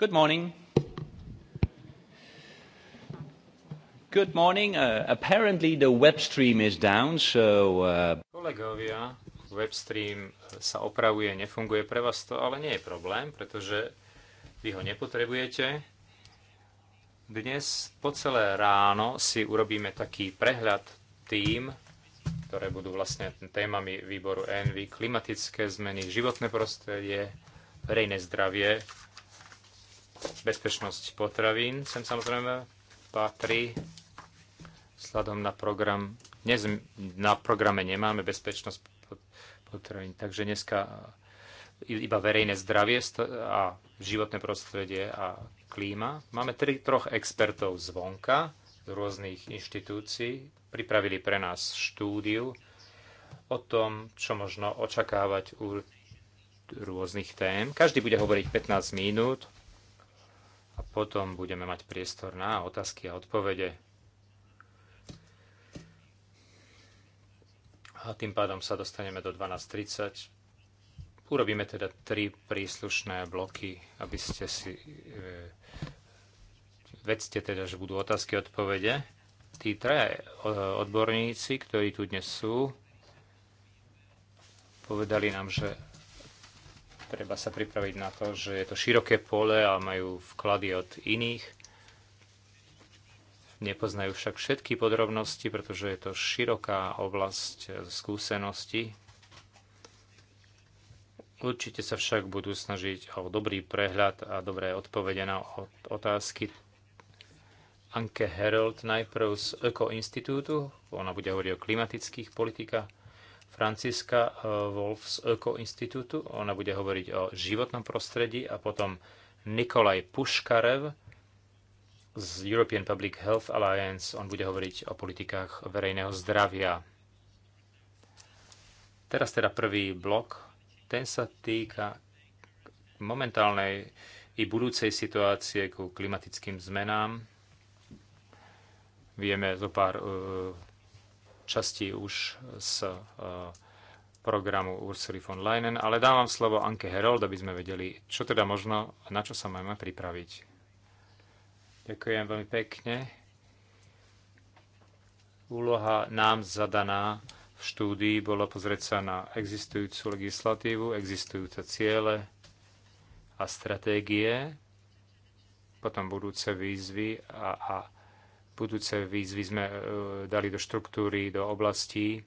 Good morning. Good morning. Uh, apparently the web stream is down, so... Uh... Kolegovia, web stream uh, sa opravuje, nefunguje pre vás to, ale nie je problém, pretože vy ho nepotrebujete. Dnes po celé ráno si urobíme taký prehľad tým, ktoré budú vlastne témami výboru ENVY, klimatické zmeny, životné prostredie, verejné zdravie, bezpečnosť potravín sem samozrejme patrí. Sladom na program, dnes na programe nemáme bezpečnosť potravín, takže dneska e, iba verejné zdravie a životné prostredie a klíma. Máme tri, troch expertov zvonka, z rôznych inštitúcií, pripravili pre nás štúdiu o tom, čo možno očakávať u rôznych tém. Každý bude hovoriť 15 minút, a potom budeme mať priestor na otázky a odpovede. A tým pádom sa dostaneme do 12.30. Urobíme teda tri príslušné bloky, aby ste si... E, vedzte teda, že budú otázky a odpovede. Tí traja e, odborníci, ktorí tu dnes sú, povedali nám, že Treba sa pripraviť na to, že je to široké pole a majú vklady od iných. Nepoznajú však všetky podrobnosti, pretože je to široká oblasť skúsenosti. Určite sa však budú snažiť o dobrý prehľad a dobré odpovede na otázky. Anke Herold najprv z Eko institútu, ona bude hovoriť o klimatických politikách, Franciska eh, Wolf z öko Institutu. Ona bude hovoriť o životnom prostredí a potom Nikolaj Puškarev z European Public Health Alliance. On bude hovoriť o politikách verejného zdravia. Teraz teda prvý blok. Ten sa týka momentálnej i budúcej situácie ku klimatickým zmenám. Vieme zo pár eh, časti už z e, programu Ursuli von Leinen, ale dávam slovo Anke Herold, aby sme vedeli, čo teda možno a na čo sa máme pripraviť. Ďakujem veľmi pekne. Úloha nám zadaná v štúdii bola pozrieť sa na existujúcu legislatívu, existujúce ciele a stratégie, potom budúce výzvy a, a Budúce výzvy sme e, dali do štruktúry, do oblastí,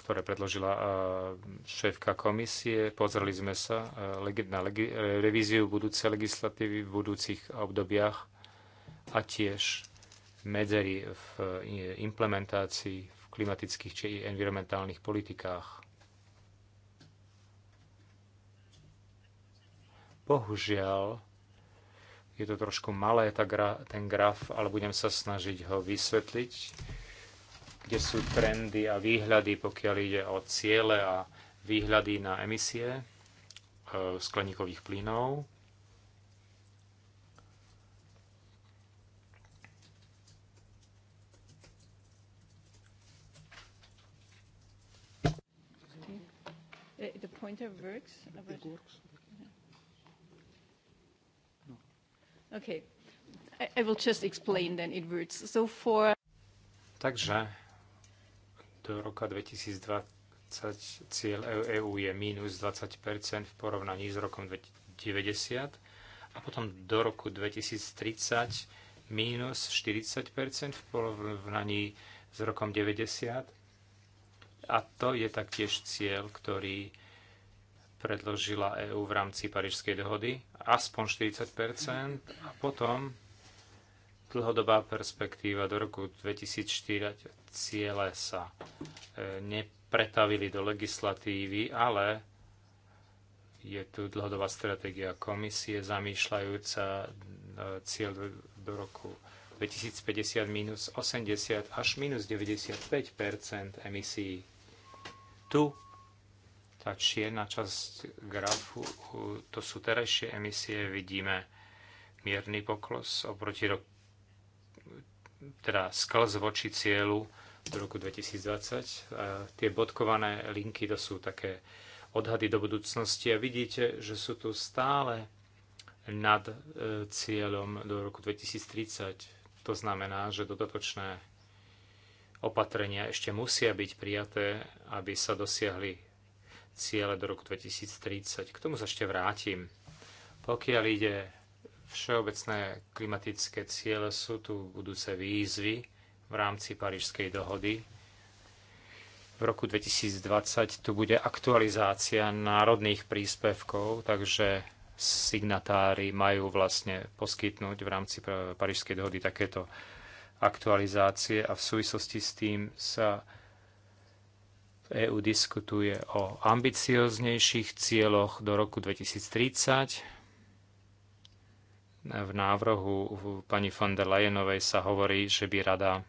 ktoré predložila e, šéfka komisie. Pozreli sme sa e, na revíziu budúcej legislatívy v budúcich obdobiach a tiež medzery v implementácii v klimatických či environmentálnych politikách. Bohužiaľ, je to trošku malé, tá gra, ten graf, ale budem sa snažiť ho vysvetliť, kde sú trendy a výhľady, pokiaľ ide o ciele a výhľady na emisie e, skleníkových plynov. The pointer works. It works. Okay. I, I will just explain then in words. So for... Takže do roka 2020 cieľ EÚ e je mínus 20 v porovnaní s rokom 90 a potom do roku 2030 mínus 40 v porovnaní s rokom 90 a to je taktiež cieľ, ktorý predložila EÚ v rámci Parížskej dohody, aspoň 40 a potom dlhodobá perspektíva do roku 2004 ciele sa e, nepretavili do legislatívy, ale je tu dlhodobá stratégia komisie zamýšľajúca e, cieľ do roku 2050 minus 80 až minus 95 emisí. Tu tá čierna časť grafu, to sú terajšie emisie, vidíme mierny pokles oproti roku, teda sklz voči cieľu do roku 2020. A tie bodkované linky to sú také odhady do budúcnosti a vidíte, že sú tu stále nad e, cieľom do roku 2030. To znamená, že dodatočné opatrenia ešte musia byť prijaté, aby sa dosiahli ciele do roku 2030. K tomu sa ešte vrátim. Pokiaľ ide všeobecné klimatické ciele, sú tu budúce výzvy v rámci Parížskej dohody. V roku 2020 tu bude aktualizácia národných príspevkov, takže signatári majú vlastne poskytnúť v rámci Parížskej dohody takéto aktualizácie a v súvislosti s tým sa EÚ diskutuje o ambicioznejších cieľoch do roku 2030. V návrhu pani von der Leyenovej sa hovorí, že by rada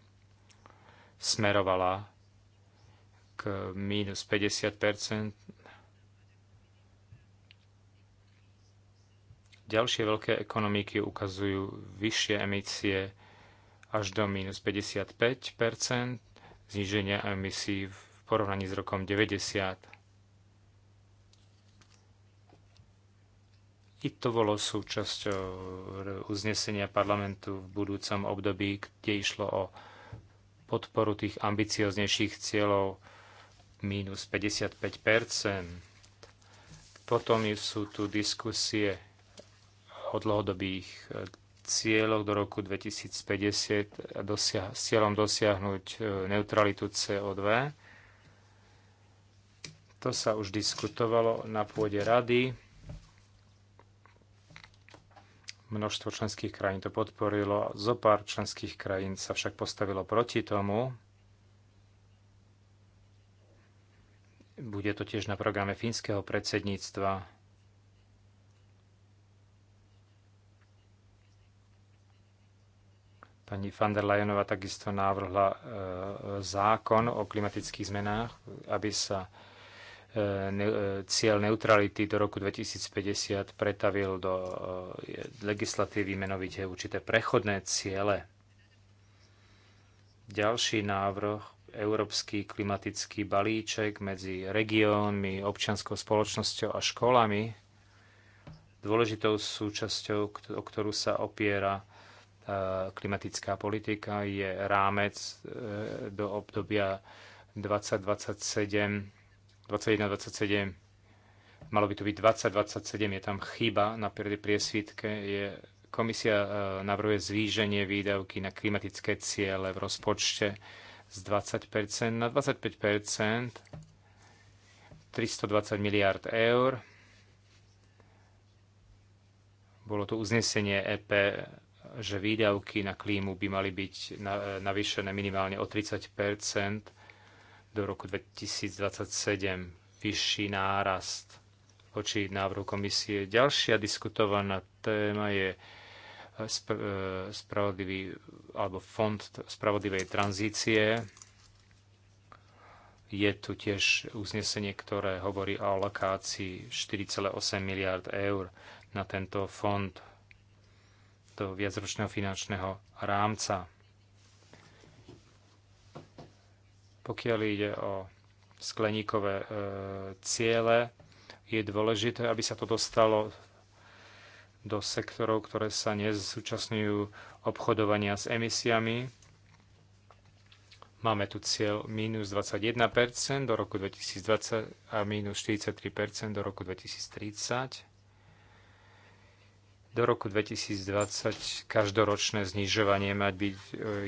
smerovala k mínus 50 Ďalšie veľké ekonomiky ukazujú vyššie emisie až do mínus 55 zníženia emisí v porovnaní s rokom 90. I to bolo súčasťou uznesenia parlamentu v budúcom období, kde išlo o podporu tých ambicioznejších cieľov minus 55 Potom sú tu diskusie o dlhodobých eh, cieľoch do roku 2050 a dosia- s cieľom dosiahnuť eh, neutralitu CO2 to sa už diskutovalo na pôde rady. Množstvo členských krajín to podporilo, zo pár členských krajín sa však postavilo proti tomu. Bude to tiež na programe fínskeho predsedníctva. Pani van der Leyenová takisto návrhla e, zákon o klimatických zmenách, aby sa E, e, cieľ neutrality do roku 2050 pretavil do e, legislatívy menovite určité prechodné ciele. Ďalší návrh, Európsky klimatický balíček medzi regiónmi, občianskou spoločnosťou a školami, dôležitou súčasťou, o ktorú sa opiera klimatická politika, je rámec do obdobia 2027 21-27. Malo by tu byť 20-27, je tam chyba na priesvitke. Je, komisia e, navrhuje zvýženie výdavky na klimatické ciele v rozpočte z 20% na 25%, 320 miliard eur. Bolo to uznesenie EP, že výdavky na klímu by mali byť e, navýšené minimálne o 30 do roku 2027 vyšší nárast oči návrhu komisie. Ďalšia diskutovaná téma je e, e, spravodlivý alebo fond spravodlivej tranzície. Je tu tiež uznesenie, ktoré hovorí o alokácii 4,8 miliard eur na tento fond do viacročného finančného rámca. Pokiaľ ide o skleníkové e, ciele, je dôležité, aby sa to dostalo do sektorov, ktoré sa nezúčastňujú obchodovania s emisiami. Máme tu cieľ minus 21% do roku 2020 a minus 43% do roku 2030 do roku 2020 každoročné znižovanie mať byť 1,74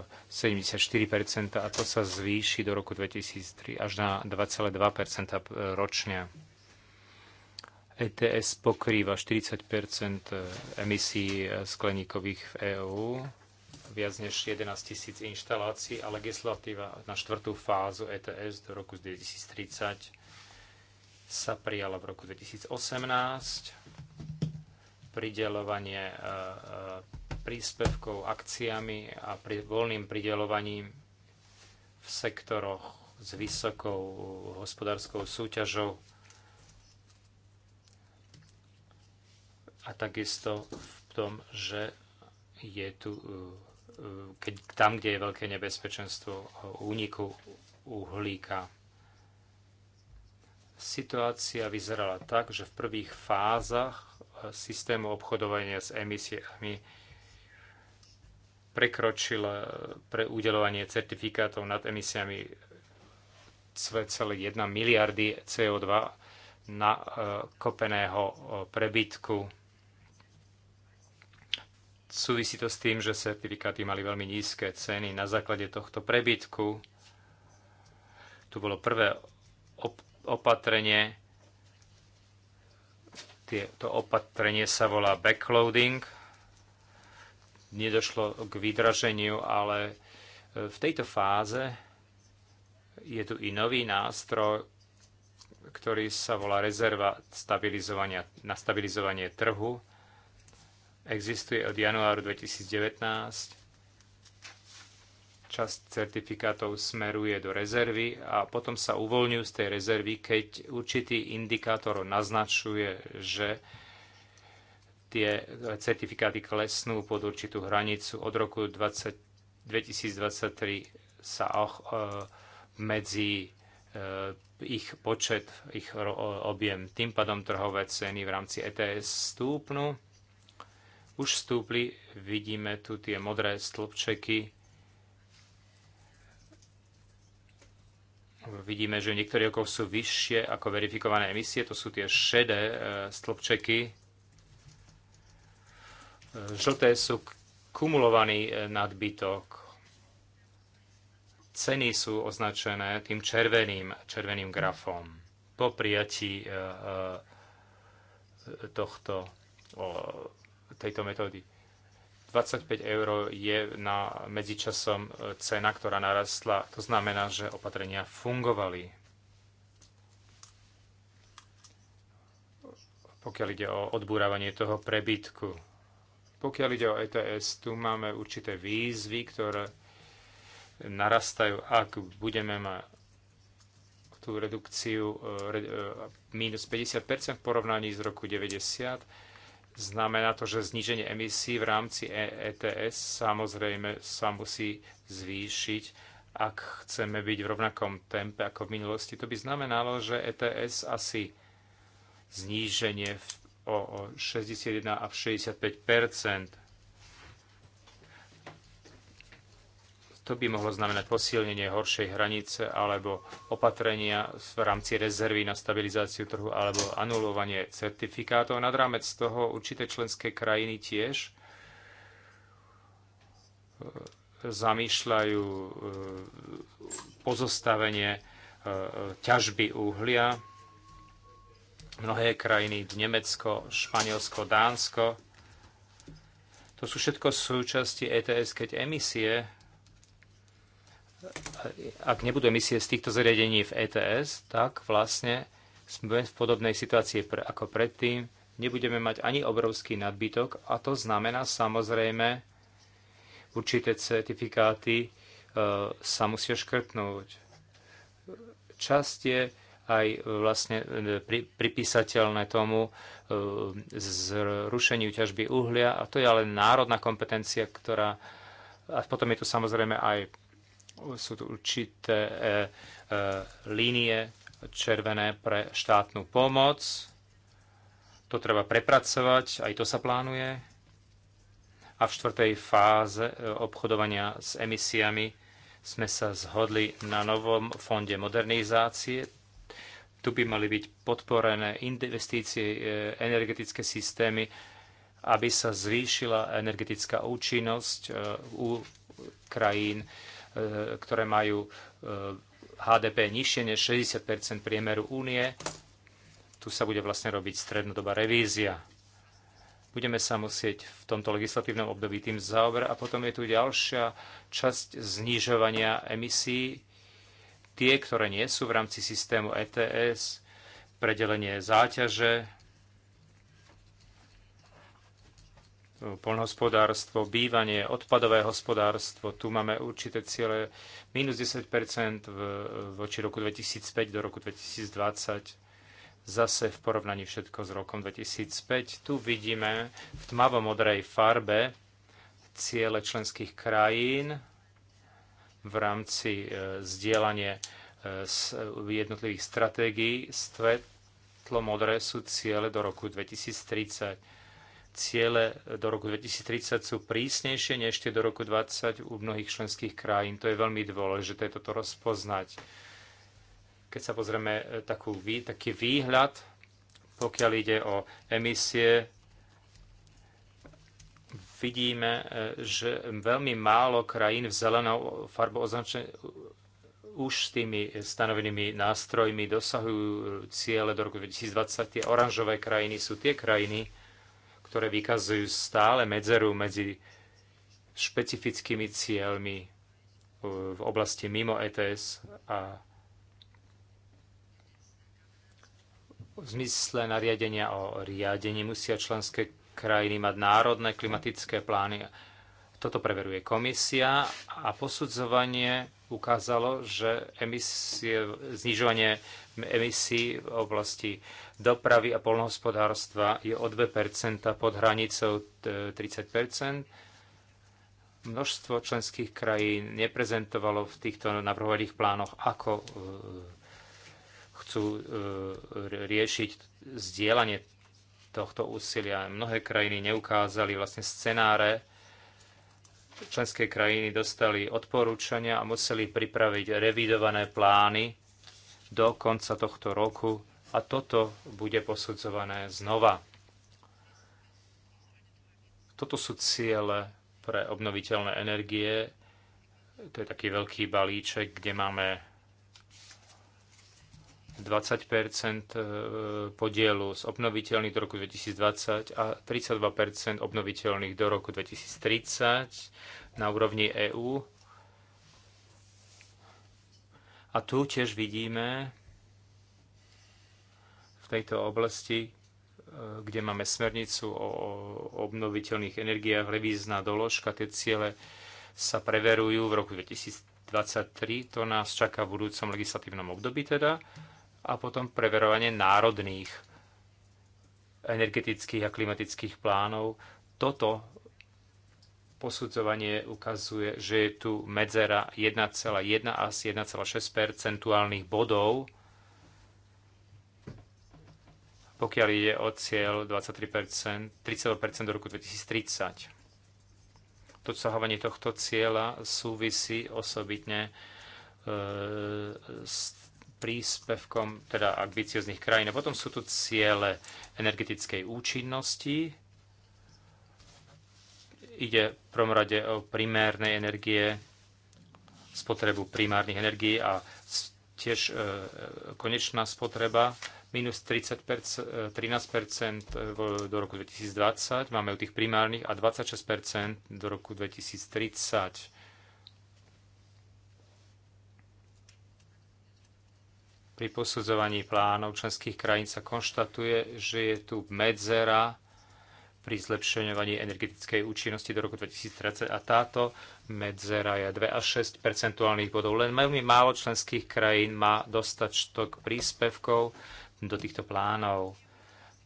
e, e, a to sa zvýši do roku 2003 až na 2,2 e, ročne. ETS pokrýva 40 emisí skleníkových v EÚ, viac než 11 tisíc inštalácií a legislatíva na štvrtú fázu ETS do roku 2030 sa prijala v roku 2018 pridelovanie eh, eh, príspevkov akciami a pri voľným pridelovaním v sektoroch s vysokou hospodárskou súťažou a takisto v tom, že je tu eh, keď, tam, kde je veľké nebezpečenstvo úniku uhlíka. Situácia vyzerala tak, že v prvých fázach eh, systému obchodovania s emisiami prekročila eh, pre udelovanie certifikátov nad emisiami 2,1 miliardy CO2 na eh, kopeného prebytku. Súvisí to s tým, že certifikáty mali veľmi nízke ceny na základe tohto prebytku. Tu bolo prvé opatrenie. To opatrenie sa volá backloading. Nedošlo k vydraženiu, ale e, v tejto fáze je tu i nový nástroj, ktorý sa volá rezerva stabilizovania, na stabilizovanie trhu. Existuje od januáru 2019 časť certifikátov smeruje do rezervy a potom sa uvoľňujú z tej rezervy, keď určitý indikátor naznačuje, že tie certifikáty klesnú pod určitú hranicu. Od roku 20, 2023 sa och, e, medzi e, ich počet, ich objem. Tým pádom trhové ceny v rámci ETS stúpnu. Už stúpli, vidíme tu tie modré stĺpčeky, Vidíme, že niektoré okov sú vyššie ako verifikované emisie, to sú tie šedé e, stĺpčeky. E, žlté sú kumulovaný e, nadbytok. Ceny sú označené tým červeným, červeným grafom. Po prijatí tohto, tejto metódy 25 eur je na medzičasom e, cena, ktorá narastla. To znamená, že opatrenia fungovali. Pokiaľ ide o odbúravanie toho prebytku. Pokiaľ ide o ETS, tu máme určité výzvy, ktoré narastajú, ak budeme mať tú redukciu e, e, minus 50% v porovnaní s roku 90 Znamená to, že zníženie emisí v rámci ETS e samozrejme sa musí zvýšiť, ak chceme byť v rovnakom tempe ako v minulosti. To by znamenalo, že ETS asi zníženie o 61 a 65 To by mohlo znamenať posilnenie horšej hranice alebo opatrenia v rámci rezervy na stabilizáciu trhu alebo anulovanie certifikátov. Nad rámec toho určité členské krajiny tiež e, zamýšľajú e, pozostavenie e, ťažby uhlia. Mnohé krajiny, Nemecko, Španielsko, Dánsko, to sú všetko súčasti ETS, keď emisie ak nebudú emisie z týchto zariadení v ETS, tak vlastne sme v podobnej situácii ako predtým. Nebudeme mať ani obrovský nadbytok a to znamená samozrejme, určité certifikáty e, sa musia škrtnúť. Časť je aj vlastne e, pri, pripísateľné tomu e, zrušeniu ťažby uhlia a to je ale národná kompetencia, ktorá a potom je tu samozrejme aj sú tu určité e, e, línie červené pre štátnu pomoc. To treba prepracovať, aj to sa plánuje. A v štvrtej fáze e, obchodovania s emisiami sme sa zhodli na novom fonde modernizácie. Tu by mali byť podporené investície, energetické systémy, aby sa zvýšila energetická účinnosť u krajín E, ktoré majú e, HDP nižšie než 60 priemeru únie. Tu sa bude vlastne robiť strednodobá revízia. Budeme sa musieť v tomto legislatívnom období tým zaoberať. A potom je tu ďalšia časť znižovania emisí. Tie, ktoré nie sú v rámci systému ETS, predelenie záťaže, polnohospodárstvo, bývanie, odpadové hospodárstvo. Tu máme určité ciele minus 10 v, voči roku 2005 do roku 2020. Zase v porovnaní všetko s rokom 2005. Tu vidíme v tmavo-modrej farbe ciele členských krajín v rámci e, zdieľanie e, jednotlivých stratégií. Svetlo modré sú ciele do roku 2030 ciele do roku 2030 sú prísnejšie než ešte do roku 20 u mnohých členských krajín. To je veľmi dôležité toto rozpoznať. Keď sa pozrieme e, takú, taký výhľad, pokiaľ ide o emisie, vidíme, e, že veľmi málo krajín v zelenou farbu označených už s tými stanovenými nástrojmi dosahujú ciele do roku 2020. Tie oranžové krajiny sú tie krajiny, ktoré vykazujú stále medzeru medzi špecifickými cieľmi e, v oblasti mimo ETS a v zmysle nariadenia o riadení musia členské krajiny mať národné klimatické plány. Toto preveruje komisia a posudzovanie ukázalo, že emisie, znižovanie emisí v oblasti dopravy a polnohospodárstva je o 2 pod hranicou 30 Množstvo členských krajín neprezentovalo v týchto navrhovaných plánoch, ako e, chcú e, riešiť zdieľanie tohto úsilia. Mnohé krajiny neukázali vlastne scenáre, členské krajiny dostali odporúčania a museli pripraviť revidované plány do konca tohto roku a toto bude posudzované znova. Toto sú ciele pre obnoviteľné energie. To je taký veľký balíček, kde máme 20 e, podielu z obnoviteľných do roku 2020 a 32 obnoviteľných do roku 2030 na úrovni EÚ a tu tiež vidíme v tejto oblasti, e, kde máme smernicu o obnoviteľných energiách, revízna doložka, tie ciele sa preverujú v roku 2023, to nás čaká v budúcom legislatívnom období teda, a potom preverovanie národných energetických a klimatických plánov. Toto posudzovanie ukazuje, že je tu medzera 1,1 až 1,6 percentuálnych bodov, pokiaľ ide o cieľ 23%, 30% do roku 2030. Dosahovanie tohto cieľa súvisí osobitne e, s príspevkom teda ambicioznych krajín. A potom sú tu ciele energetickej účinnosti, Ide v prvom rade o primárnej energie, spotrebu primárnych energií a tiež e, konečná spotreba minus 30%, 13% e, e, do roku 2020, máme u tých primárnych a 26% do roku 2030. Pri posudzovaní plánov členských krajín sa konštatuje, že je tu medzera pri zlepšovaní energetickej účinnosti do roku 2030 a táto medzera je 2 až 6 percentuálnych bodov. Len veľmi málo členských krajín má dostačtok príspevkov do týchto plánov.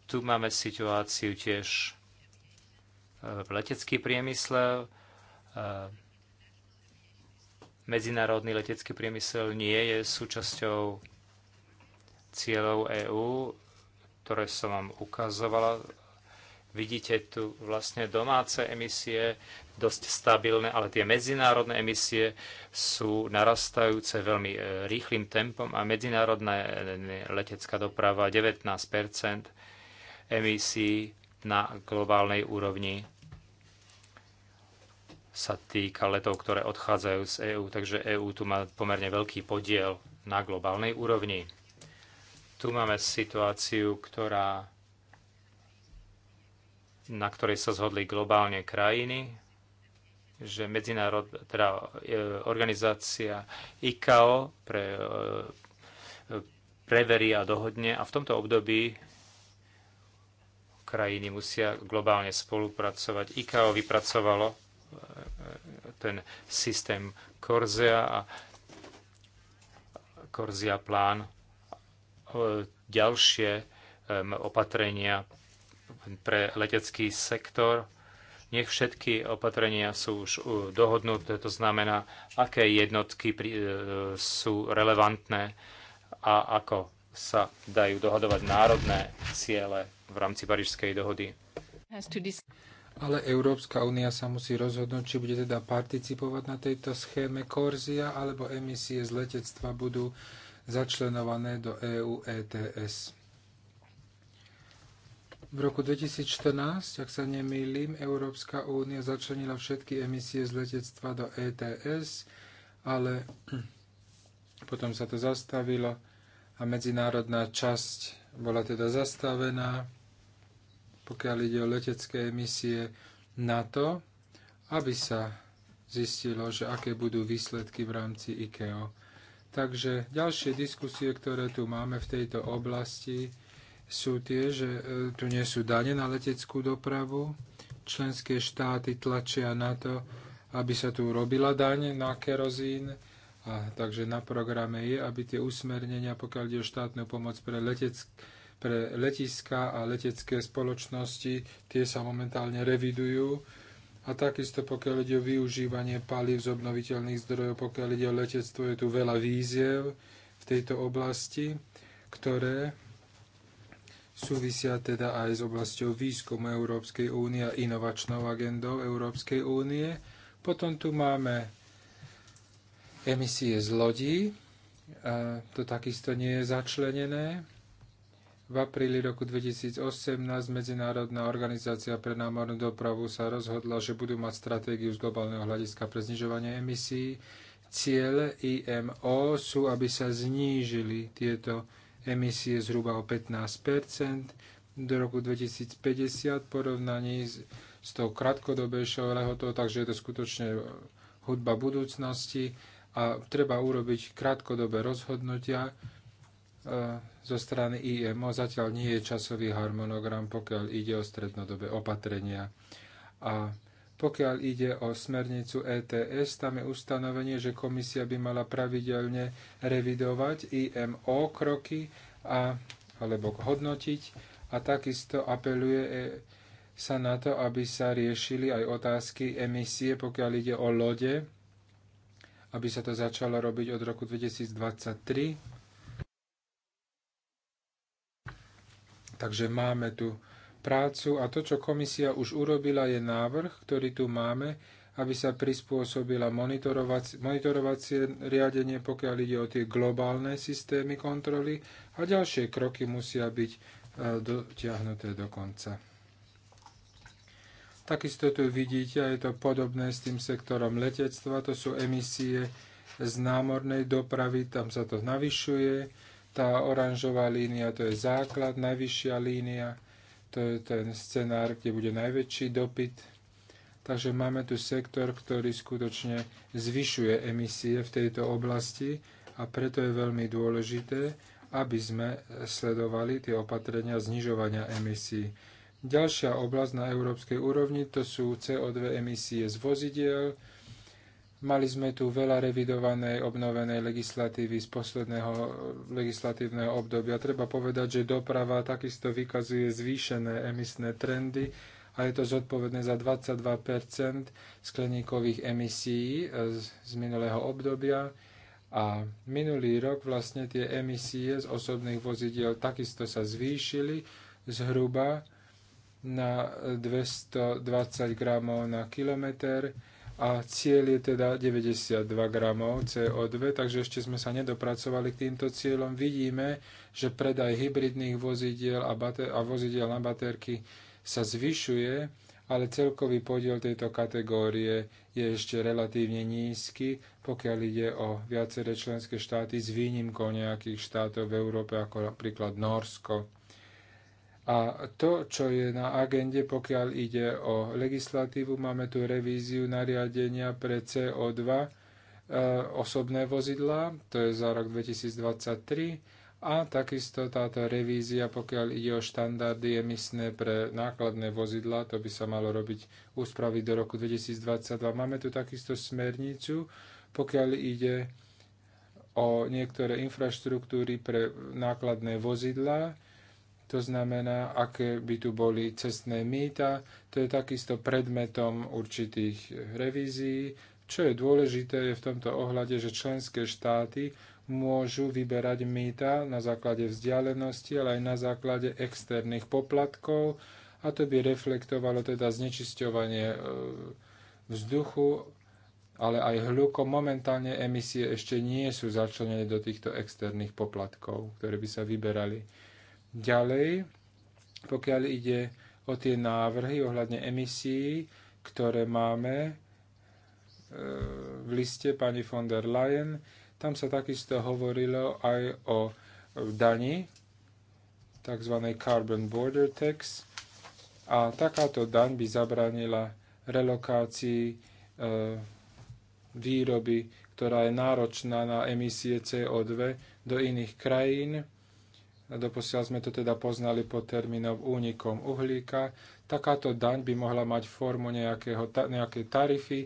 Tu máme situáciu tiež e, v letecký priemysel. E, medzinárodný letecký priemysel nie je súčasťou cieľov EÚ, ktoré som vám ukazovala Vidíte tu vlastne domáce emisie, dosť stabilné, ale tie medzinárodné emisie sú narastajúce veľmi e, rýchlým tempom a medzinárodná e, letecká doprava 19 emisí na globálnej úrovni sa týka letov, ktoré odchádzajú z EÚ, takže EÚ tu má pomerne veľký podiel na globálnej úrovni. Tu máme situáciu, ktorá na ktorej sa zhodli globálne krajiny, že medzinárod, teda e, organizácia ICAO pre, e, preverí a dohodne a v tomto období krajiny musia globálne spolupracovať. ICAO vypracovalo e, ten systém Korzea a Korzia plán ďalšie opatrenia pre letecký sektor. Nech všetky opatrenia sú už uh, dohodnuté, to znamená, aké jednotky uh, sú relevantné a ako sa dajú dohadovať národné ciele v rámci Parížskej dohody. Ale Európska únia sa musí rozhodnúť, či bude teda participovať na tejto schéme Korzia, alebo emisie z letectva budú začlenované do EU ETS. V roku 2014, ak sa nemýlim, Európska únia začlenila všetky emisie z letectva do ETS, ale potom sa to zastavilo a medzinárodná časť bola teda zastavená, pokiaľ ide o letecké emisie na to, aby sa zistilo, že aké budú výsledky v rámci ICAO. Takže ďalšie diskusie, ktoré tu máme v tejto oblasti, sú tie, že e, tu nie sú dane na leteckú dopravu. Členské štáty tlačia na to, aby sa tu robila daň na kerozín. A, takže na programe je, aby tie usmernenia, pokiaľ ide o štátnu pomoc pre, leteck- pre letiska a letecké spoločnosti, tie sa momentálne revidujú. A takisto pokiaľ ide o využívanie palív z obnoviteľných zdrojov, pokiaľ ide o letectvo, je tu veľa víziev v tejto oblasti, ktoré súvisia teda aj s oblasťou výskumu Európskej únie a inovačnou agendou Európskej únie. Potom tu máme emisie z lodí, to takisto nie je začlenené. V apríli roku 2018 Medzinárodná organizácia pre námornú dopravu sa rozhodla, že budú mať stratégiu z globálneho hľadiska pre znižovanie emisí. Ciele IMO sú, aby sa znížili tieto emisie zhruba o 15 do roku 2050 v porovnaní s, s tou krátkodobejšou lehotou, takže je to skutočne e, hudba budúcnosti a treba urobiť krátkodobé rozhodnutia e, zo strany IMO. Zatiaľ nie je časový harmonogram, pokiaľ ide o strednodobé opatrenia. A pokiaľ ide o smernicu ETS, tam je ustanovenie, že komisia by mala pravidelne revidovať IMO kroky a, alebo hodnotiť a takisto apeluje e, sa na to, aby sa riešili aj otázky emisie, pokiaľ ide o lode, aby sa to začalo robiť od roku 2023. Takže máme tu prácu a to, čo komisia už urobila, je návrh, ktorý tu máme, aby sa prispôsobila monitorovacie, monitorovacie riadenie, pokiaľ ide o tie globálne systémy kontroly a ďalšie kroky musia byť e, dotiahnuté do konca. Takisto tu vidíte, a je to podobné s tým sektorom letectva, to sú emisie z námornej dopravy, tam sa to navyšuje. Tá oranžová línia to je základ, najvyššia línia to je ten scenár, kde bude najväčší dopyt. Takže máme tu sektor, ktorý skutočne zvyšuje emisie v tejto oblasti a preto je veľmi dôležité, aby sme sledovali tie opatrenia znižovania emisí. Ďalšia oblasť na európskej úrovni to sú CO2 emisie z vozidiel, Mali sme tu veľa revidovanej, obnovenej legislatívy z posledného eh, legislatívneho obdobia. Treba povedať, že doprava takisto vykazuje zvýšené emisné trendy a je to zodpovedné za 22 skleníkových emisí eh, z minulého obdobia. A minulý rok vlastne tie emisie z osobných vozidiel takisto sa zvýšili zhruba na 220 eh, gramov na kilometr a cieľ je teda 92 gramov CO2, takže ešte sme sa nedopracovali k týmto cieľom. Vidíme, že predaj hybridných vozidiel a, a vozidiel na baterky sa zvyšuje, ale celkový podiel tejto kategórie je ešte relatívne nízky, pokiaľ ide o viaceré členské štáty s výnimkou nejakých štátov v Európe, ako napríklad Norsko. A to, čo je na agende, pokiaľ ide o legislatívu, máme tu revíziu nariadenia pre CO2 e, osobné vozidlá, to je za rok 2023, a takisto táto revízia, pokiaľ ide o štandardy emisné pre nákladné vozidlá, to by sa malo robiť úspravy do roku 2022. Máme tu takisto smernicu, pokiaľ ide o niektoré infraštruktúry pre nákladné vozidlá, to znamená, aké by tu boli cestné mýta, to je takisto predmetom určitých revízií. Čo je dôležité je v tomto ohľade, že členské štáty môžu vyberať mýta na základe vzdialenosti, ale aj na základe externých poplatkov a to by reflektovalo teda znečisťovanie e, vzduchu, ale aj hľukom. Momentálne emisie ešte nie sú začlenené do týchto externých poplatkov, ktoré by sa vyberali. Ďalej, pokiaľ ide o tie návrhy ohľadne emisí, ktoré máme e, v liste pani von der Leyen, tam sa takisto hovorilo aj o dani, tzv. Carbon Border Tax, a takáto daň by zabranila relokácii e, výroby, ktorá je náročná na emisie CO2 do iných krajín doposiaľ sme to teda poznali pod termínom únikom uhlíka. Takáto daň by mohla mať formu nejakého, nejakej tarify,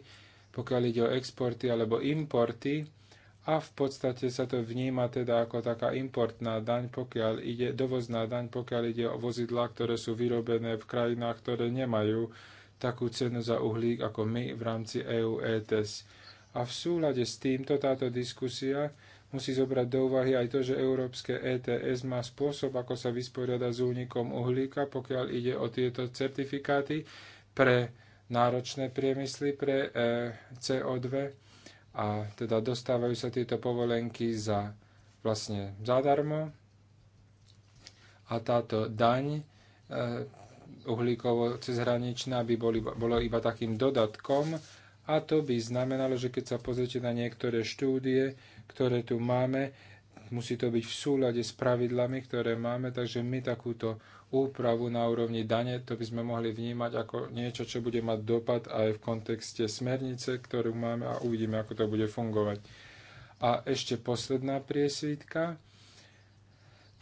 pokiaľ ide o exporty alebo importy. A v podstate sa to vníma teda ako taká importná daň, pokiaľ ide, dovozná daň, pokiaľ ide o vozidlá, ktoré sú vyrobené v krajinách, ktoré nemajú takú cenu za uhlík ako my v rámci EU ETS. E A v súlade s týmto táto diskusia musí zobrať do úvahy aj to, že európske ETS má spôsob, ako sa vysporiada s únikom uhlíka, pokiaľ ide o tieto certifikáty pre náročné priemysly, pre e, CO2 a teda dostávajú sa tieto povolenky za vlastne zadarmo a táto daň e, uhlíkovo cezhraničná by boli, bolo iba takým dodatkom a to by znamenalo, že keď sa pozriete na niektoré štúdie, ktoré tu máme. Musí to byť v súľade s pravidlami, ktoré máme, takže my takúto úpravu na úrovni dane, to by sme mohli vnímať ako niečo, čo bude mať dopad aj v kontexte smernice, ktorú máme a uvidíme, ako to bude fungovať. A ešte posledná priesvítka.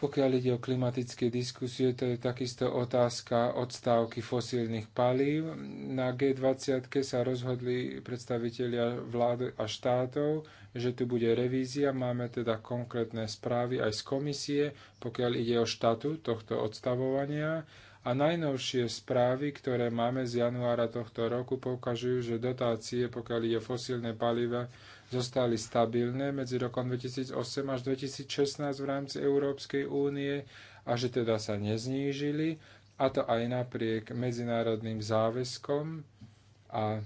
Pokiaľ ide o klimatické diskusie, to je takisto otázka odstávky fosílnych palív. Na G20 sa rozhodli predstavitelia vlády a štátov, že tu bude revízia. Máme teda konkrétne správy aj z komisie, pokiaľ ide o štátu tohto odstavovania. A najnovšie správy, ktoré máme z januára tohto roku, poukazujú, že dotácie, pokiaľ ide o fosílne paliva, zostali stabilné medzi rokom 2008 až 2016 v rámci Európskej únie a že teda sa neznížili, a to aj napriek medzinárodným záväzkom a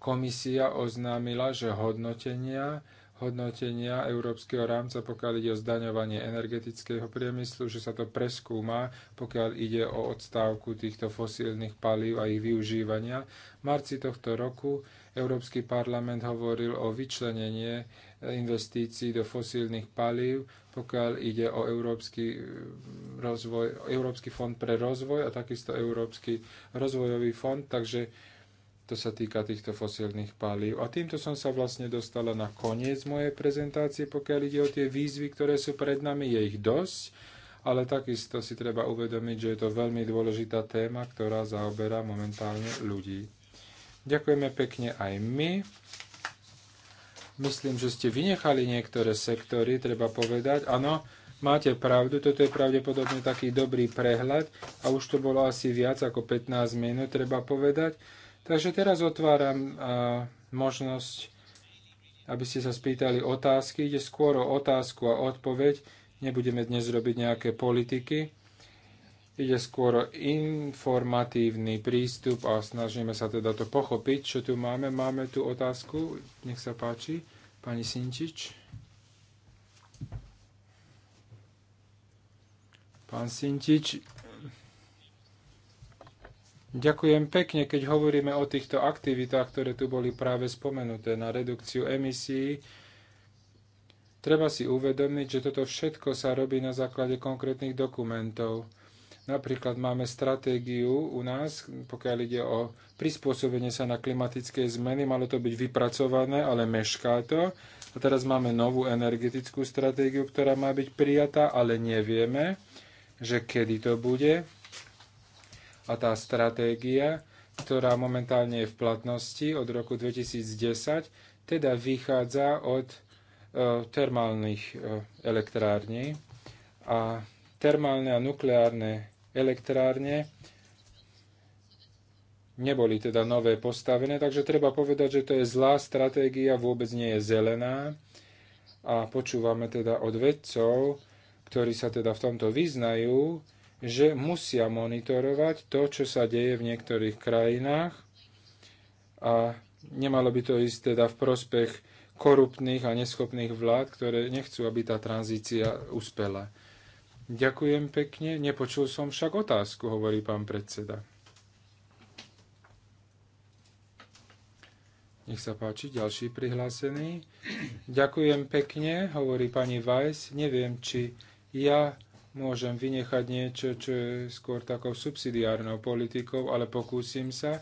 komisia oznámila, že hodnotenia hodnotenia európskeho rámca, pokiaľ ide o zdaňovanie energetického priemyslu, že sa to preskúma, pokiaľ ide o odstávku týchto fosílnych palív a ich využívania. V marci tohto roku Európsky parlament hovoril o vyčlenenie investícií do fosílnych palív, pokiaľ ide o Európsky, mm, rozvoj, Európsky fond pre rozvoj a takisto Európsky rozvojový fond, takže to sa týka týchto fosílnych palív. A týmto som sa vlastne dostala na koniec mojej prezentácie, pokiaľ ide o tie výzvy, ktoré sú pred nami, je ich dosť, ale takisto si treba uvedomiť, že je to veľmi dôležitá téma, ktorá zaoberá momentálne ľudí. Ďakujeme pekne aj my. Myslím, že ste vynechali niektoré sektory, treba povedať. Áno, máte pravdu, toto je pravdepodobne taký dobrý prehľad a už to bolo asi viac ako 15 minút, treba povedať. Takže teraz otváram možnosť, aby ste sa spýtali otázky. Ide skôr o otázku a odpoveď. Nebudeme dnes robiť nejaké politiky. Ide skôr o informatívny prístup a snažíme sa teda to pochopiť, čo tu máme. Máme tu otázku. Nech sa páči, pani Sinčič. Pán Sintič, Ďakujem pekne, keď hovoríme o týchto aktivitách, ktoré tu boli práve spomenuté na redukciu emisí. Treba si uvedomiť, že toto všetko sa robí na základe konkrétnych dokumentov. Napríklad máme stratégiu u nás, pokiaľ ide o prispôsobenie sa na klimatické zmeny, malo to byť vypracované, ale mešká to. A teraz máme novú energetickú stratégiu, ktorá má byť prijatá, ale nevieme, že kedy to bude a tá stratégia, ktorá momentálne je v platnosti od roku 2010, teda vychádza od e, termálnych e, elektrární. A termálne a nukleárne elektrárne neboli teda nové postavené, takže treba povedať, že to je zlá stratégia, vôbec nie je zelená. A počúvame teda od vedcov, ktorí sa teda v tomto vyznajú, že musia monitorovať to, čo sa deje v niektorých krajinách a nemalo by to ísť teda v prospech korupných a neschopných vlád, ktoré nechcú, aby tá tranzícia uspela. Ďakujem pekne. Nepočul som však otázku, hovorí pán predseda. Nech sa páči, ďalší prihlásený. Ďakujem pekne, hovorí pani Vajs. Neviem, či ja môžem vynechať niečo, čo je skôr takou subsidiárnou politikou, ale pokúsim sa.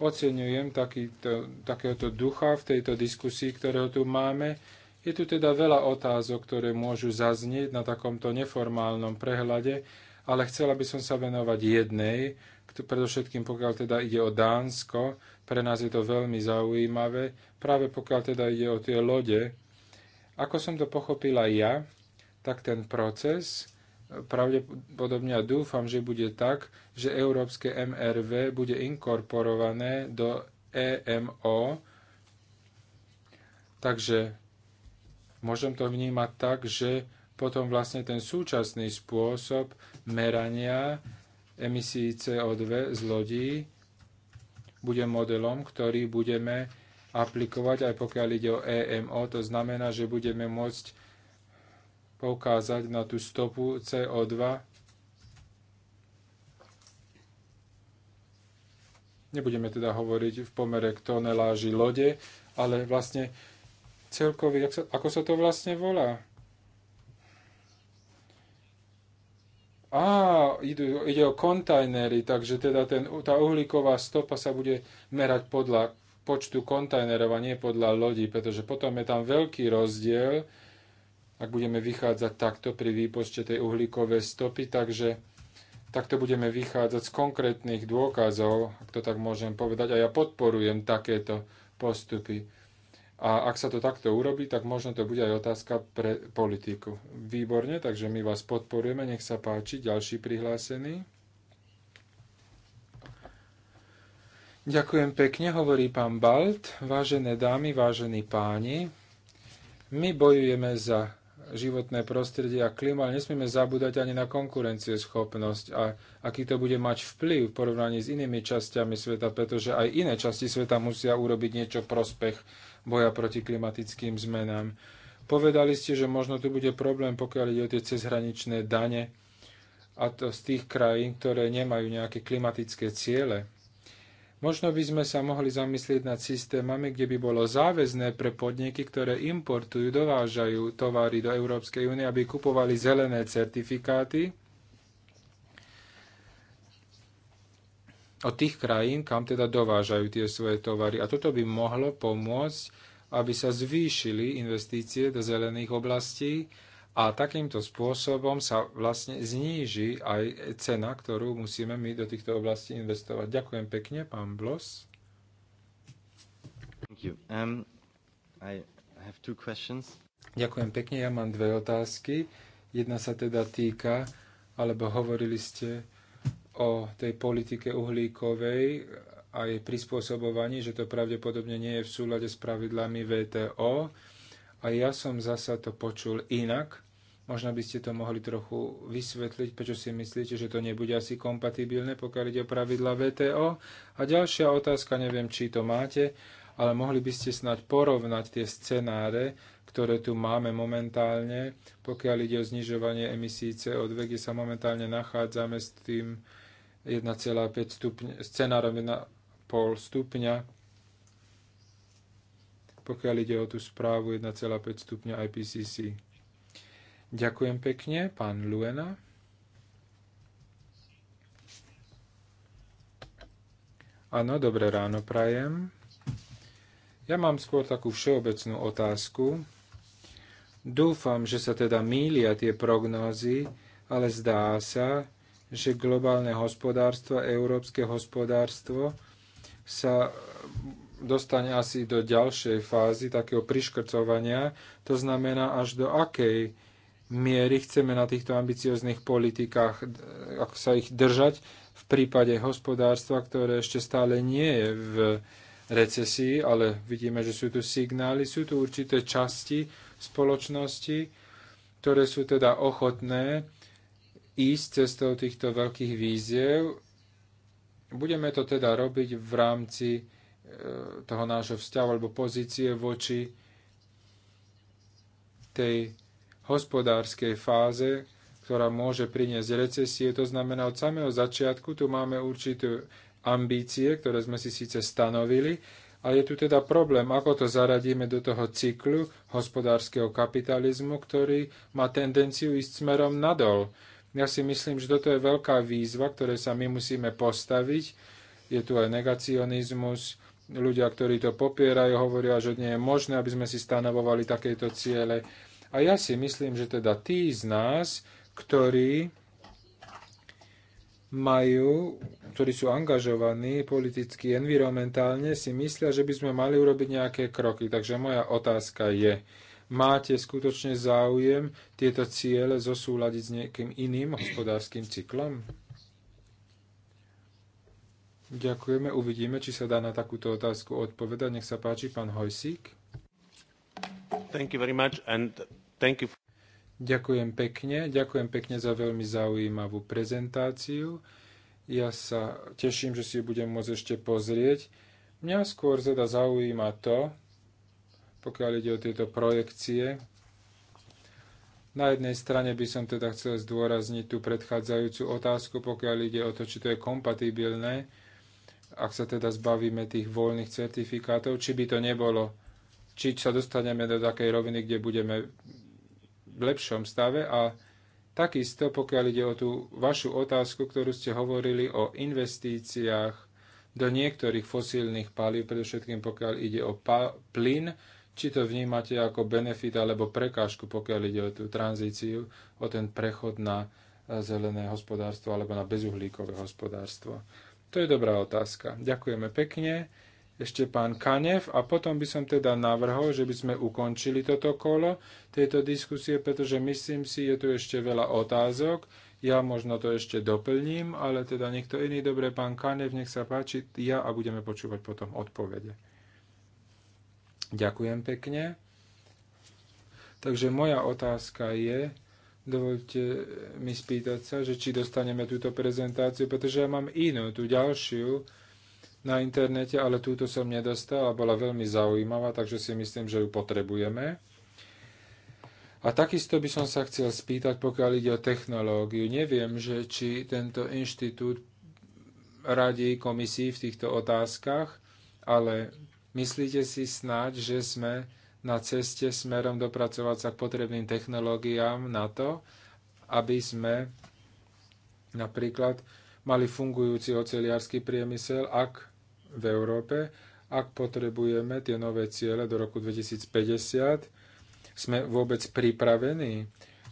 Oceňujem takýto, takéhoto ducha v tejto diskusii, ktorého tu máme. Je tu teda veľa otázok, ktoré môžu zaznieť na takomto neformálnom prehľade, ale chcela by som sa venovať jednej, predovšetkým pokiaľ teda ide o Dánsko, pre nás je to veľmi zaujímavé, práve pokiaľ teda ide o tie lode. Ako som to pochopila ja, tak ten proces pravdepodobne a dúfam, že bude tak, že európske MRV bude inkorporované do EMO. Takže môžem to vnímať tak, že potom vlastne ten súčasný spôsob merania emisí CO2 z lodí bude modelom, ktorý budeme aplikovať aj pokiaľ ide o EMO. To znamená, že budeme môcť poukázať na tú stopu CO2. Nebudeme teda hovoriť v pomere k toneláži lode, ale vlastne celkový, sa, ako sa to vlastne volá? Á, ide, ide o kontajnery, takže teda ten, tá uhlíková stopa sa bude merať podľa počtu kontajnerov a nie podľa lodí, pretože potom je tam veľký rozdiel, ak budeme vychádzať takto pri výpočte tej uhlíkovej stopy, takže takto budeme vychádzať z konkrétnych dôkazov, ak to tak môžem povedať, a ja podporujem takéto postupy. A ak sa to takto urobí, tak možno to bude aj otázka pre politiku. Výborne, takže my vás podporujeme, nech sa páči, ďalší prihlásený. Ďakujem pekne, hovorí pán Balt. Vážené dámy, vážení páni, my bojujeme za životné prostredie a klima ale nesmieme zabúdať ani na konkurencieschopnosť a aký to bude mať vplyv v porovnaní s inými časťami sveta, pretože aj iné časti sveta musia urobiť niečo prospech boja proti klimatickým zmenám. Povedali ste, že možno tu bude problém, pokiaľ ide o tie cezhraničné dane a to z tých krajín, ktoré nemajú nejaké klimatické ciele. Možno by sme sa mohli zamyslieť nad systémami, kde by bolo záväzné pre podniky, ktoré importujú, dovážajú tovary do Európskej únie, aby kupovali zelené certifikáty od tých krajín, kam teda dovážajú tie svoje tovary. A toto by mohlo pomôcť, aby sa zvýšili investície do zelených oblastí a takýmto spôsobom sa vlastne zníži aj cena, ktorú musíme my do týchto oblastí investovať. Ďakujem pekne, pán Blos. Um, Ďakujem pekne, ja mám dve otázky. Jedna sa teda týka, alebo hovorili ste o tej politike uhlíkovej a jej prispôsobovaní, že to pravdepodobne nie je v súlade s pravidlami VTO. A ja som zasa to počul inak, Možno by ste to mohli trochu vysvetliť, prečo si myslíte, že to nebude asi kompatibilné, pokiaľ ide o pravidla VTO. A ďalšia otázka, neviem, či to máte, ale mohli by ste snať porovnať tie scenáre, ktoré tu máme momentálne, pokiaľ ide o znižovanie emisí CO2, kde sa momentálne nachádzame s tým 1,5 stupňa, scenárom 1,5 stupňa, pokiaľ ide o tú správu 1,5 stupňa IPCC. Ďakujem pekne, pán Luena. Áno, dobré ráno prajem. Ja mám skôr takú všeobecnú otázku. Dúfam, že sa teda mília tie prognózy, ale zdá sa, že globálne hospodárstvo, európske hospodárstvo sa dostane asi do ďalšej fázy takého priškrcovania. To znamená, až do akej miery chceme na týchto ambicioznych politikách, ako sa ich držať v prípade hospodárstva, ktoré ešte stále nie je v recesii, ale vidíme, že sú tu signály, sú tu určité časti spoločnosti, ktoré sú teda ochotné ísť cestou týchto veľkých víziev. Budeme to teda robiť v rámci e, toho nášho vzťahu alebo pozície voči tej hospodárskej fáze, ktorá môže priniesť recesie. To znamená, od samého začiatku tu máme určité ambície, ktoré sme si síce stanovili, a je tu teda problém, ako to zaradíme do toho cyklu hospodárskeho kapitalizmu, ktorý má tendenciu ísť smerom nadol. Ja si myslím, že toto je veľká výzva, ktoré sa my musíme postaviť. Je tu aj negacionizmus, ľudia, ktorí to popierajú, hovoria, že nie je možné, aby sme si stanovovali takéto ciele. A ja si myslím, že teda tí z nás, ktorí majú, ktorí sú angažovaní politicky, environmentálne, si myslia, že by sme mali urobiť nejaké kroky. Takže moja otázka je, máte skutočne záujem tieto ciele zosúľadiť s nejakým iným hospodárskym cyklom? Ďakujeme, uvidíme, či sa dá na takúto otázku odpovedať. Nech sa páči, pán Hojsík. Thank you very much and thank you. Ďakujem pekne. Ďakujem pekne za veľmi zaujímavú prezentáciu. Ja sa teším, že si ju budem môcť ešte pozrieť. Mňa skôr teda zaujíma to, pokiaľ ide o tieto projekcie. Na jednej strane by som teda chcel zdôrazniť tú predchádzajúcu otázku, pokiaľ ide o to, či to je kompatibilné, ak sa teda zbavíme tých voľných certifikátov, či by to nebolo či sa dostaneme do takej roviny, kde budeme v lepšom stave a takisto, pokiaľ ide o tú vašu otázku, ktorú ste hovorili o investíciách do niektorých fosílnych palív, predovšetkým pokiaľ ide o plyn, či to vnímate ako benefit alebo prekážku, pokiaľ ide o tú tranzíciu, o ten prechod na eh, zelené hospodárstvo alebo na bezuhlíkové hospodárstvo? To je dobrá otázka. Ďakujeme pekne ešte pán Kanev a potom by som teda navrhol, že by sme ukončili toto kolo tejto diskusie, pretože myslím si, je tu ešte veľa otázok. Ja možno to ešte doplním, ale teda niekto iný. Dobre, pán Kanev, nech sa páči, ja a budeme počúvať potom odpovede. Ďakujem pekne. Takže moja otázka je, dovolte mi spýtať sa, že či dostaneme túto prezentáciu, pretože ja mám inú, tú ďalšiu, na internete, ale túto som nedostal a bola veľmi zaujímavá, takže si myslím, že ju potrebujeme. A takisto by som sa chcel spýtať, pokiaľ ide o technológiu. Neviem, že či tento inštitút radí komisii v týchto otázkach, ale myslíte si snáď, že sme na ceste smerom dopracovať sa k potrebným technológiám na to, aby sme napríklad mali fungujúci oceliársky priemysel, ak v Európe, ak potrebujeme tie nové ciele do roku 2050, sme vôbec pripravení,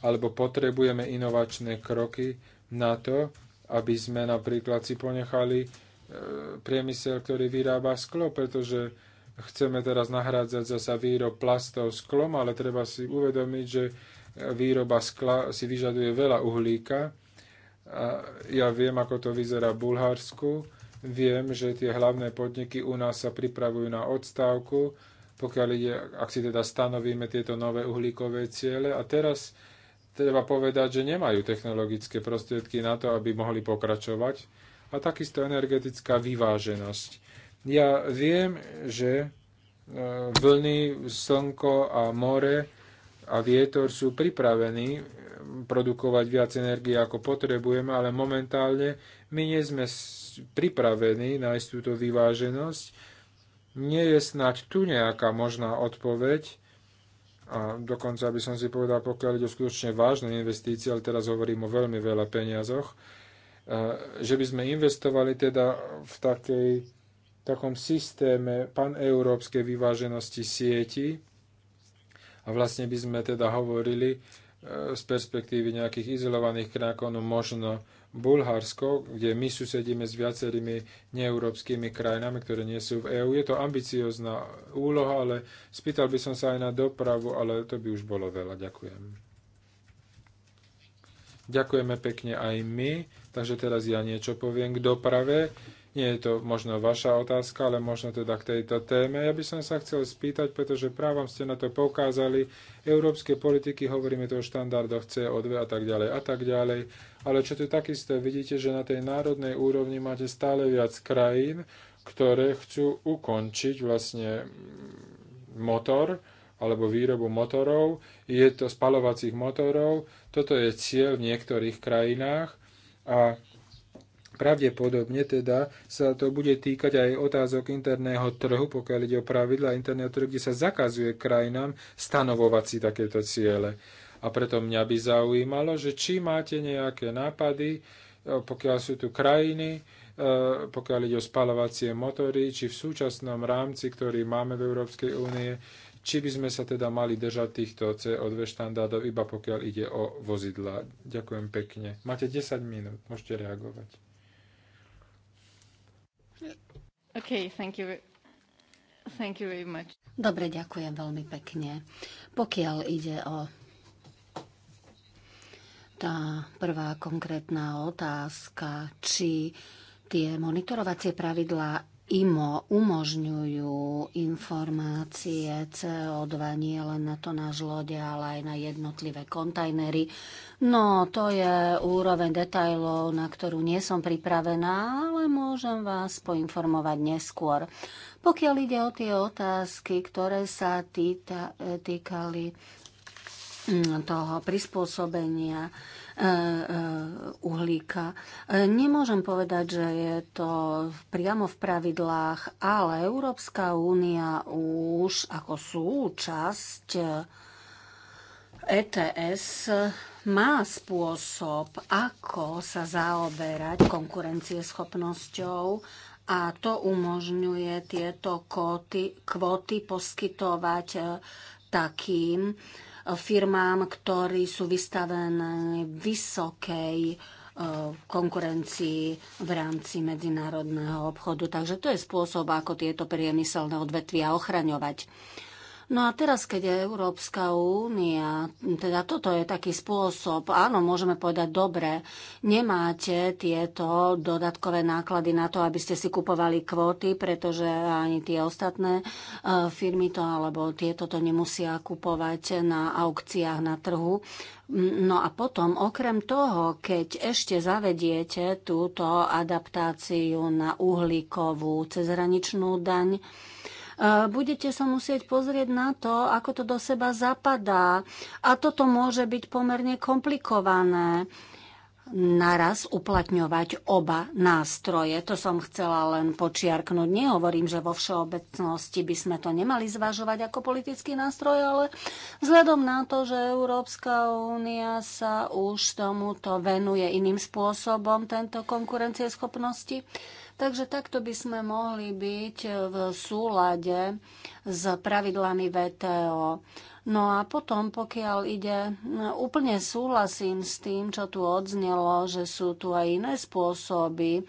alebo potrebujeme inovačné kroky na to, aby sme napríklad si ponechali e, priemysel, ktorý vyrába sklo, pretože chceme teraz nahrádzať zasa výrob plastov sklom, ale treba si uvedomiť, že výroba skla si vyžaduje veľa uhlíka. Ja viem, ako to vyzerá v Bulharsku. Viem, že tie hlavné podniky u nás sa pripravujú na odstávku, pokiaľ ide, ak si teda stanovíme tieto nové uhlíkové ciele. A teraz treba povedať, že nemajú technologické prostriedky na to, aby mohli pokračovať. A takisto energetická vyváženosť. Ja viem, že e, vlny, slnko a more a vietor sú pripravení e, produkovať viac energie, ako potrebujeme, ale momentálne my nie sme pripravení nájsť túto vyváženosť. Nie je snáď tu nejaká možná odpoveď, a dokonca by som si povedal, pokiaľ ide o skutočne vážne investície, ale teraz hovorím o veľmi veľa peniazoch, e, že by sme investovali teda v takej, takom systéme paneurópskej vyváženosti sieti a vlastne by sme teda hovorili e, z perspektívy nejakých izolovaných krákonov možno Bulharsko, kde my susedíme s viacerými neeurópskymi krajinami, ktoré nie sú v EÚ. Je to ambiciozná úloha, ale spýtal by som sa aj na dopravu, ale to by už bolo veľa. Ďakujem. Ďakujeme pekne aj my. Takže teraz ja niečo poviem k doprave. Nie je to možno vaša otázka, ale možno teda k tejto téme. Ja by som sa chcel spýtať, pretože právom ste na to poukázali, európske politiky, hovoríme to o štandardoch CO2 a tak ďalej a tak ďalej. Ale čo tu takisto vidíte, že na tej národnej úrovni máte stále viac krajín, ktoré chcú ukončiť vlastne motor alebo výrobu motorov. Je to spalovacích motorov. Toto je cieľ v niektorých krajinách. A Pravdepodobne teda sa to bude týkať aj otázok interného trhu, pokiaľ ide o pravidla interného trhu, kde sa zakazuje krajinám stanovovať si takéto ciele. A preto mňa by zaujímalo, že či máte nejaké nápady, e, pokiaľ sú tu krajiny, e, pokiaľ ide o spalovacie motory, či v súčasnom rámci, ktorý máme v Európskej únie, či by sme sa teda mali držať týchto CO2 štandardov, iba pokiaľ ide o vozidla. Ďakujem pekne. Máte 10 minút, môžete reagovať. Okay, thank you. Thank you very much. Dobre, ďakujem veľmi pekne. Pokiaľ ide o tá prvá konkrétna otázka, či tie monitorovacie pravidlá IMO umožňujú informácie CO2 nie len na to náš lode, ale aj na jednotlivé kontajnery. No, to je úroveň detajlov, na ktorú nie som pripravená, ale môžem vás poinformovať neskôr. Pokiaľ ide o tie otázky, ktoré sa týta, týkali toho prispôsobenia e, e, uhlíka. E, nemôžem povedať, že je to priamo v pravidlách, ale Európska únia už ako súčasť ETS má spôsob, ako sa zaoberať konkurencieschopnosťou a to umožňuje tieto kvóty, kvóty poskytovať takým, firmám, ktorí sú vystavené vysokej e, konkurencii v rámci medzinárodného obchodu. Takže to je spôsob, ako tieto priemyselné odvetvia ochraňovať. No a teraz, keď je Európska únia, teda toto je taký spôsob, áno, môžeme povedať, dobre, nemáte tieto dodatkové náklady na to, aby ste si kupovali kvóty, pretože ani tie ostatné e, firmy to, alebo tieto to nemusia kupovať na aukciách na trhu. No a potom, okrem toho, keď ešte zavediete túto adaptáciu na uhlíkovú cezhraničnú daň, budete sa musieť pozrieť na to, ako to do seba zapadá. A toto môže byť pomerne komplikované naraz uplatňovať oba nástroje. To som chcela len počiarknúť. Nehovorím, že vo všeobecnosti by sme to nemali zvažovať ako politický nástroj, ale vzhľadom na to, že Európska únia sa už tomuto venuje iným spôsobom, tento konkurencieschopnosti, schopnosti, Takže takto by sme mohli byť v súlade s pravidlami VTO. No a potom, pokiaľ ide, úplne súhlasím s tým, čo tu odznelo, že sú tu aj iné spôsoby e,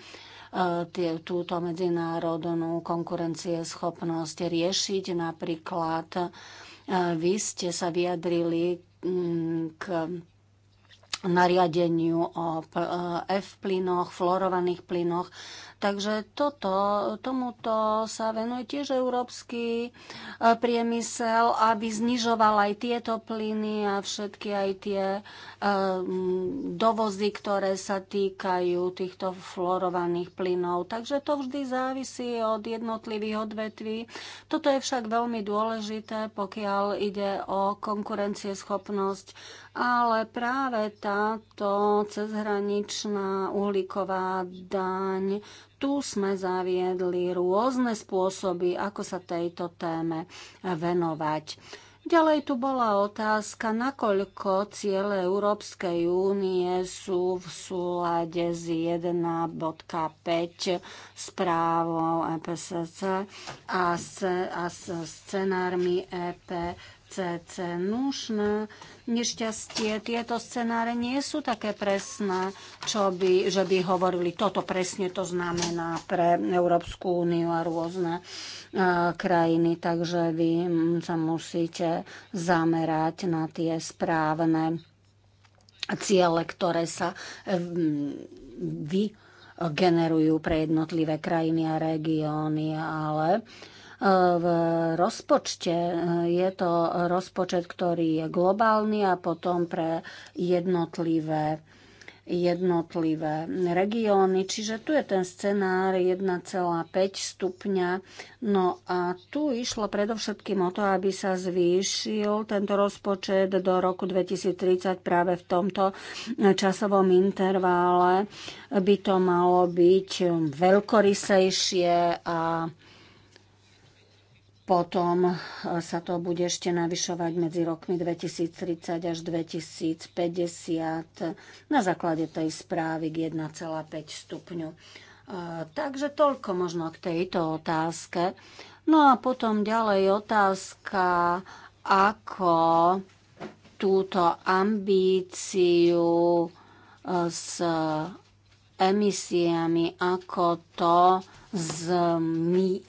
tie, túto medzinárodnú konkurencieschopnosť riešiť. Napríklad e, vy ste sa vyjadrili mm, k nariadeniu o e, F plynoch, fluorovaných plynoch. Takže toto, tomuto sa venuje tiež európsky e, priemysel, aby znižoval aj tieto plyny a všetky aj tie e, dovozy, ktoré sa týkajú týchto florovaných plynov. Takže to vždy závisí od jednotlivých odvetví. Toto je však veľmi dôležité, pokiaľ ide o konkurencieschopnosť ale práve táto cezhraničná uhlíková daň, tu sme zaviedli rôzne spôsoby, ako sa tejto téme venovať. Ďalej tu bola otázka, nakoľko ciele Európskej únie sú v súlade s 1.5 správou EPSC a s, a s scenármi EP CC. nušné na nešťastie tieto scenáre nie sú také presné, čo by, že by hovorili, toto presne to znamená pre Európsku úniu a rôzne uh, krajiny. Takže vy sa musíte zamerať na tie správne ciele, ktoré sa e, vygenerujú pre jednotlivé krajiny a regióny, ale v rozpočte. Je to rozpočet, ktorý je globálny a potom pre jednotlivé jednotlivé regióny. Čiže tu je ten scenár 1,5 stupňa. No a tu išlo predovšetkým o to, aby sa zvýšil tento rozpočet do roku 2030 práve v tomto časovom intervále. By to malo byť veľkorysejšie a potom e, sa to bude ešte navyšovať medzi rokmi 2030 až 2050 na základe tej správy k 1,5 stupňu. E, takže toľko možno k tejto otázke. No a potom ďalej otázka, ako túto ambíciu e, s emisiami, ako to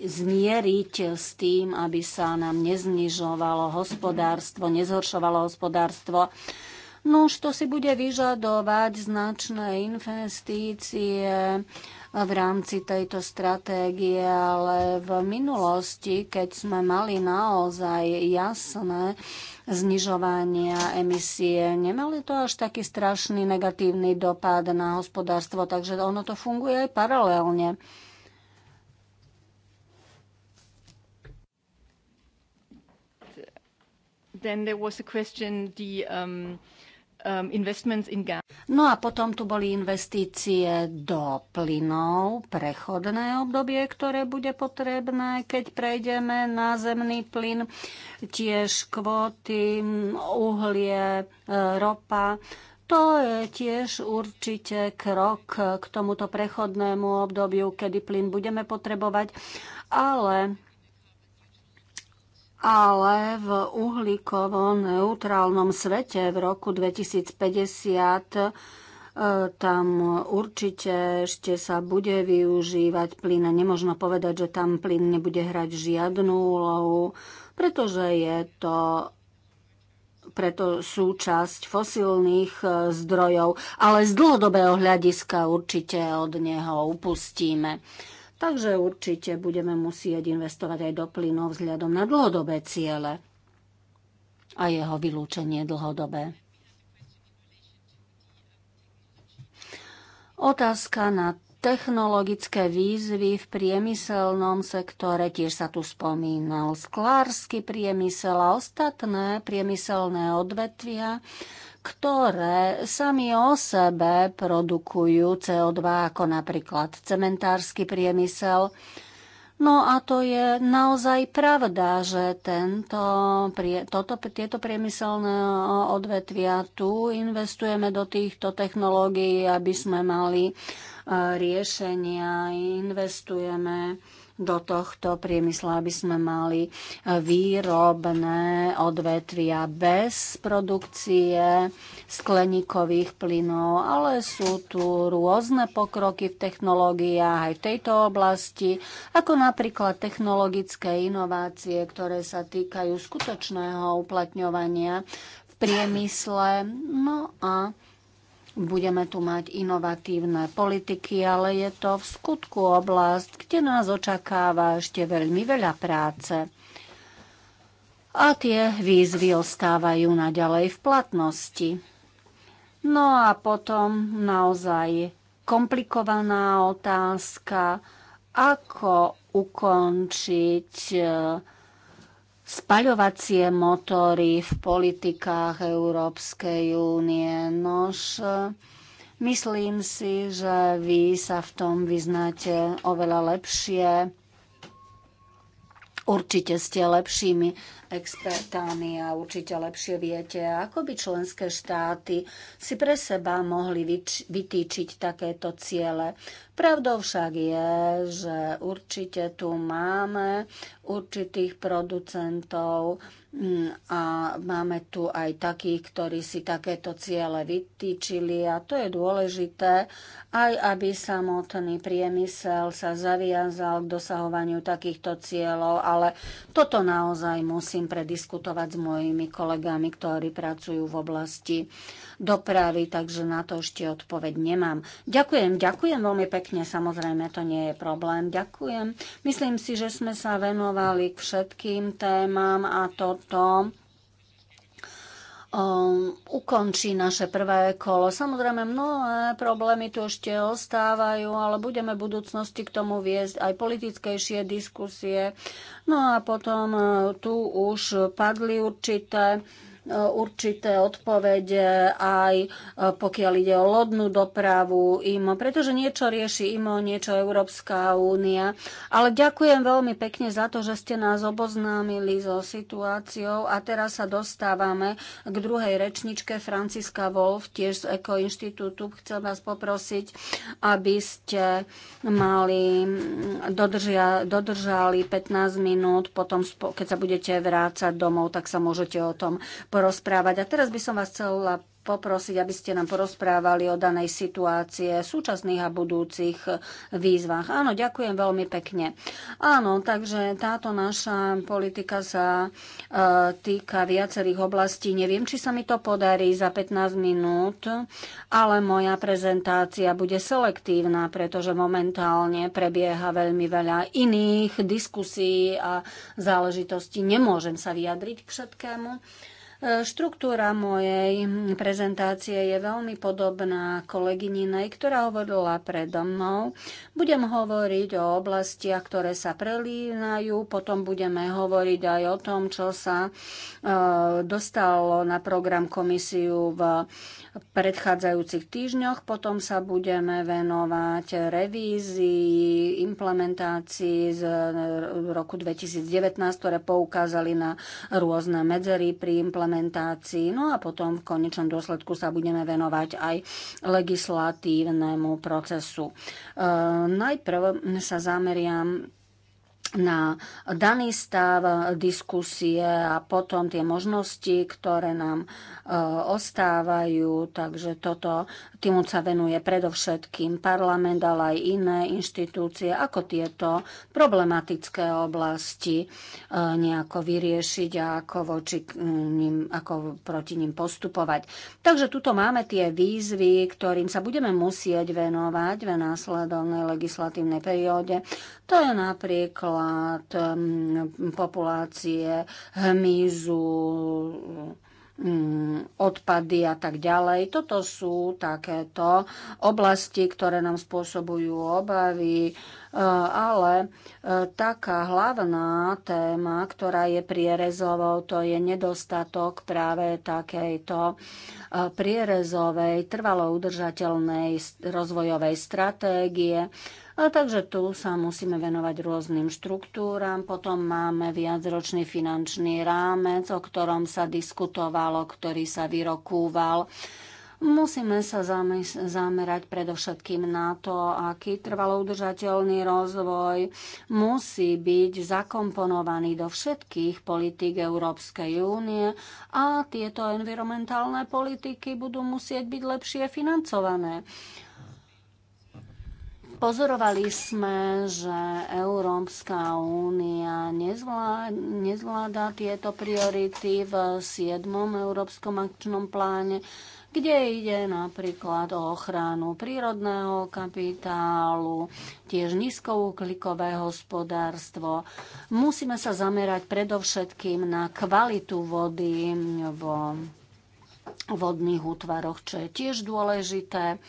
zmieriť s tým, aby sa nám neznižovalo hospodárstvo, nezhoršovalo hospodárstvo. No už to si bude vyžadovať značné investície v rámci tejto stratégie, ale v minulosti, keď sme mali naozaj jasné znižovania emisie, nemali to až taký strašný negatívny dopad na hospodárstvo, takže ono to funguje aj paralelne. Then there was a question the um, um, investments in gas. No a potom tu boli investície do plynov, prechodné obdobie, ktoré bude potrebné, keď prejdeme na zemný plyn, tiež kvóty, uhlie, e, ropa. To je tiež určite krok k tomuto prechodnému obdobiu, kedy plyn budeme potrebovať, ale ale v uhlíkovo neutrálnom svete v roku 2050 e, tam určite ešte sa bude využívať plyn a nemožno povedať, že tam plyn nebude hrať žiadnu úlohu, pretože je to preto súčasť fosilných e, zdrojov, ale z dlhodobého hľadiska určite od neho upustíme takže určite budeme musieť investovať aj do plynov vzhľadom na dlhodobé ciele a jeho vylúčenie dlhodobé. Otázka na technologické výzvy v priemyselnom sektore, tiež sa tu spomínal sklársky priemysel a ostatné priemyselné odvetvia, ktoré sami o sebe produkujú CO2, ako napríklad cementársky priemysel. No a to je naozaj pravda, že tento, toto, tieto priemyselné odvetvia tu investujeme do týchto technológií, aby sme mali eh, riešenia, investujeme do tohto priemysla, aby sme mali e, výrobné odvetvia bez produkcie skleníkových plynov, ale sú tu rôzne pokroky v technológiách aj v tejto oblasti, ako napríklad technologické inovácie, ktoré sa týkajú skutočného uplatňovania v priemysle. No a Budeme tu mať inovatívne politiky, ale je to v skutku oblasť, kde nás očakáva ešte veľmi veľa práce. A tie výzvy ostávajú naďalej v platnosti. No a potom naozaj komplikovaná otázka, ako ukončiť eh, spaľovacie motory v politikách Európskej únie. Nož, myslím si, že vy sa v tom vyznáte oveľa lepšie Určite ste lepšími expertami a určite lepšie viete, ako by členské štáty si pre seba mohli vytýčiť takéto ciele. Pravdou však je, že určite tu máme určitých producentov, Mm, a máme tu aj takých, ktorí si takéto ciele vytýčili a to je dôležité, aj aby samotný priemysel sa zaviazal k dosahovaniu takýchto cieľov, ale toto naozaj musím prediskutovať s mojimi kolegami, ktorí pracujú v oblasti dopravy, takže na to ešte odpoveď nemám. Ďakujem, ďakujem veľmi pekne, samozrejme to nie je problém. Ďakujem. Myslím si, že sme sa venovali k všetkým témam a toto um, ukončí naše prvé kolo. Samozrejme, mnohé problémy tu ešte ostávajú, ale budeme v budúcnosti k tomu viesť aj politickejšie diskusie. No a potom uh, tu už padli určité určité odpovede aj e, pokiaľ ide o lodnú dopravu IMO, pretože niečo rieši IMO, niečo Európska únia. Ale ďakujem veľmi pekne za to, že ste nás oboznámili so situáciou a teraz sa dostávame k druhej rečničke Franciska Wolf, tiež z Eko inštitútu. Chcem vás poprosiť, aby ste mali, dodržia, dodržali 15 minút, potom keď sa budete vrácať domov, tak sa môžete o tom porozprávať. A teraz by som vás chcela poprosiť, aby ste nám porozprávali o danej situácie, súčasných a budúcich výzvach. Áno, ďakujem veľmi pekne. Áno, takže táto naša politika sa e, týka viacerých oblastí. Neviem, či sa mi to podarí za 15 minút, ale moja prezentácia bude selektívna, pretože momentálne prebieha veľmi veľa iných diskusí a záležitostí. Nemôžem sa vyjadriť k všetkému. Štruktúra mojej prezentácie je veľmi podobná kolegyninej, ktorá hovorila predo mnou. Budem hovoriť o oblastiach, ktoré sa prelínajú, potom budeme hovoriť aj o tom, čo sa e, dostalo na program komisiu v predchádzajúcich týždňoch. Potom sa budeme venovať revízii, implementácii z e, roku 2019, ktoré poukázali na rôzne medzery pri implementácii implementácii. No a potom v konečnom dôsledku sa budeme venovať aj legislatívnemu procesu. E, najprv sa zameriam na daný stav diskusie a potom tie možnosti, ktoré nám e, ostávajú. Takže toto, týmu sa venuje predovšetkým parlament, ale aj iné inštitúcie, ako tieto problematické oblasti e, nejako vyriešiť a ako, voči ním, ako proti ním postupovať. Takže tuto máme tie výzvy, ktorým sa budeme musieť venovať v následovnej legislatívnej perióde. To je napríklad napríklad um, populácie hmyzu, um, odpady a tak ďalej. Toto sú takéto oblasti, ktoré nám spôsobujú obavy, uh, ale uh, taká hlavná téma, ktorá je prierezovou, to je nedostatok práve takejto uh, prierezovej, trvalo udržateľnej rozvojovej stratégie, a takže tu sa musíme venovať rôznym štruktúram. Potom máme viacročný finančný rámec, o ktorom sa diskutovalo, ktorý sa vyrokúval. Musíme sa zamerať predovšetkým na to, aký trvalo udržateľný rozvoj musí byť zakomponovaný do všetkých politík Európskej únie a tieto environmentálne politiky budú musieť byť lepšie financované. Pozorovali sme, že Európska únia nezvláda, nezvláda tieto priority v 7. Európskom akčnom pláne, kde ide napríklad o ochranu prírodného kapitálu, tiež nízkouklikové hospodárstvo. Musíme sa zamerať predovšetkým na kvalitu vody vo vodných útvaroch, čo je tiež dôležité.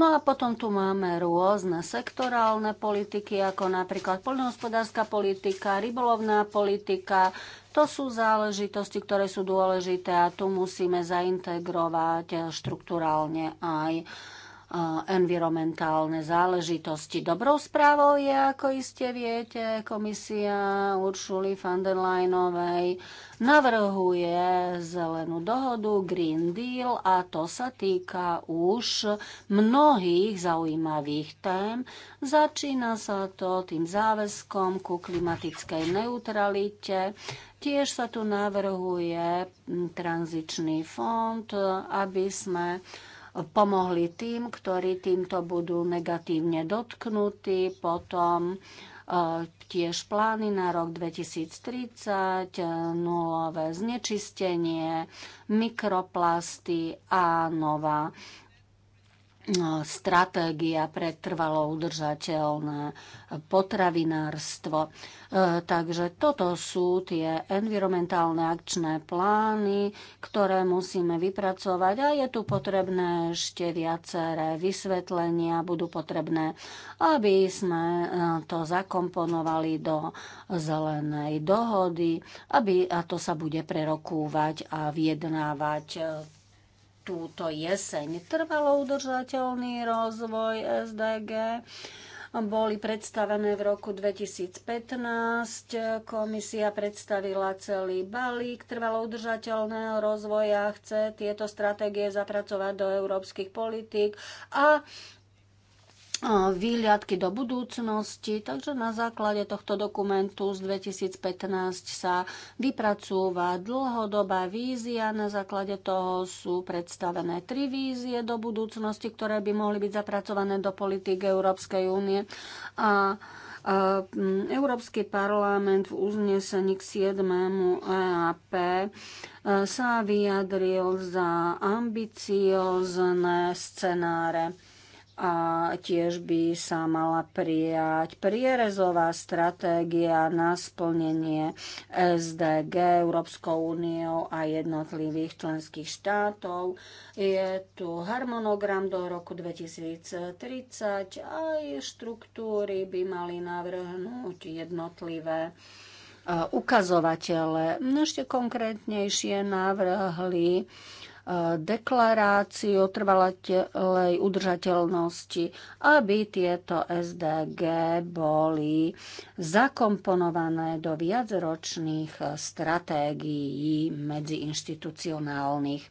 No a potom tu máme rôzne sektorálne politiky, ako napríklad poľnohospodárska politika, rybolovná politika. To sú záležitosti, ktoré sú dôležité a tu musíme zaintegrovať eh, štruktúrálne aj Eh, environmentálne záležitosti. Dobrou správou je, ako iste viete, komisia Uršuli van der Leyenovej navrhuje zelenú dohodu Green Deal a to sa týka už mnohých zaujímavých tém. Začína sa to tým záväzkom ku klimatickej neutralite, Tiež sa tu navrhuje tranzičný fond, aby sme pomohli tým, ktorí týmto budú negatívne dotknutí, potom e, tiež plány na rok 2030, e, nulové znečistenie, mikroplasty a nová No, stratégia pre trvalo udržateľné potravinárstvo. E, takže toto sú tie environmentálne akčné plány, ktoré musíme vypracovať a je tu potrebné ešte viaceré vysvetlenia, budú potrebné, aby sme e, to zakomponovali do zelenej dohody, aby, a to sa bude prerokúvať a vyjednávať e, túto jeseň. Trvalo udržateľný rozvoj SDG boli predstavené v roku 2015. Komisia predstavila celý balík trvalo udržateľného rozvoja, chce tieto stratégie zapracovať do európskych politík a výhľadky do budúcnosti, takže na základe tohto dokumentu z 2015 sa vypracúva dlhodobá vízia, na základe toho sú predstavené tri vízie do budúcnosti, ktoré by mohli byť zapracované do politik Európskej únie a a mm, Európsky parlament v uznesení k 7. EAP e, sa vyjadril za ambiciozne scenáre a tiež by sa mala prijať prierezová stratégia na splnenie SDG Európskou úniou a jednotlivých členských štátov. Je tu harmonogram do roku 2030 a štruktúry by mali navrhnúť jednotlivé e, ukazovatele. Ešte konkrétnejšie navrhli deklaráciu trvalej udržateľnosti, aby tieto SDG boli zakomponované do viacročných stratégií medziinštitucionálnych.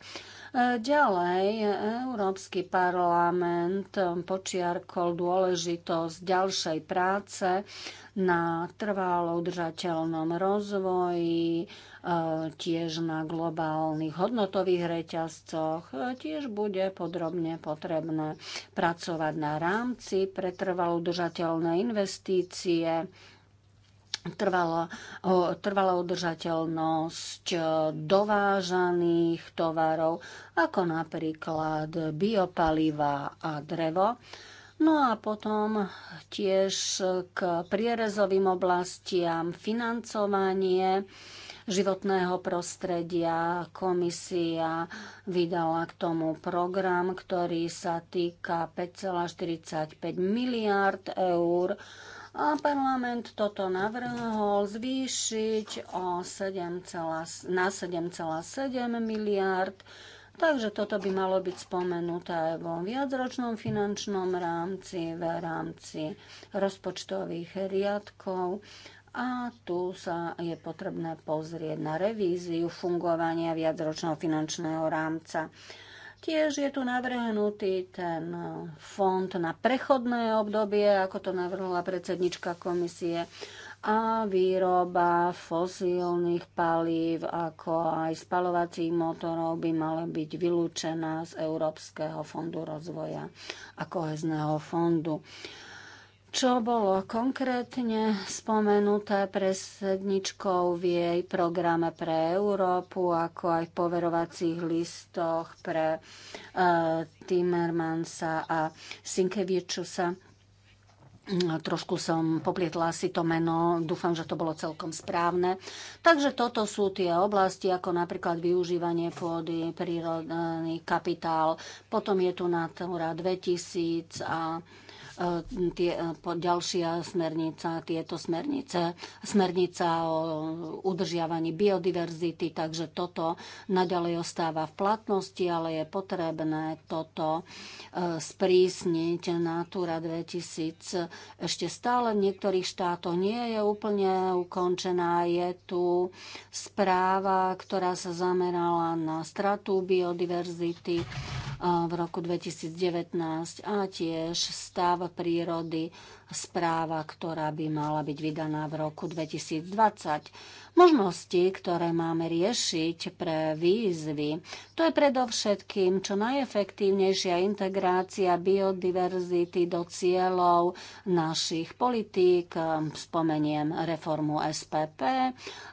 Ďalej, Európsky parlament počiarkol dôležitosť ďalšej práce na trvalo udržateľnom rozvoji, e, tiež na globálnych hodnotových reťazcoch. E, tiež bude podrobne potrebné pracovať na rámci pre trvalo udržateľné investície, trvalo, trvalo udržateľnosť e, dovážaných tovarov, ako napríklad biopaliva a drevo. No a potom tiež k prierezovým oblastiam financovanie životného prostredia. Komisia vydala k tomu program, ktorý sa týka 5,45 miliard eur a parlament toto navrhol zvýšiť o 7, na 7,7 miliard eur Takže toto by malo byť spomenuté aj vo viacročnom finančnom rámci, v rámci rozpočtových riadkov. A tu sa je potrebné pozrieť na revíziu fungovania viacročného finančného rámca. Tiež je tu navrhnutý ten fond na prechodné obdobie, ako to navrhla predsednička komisie a výroba fosílnych palív ako aj spalovacích motorov by mala byť vylúčená z Európskeho fondu rozvoja a kohezného fondu. Čo bolo konkrétne spomenuté predsedničkou v jej programe pre Európu, ako aj v poverovacích listoch pre uh, Timmermansa a Sinkevičusa Mm, trošku som poplietla si to meno, dúfam, že to bolo celkom správne. Takže toto sú tie oblasti, ako napríklad využívanie pôdy, prírodný kapitál, potom je tu Natura 2000 a E, tie, e, po ďalšia smernica, tieto smernice, smernica o udržiavaní biodiverzity, takže toto naďalej ostáva v platnosti, ale je potrebné toto e, sprísniť. Natura 2000 ešte stále v niektorých štátoch nie je úplne ukončená. Je tu správa, ktorá sa zamerala na stratu biodiverzity v roku 2019 a tiež stav prírody, správa, ktorá by mala byť vydaná v roku 2020. Možnosti, ktoré máme riešiť pre výzvy, to je predovšetkým čo najefektívnejšia integrácia biodiverzity do cieľov našich politík, spomeniem reformu SPP,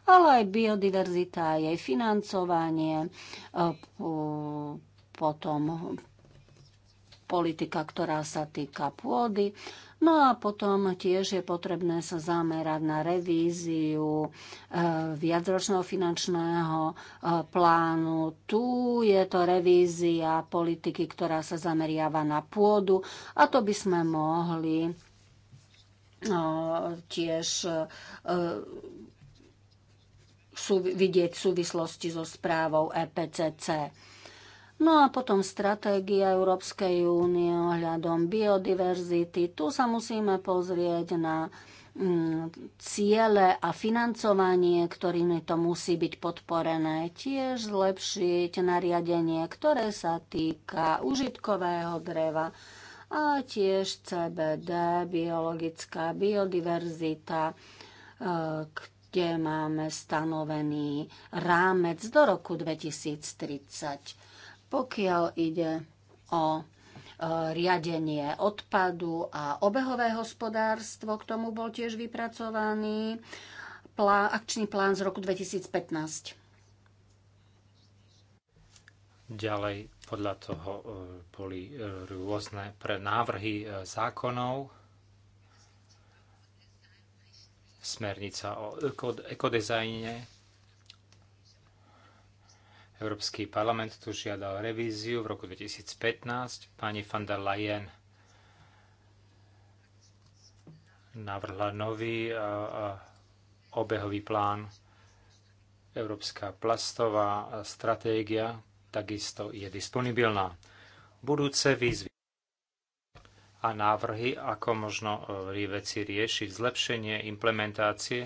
ale aj biodiverzita a jej financovanie, eh, potom politika, ktorá sa týka pôdy. No a potom tiež je potrebné sa zamerať na revíziu eh, viacročného finančného eh, plánu. Tu je to revízia politiky, ktorá sa zameriava na pôdu a to by sme mohli eh, tiež vidieť v súvislosti so správou EPCC. No a potom stratégia Európskej únie ohľadom biodiverzity. Tu sa musíme pozrieť na mm, ciele a financovanie, ktorými to musí byť podporené, tiež zlepšiť nariadenie, ktoré sa týka užitkového dreva a tiež CBD, biologická biodiverzita, e, kde máme stanovený rámec do roku 2030. Pokiaľ ide o e, riadenie odpadu a obehové hospodárstvo, k tomu bol tiež vypracovaný plán, akčný plán z roku 2015. Ďalej podľa toho e, boli e, rôzne pre návrhy zákonov, smernica o ekodizajne, Európsky parlament tu žiadal revíziu v roku 2015. Pani van der Leyen navrhla nový obehový plán, európska plastová stratégia takisto je disponibilná. Budúce výzvy a návrhy, ako možno e, veci riešiť zlepšenie implementácie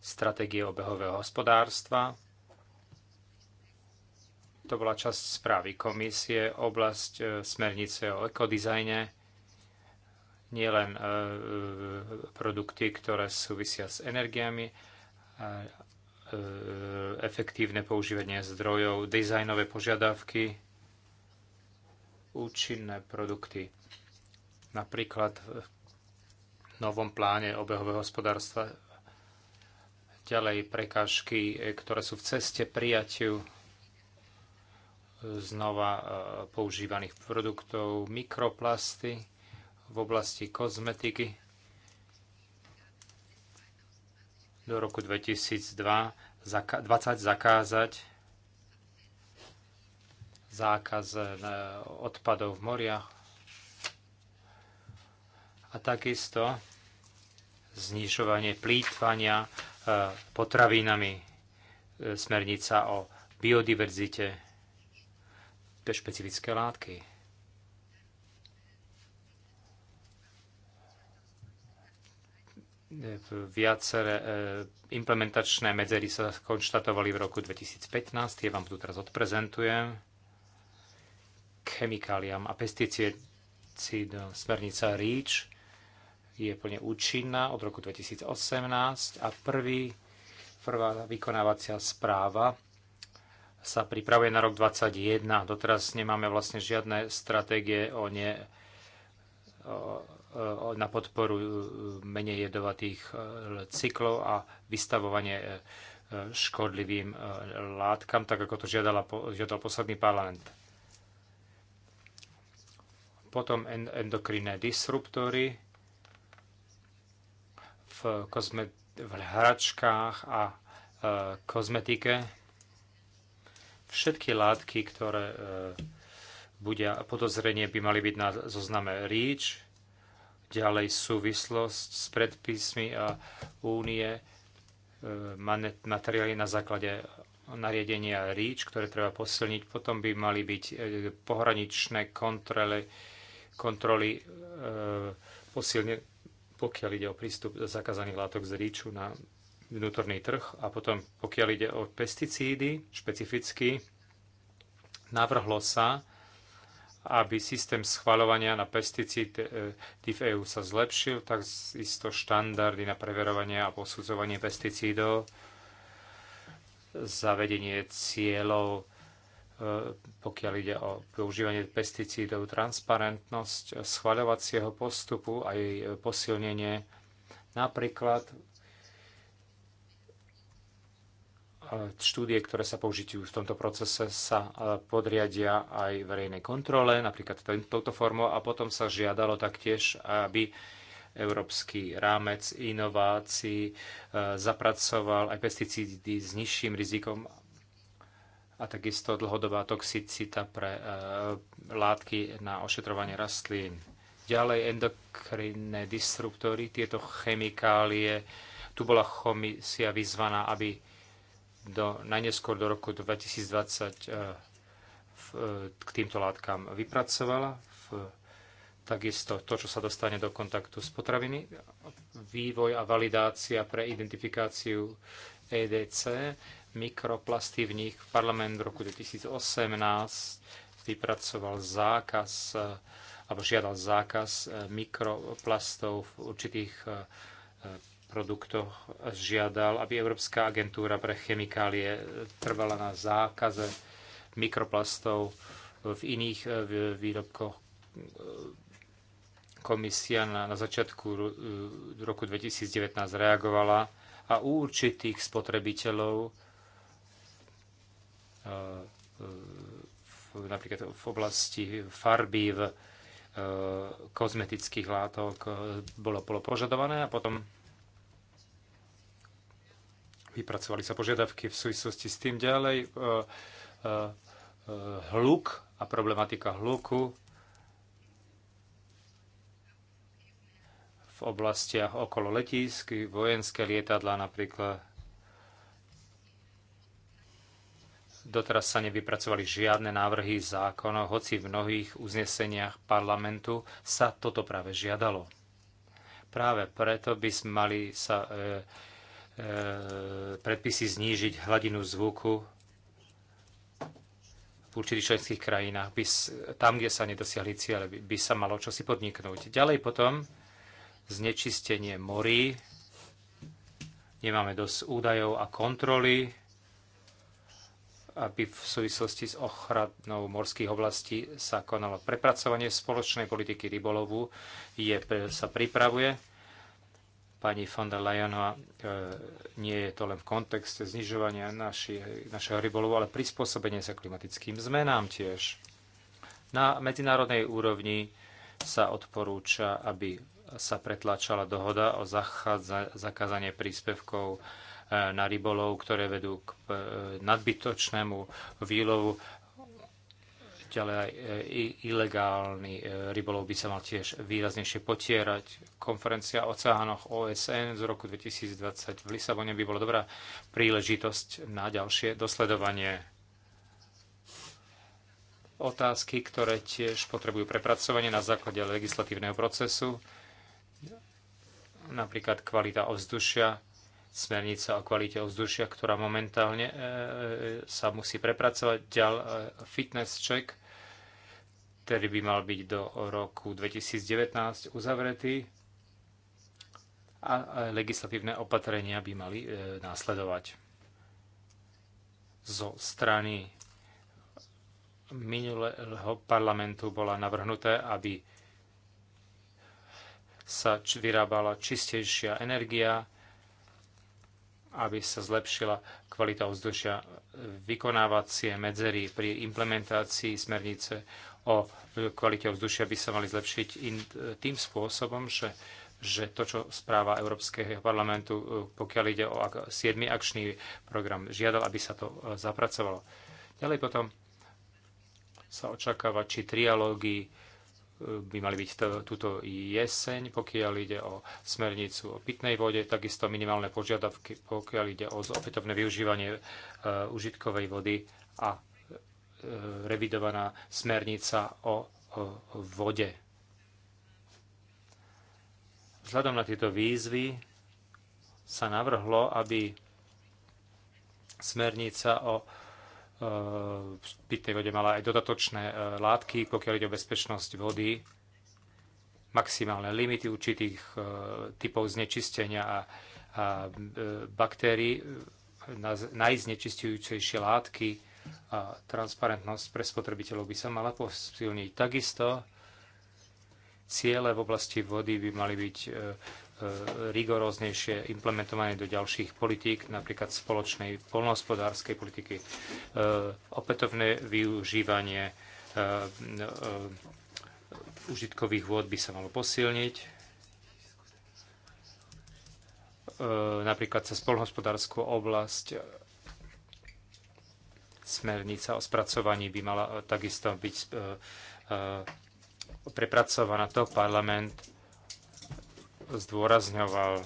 stratégie obehového hospodárstva, to bola časť správy komisie, oblasť e, smernice o ekodizajne, nielen e, e, produkty, ktoré súvisia s energiami, efektívne používanie zdrojov, dizajnové požiadavky, účinné produkty. Napríklad v novom pláne obehového hospodárstva ďalej prekážky, ktoré sú v ceste prijatiu znova e, používaných produktov, mikroplasty v oblasti kozmetiky. Do roku 2020 zakázať zákaz e, odpadov v moriach a takisto znižovanie plýtvania e, potravinami, smernica o biodiverzite pre špecifické látky. Viaceré e, implementačné medzery sa konštatovali v roku 2015, tie vám tu teraz odprezentujem. Chemikáliám a pesticídom smernica REACH je plne účinná od roku 2018 a prvý, prvá vykonávacia správa sa pripravuje na rok 2021. Doteraz nemáme vlastne žiadne stratégie o ne, o, o, na podporu e, menej jedovatých e, cyklov a vystavovanie e, škodlivým látkam, tak ako to žiadala, žiadal posledný parlament. Potom endokrinné disruptory v, v hračkách a kozmetike Všetky látky, ktoré e, budia podozrenie, by mali byť na zozname REACH, ďalej súvislosť s predpismi a únie, e, materiály na základe nariadenia REACH, ktoré treba posilniť. Potom by mali byť e, pohraničné kontroly, e, posilne, pokiaľ ide o prístup zakázaných látok z REACHu na vnútorný trh a potom pokiaľ ide o pesticídy špecificky, navrhlo sa, aby systém schvaľovania na pesticídy e, v EÚ sa zlepšil, takisto štandardy na preverovanie a posudzovanie pesticídov, zavedenie cieľov, e, pokiaľ ide o používanie pesticídov, transparentnosť schvaľovacieho postupu a jej posilnenie. Napríklad E, štúdie, ktoré sa použitiu v tomto procese, sa e, podriadia aj verejnej kontrole, napríklad touto formou, a potom sa žiadalo taktiež, aby európsky rámec inovácií e, zapracoval aj pesticídy s nižším rizikom a takisto dlhodobá toxicita pre látky na ošetrovanie rastlín. Ďalej endokrinné disruptory, tieto chemikálie, tu bola komisia vyzvaná, aby do, najneskôr do roku 2020 eh, v, eh, k týmto látkam vypracovala. V, takisto to, čo sa dostane do kontaktu s potraviny, vývoj a validácia pre identifikáciu EDC, mikroplasty v nich. Parlament v roku 2018 vypracoval zákaz eh, alebo žiadal zákaz mikroplastov v určitých produktoch žiadal, aby Európska agentúra pre chemikálie trvala na zákaze mikroplastov v iných eh, výrobkoch. Eh, komisia na, na začiatku eh, roku 2019 reagovala a u určitých spotrebiteľov napríklad v oblasti farby v kozmetických látok bolo, bolo požadované a potom Vypracovali sa požiadavky v súvislosti s tým ďalej. E, e, e, hluk a problematika hluku v oblastiach okolo letísk, vojenské lietadla napríklad. Doteraz sa nevypracovali žiadne návrhy zákonov, hoci v mnohých uzneseniach parlamentu sa toto práve žiadalo. Práve preto by sme mali sa e, E, predpisy znížiť hladinu zvuku v určitých členských krajinách, by, tam, kde sa nedosiahli ciele, by, by sa malo čosi podniknúť. Ďalej potom znečistenie morí, nemáme dosť údajov a kontroly, aby v súvislosti s ochranou morských oblastí sa konalo prepracovanie spoločnej politiky rybolovu, je, sa pripravuje pani von der Leyenová, e, nie je to len v kontexte znižovania naši, našeho rybolovu, ale prispôsobenie sa klimatickým zmenám tiež. Na medzinárodnej úrovni sa odporúča, aby sa pretláčala dohoda o zakázanie príspevkov e, na rybolov, ktoré vedú k e, nadbytočnému výlovu Ďalej aj e, ilegálny e, rybolov by sa mal tiež výraznejšie potierať. Konferencia o oceánoch OSN z roku 2020 v Lisabone by bola dobrá príležitosť na ďalšie dosledovanie otázky, ktoré tiež potrebujú prepracovanie na základe legislatívneho procesu, napríklad kvalita ovzdušia, smernica o kvalite ovzdušia, ktorá momentálne e, sa musí prepracovať. Ďal fitness check, ktorý by mal byť do roku 2019 uzavretý a legislatívne opatrenia by mali e, následovať. Zo strany minulého parlamentu bola navrhnuté, aby sa vyrábala čistejšia energia, aby sa zlepšila kvalita ovzdušia, vykonávacie medzery pri implementácii smernice o kvalite vzdušia by sa mali zlepšiť in, tým spôsobom, že, že to, čo správa Európskeho parlamentu, e, pokiaľ ide o 7. akčný program, žiadal, aby sa to e, zapracovalo. Ďalej potom sa očakáva, či trialógy e, by mali byť túto jeseň, pokiaľ ide o smernicu o pitnej vode, takisto minimálne požiadavky, pokiaľ ide o opätovné využívanie uh, užitkovej vody a E, revidovaná smernica o, vode. Vzhľadom na tieto výzvy sa navrhlo, aby smernica o e, pitnej vode mala aj dodatočné e, látky, pokiaľ ide o bezpečnosť vody, maximálne limity určitých typov znečistenia a, baktérií, najznečistujúcejšie látky, a transparentnosť pre spotrebiteľov by sa mala posilniť. Takisto ciele v oblasti vody by mali byť e, e, rigoróznejšie implementované do ďalších politík, napríklad spoločnej polnohospodárskej politiky, e, opätovné využívanie užitkových vôd by sa malo posilniť, napríklad cez polnohospodárskú oblasť Smernica o spracovaní by mala e, takisto byť e, e, prepracovaná. To parlament zdôrazňoval.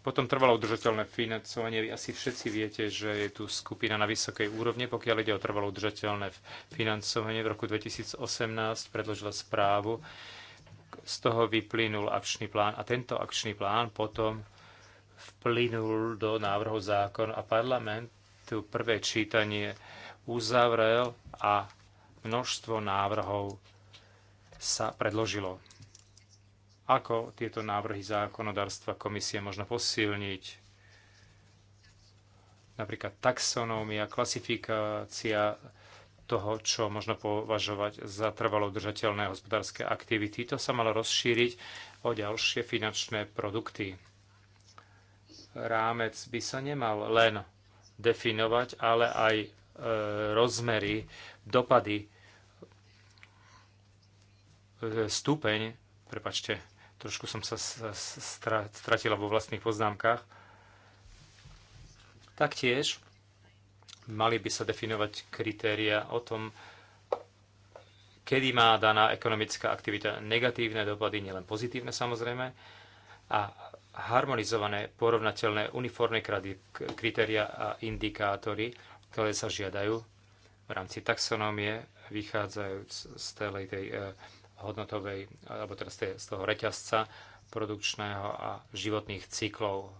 Potom trvalo udržateľné financovanie. Vy asi všetci viete, že je tu skupina na vysokej úrovne, pokiaľ ide o trvalo udržateľné financovanie. V roku 2018 predložila správu, z toho vyplynul akčný plán a tento akčný plán potom vplynul do návrhu zákon a parlament tu prvé čítanie uzavrel a množstvo návrhov sa predložilo. Ako tieto návrhy zákonodarstva komisie možno posilniť? Napríklad taxonómia, klasifikácia toho, čo možno považovať za trvalo držateľné hospodárske aktivity. To sa malo rozšíriť o ďalšie finančné produkty. Rámec by sa nemal len definovať, ale aj e, rozmery, dopady, e, stupeň, prepačte, trošku som sa stratila vo vlastných poznámkach, taktiež mali by sa definovať kritéria o tom, kedy má daná ekonomická aktivita negatívne dopady, nielen pozitívne samozrejme, a harmonizované, porovnateľné, uniformné kritéria a indikátory, ktoré sa žiadajú v rámci taxonómie, vychádzajúc z tej, tej hodnotovej, alebo teraz z toho reťazca produkčného a životných cyklov,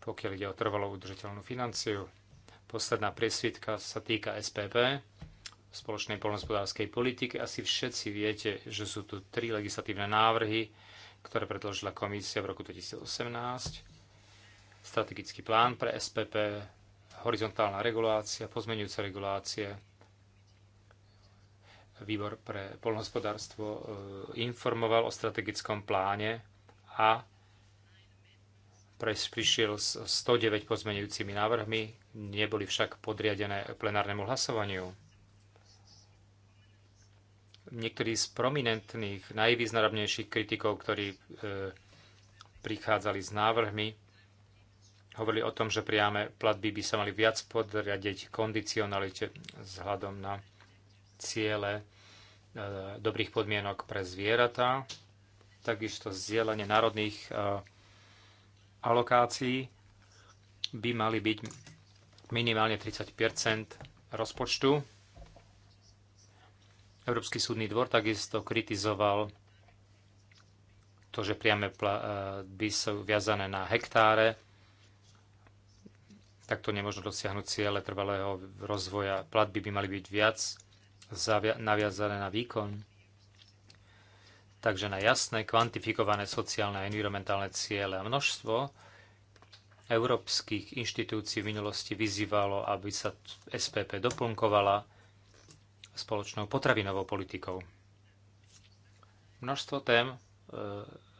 pokiaľ ide o trvalú udržateľnú financiu. Posledná presvitka sa týka SPP, spoločnej poľnohospodárskej politiky. Asi všetci viete, že sú tu tri legislatívne návrhy, ktoré predložila komisia v roku 2018, strategický plán pre SPP, horizontálna regulácia, pozmenujúce regulácie, výbor pre polnohospodárstvo e, informoval o strategickom pláne a prišiel s 109 pozmenujúcimi návrhmi, neboli však podriadené plenárnemu hlasovaniu niektorí z prominentných, najvýznamnejších kritikov, ktorí e, prichádzali s návrhmi, hovorili o tom, že priame platby by sa mali viac podriadiť kondicionalite vzhľadom na ciele e, dobrých podmienok pre zvieratá, takisto zdieľanie národných e, alokácií by mali byť minimálne 30 rozpočtu Európsky súdny dvor takisto kritizoval to, že priame e, by sú viazané na hektáre, tak to nemôžno dosiahnuť ciele trvalého rozvoja. Platby by mali byť viac naviazané na výkon. Takže na jasné, kvantifikované sociálne a environmentálne ciele. A množstvo európskych inštitúcií v minulosti vyzývalo, aby sa SPP doplnkovala spoločnou potravinovou politikou. Množstvo tém, e,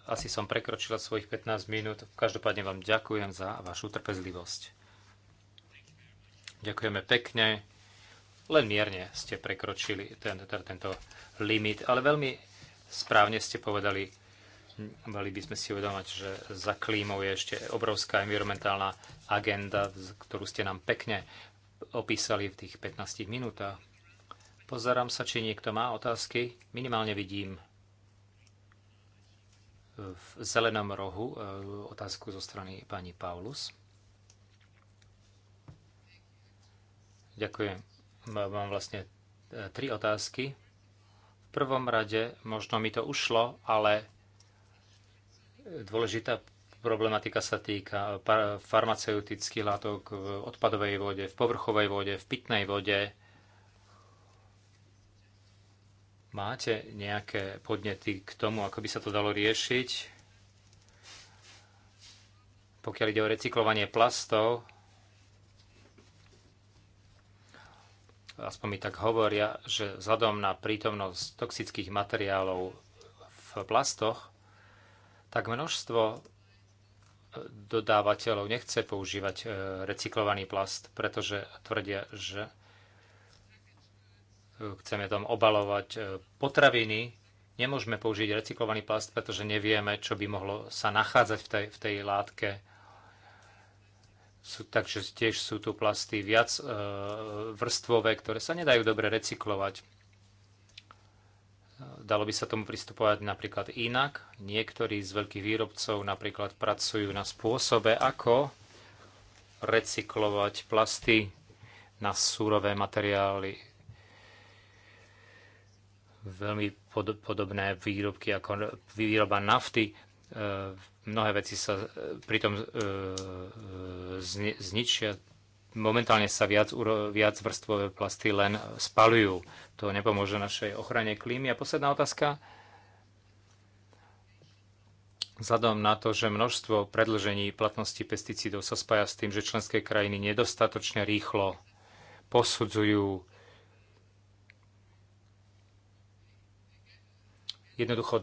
asi som prekročila svojich 15 minút. Každopádne vám ďakujem za vašu trpezlivosť. Ďakujeme pekne. Len mierne ste prekročili ten, tento limit, ale veľmi správne ste povedali, mali by sme si uvedomať, že za klímou je ešte obrovská environmentálna agenda, ktorú ste nám pekne opísali v tých 15 minútach. Pozerám sa, či niekto má otázky. Minimálne vidím v zelenom rohu e, otázku zo strany pani Paulus. Ďakujem. Mám vlastne e, tri otázky. V prvom rade, možno mi to ušlo, ale dôležitá problematika sa týka e, farmaceutických látok v odpadovej vode, v povrchovej vode, v pitnej vode, Máte nejaké podnety k tomu, ako by sa to dalo riešiť? Pokiaľ ide o recyklovanie plastov, aspoň mi tak hovoria, že vzhľadom na prítomnosť toxických materiálov v plastoch, tak množstvo dodávateľov nechce používať e, recyklovaný plast, pretože tvrdia, že chceme tam obalovať e, potraviny, nemôžeme použiť recyklovaný plast, pretože nevieme, čo by mohlo sa nachádzať v tej, v tej látke. Sú, takže tiež sú tu plasty viac e, vrstvové, ktoré sa nedajú dobre recyklovať. E, dalo by sa tomu pristupovať napríklad inak. Niektorí z veľkých výrobcov napríklad pracujú na spôsobe, ako recyklovať plasty na súrové materiály veľmi pod, podobné výrobky ako výroba nafty. E, mnohé veci sa e, pritom e, zničia. Momentálne sa viac, viac vrstvové plasty len spalujú. To nepomôže našej ochrane klímy. A posledná otázka. Vzhľadom na to, že množstvo predlžení platnosti pesticídov sa spája s tým, že členské krajiny nedostatočne rýchlo posudzujú Jednoducho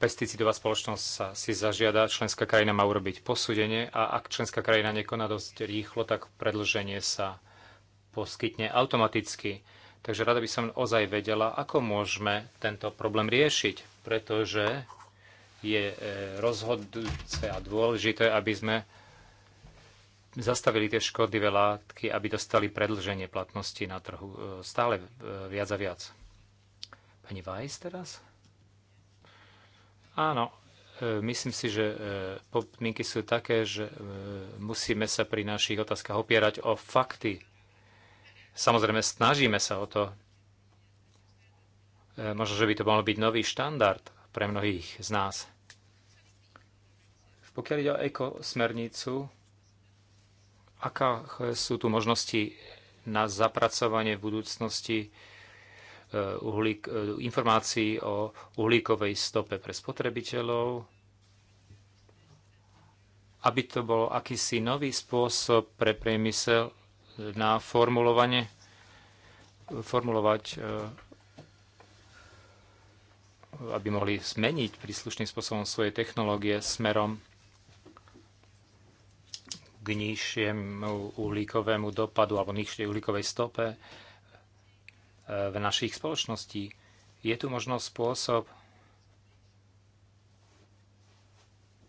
pesticidová spoločnosť sa, si zažiada, členská krajina má urobiť posúdenie a ak členská krajina nekoná dosť rýchlo, tak predlženie sa poskytne automaticky. Takže rada by som ozaj vedela, ako môžeme tento problém riešiť, pretože je e, rozhodujúce a dôležité, aby sme zastavili tie škodlivé látky, aby dostali predlženie platnosti na trhu e, stále e, viac a viac. Pani Weiss teraz? Áno, e, myslím si, že e, podmienky sú také, že e, musíme sa pri našich otázkach opierať o fakty. Samozrejme, snažíme sa o to. Možno, že by to mal byť nový štandard pre mnohých z nás. Pokiaľ ide o ekosmernicu, aká sú tu možnosti na zapracovanie v budúcnosti Eh, uhlík, eh, informácií o uhlíkovej stope pre spotrebiteľov, aby to bol akýsi nový spôsob pre priemysel na formulovanie, formulovať, eh, aby mohli zmeniť príslušným spôsobom svoje technológie smerom k nižšiemu uhlíkovému dopadu alebo nižšej uhlíkovej stope v našich spoločností. Je tu možnosť spôsob,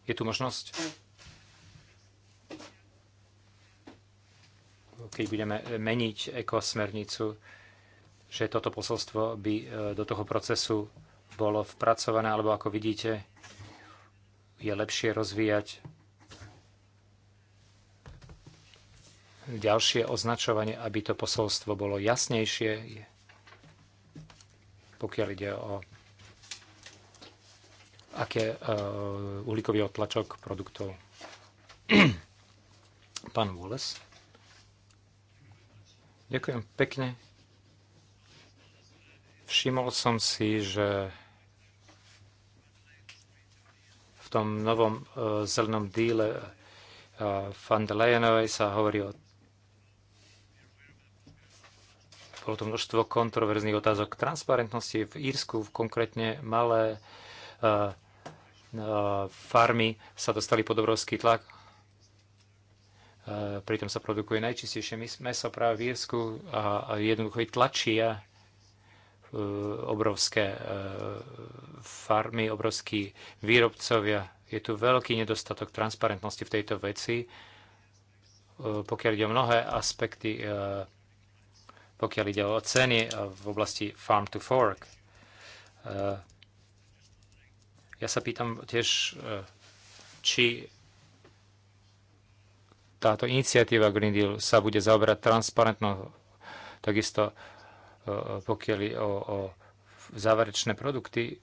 je tu možnosť, keď budeme meniť ekosmernicu, že toto posolstvo by e, do toho procesu bolo vpracované, alebo ako vidíte, je lepšie rozvíjať ďalšie označovanie, aby to posolstvo bolo jasnejšie, pokiaľ ide o aké e, uhlíkový odtlačok produktov. Pán Wallace. Ďakujem pekne. Všimol som si, že v tom novom e, zelenom díle e, van der Leyenovej sa hovorí o bolo to množstvo kontroverzných otázok transparentnosti v Írsku, konkrétne malé uh, uh, farmy sa dostali pod obrovský tlak. Uh, pritom sa produkuje najčistejšie meso práve v Írsku a, a jednoducho ich tlačia obrovské farmy, obrovskí výrobcovia. Je tu veľký nedostatok transparentnosti v tejto veci pokiaľ ide o mnohé aspekty pokiaľ ide o ceny e, v oblasti Farm to Fork. E, ja sa pýtam tiež, e, či táto iniciatíva Green Deal sa bude zaoberať transparentno, takisto pokiaľ je o, o záverečné produkty,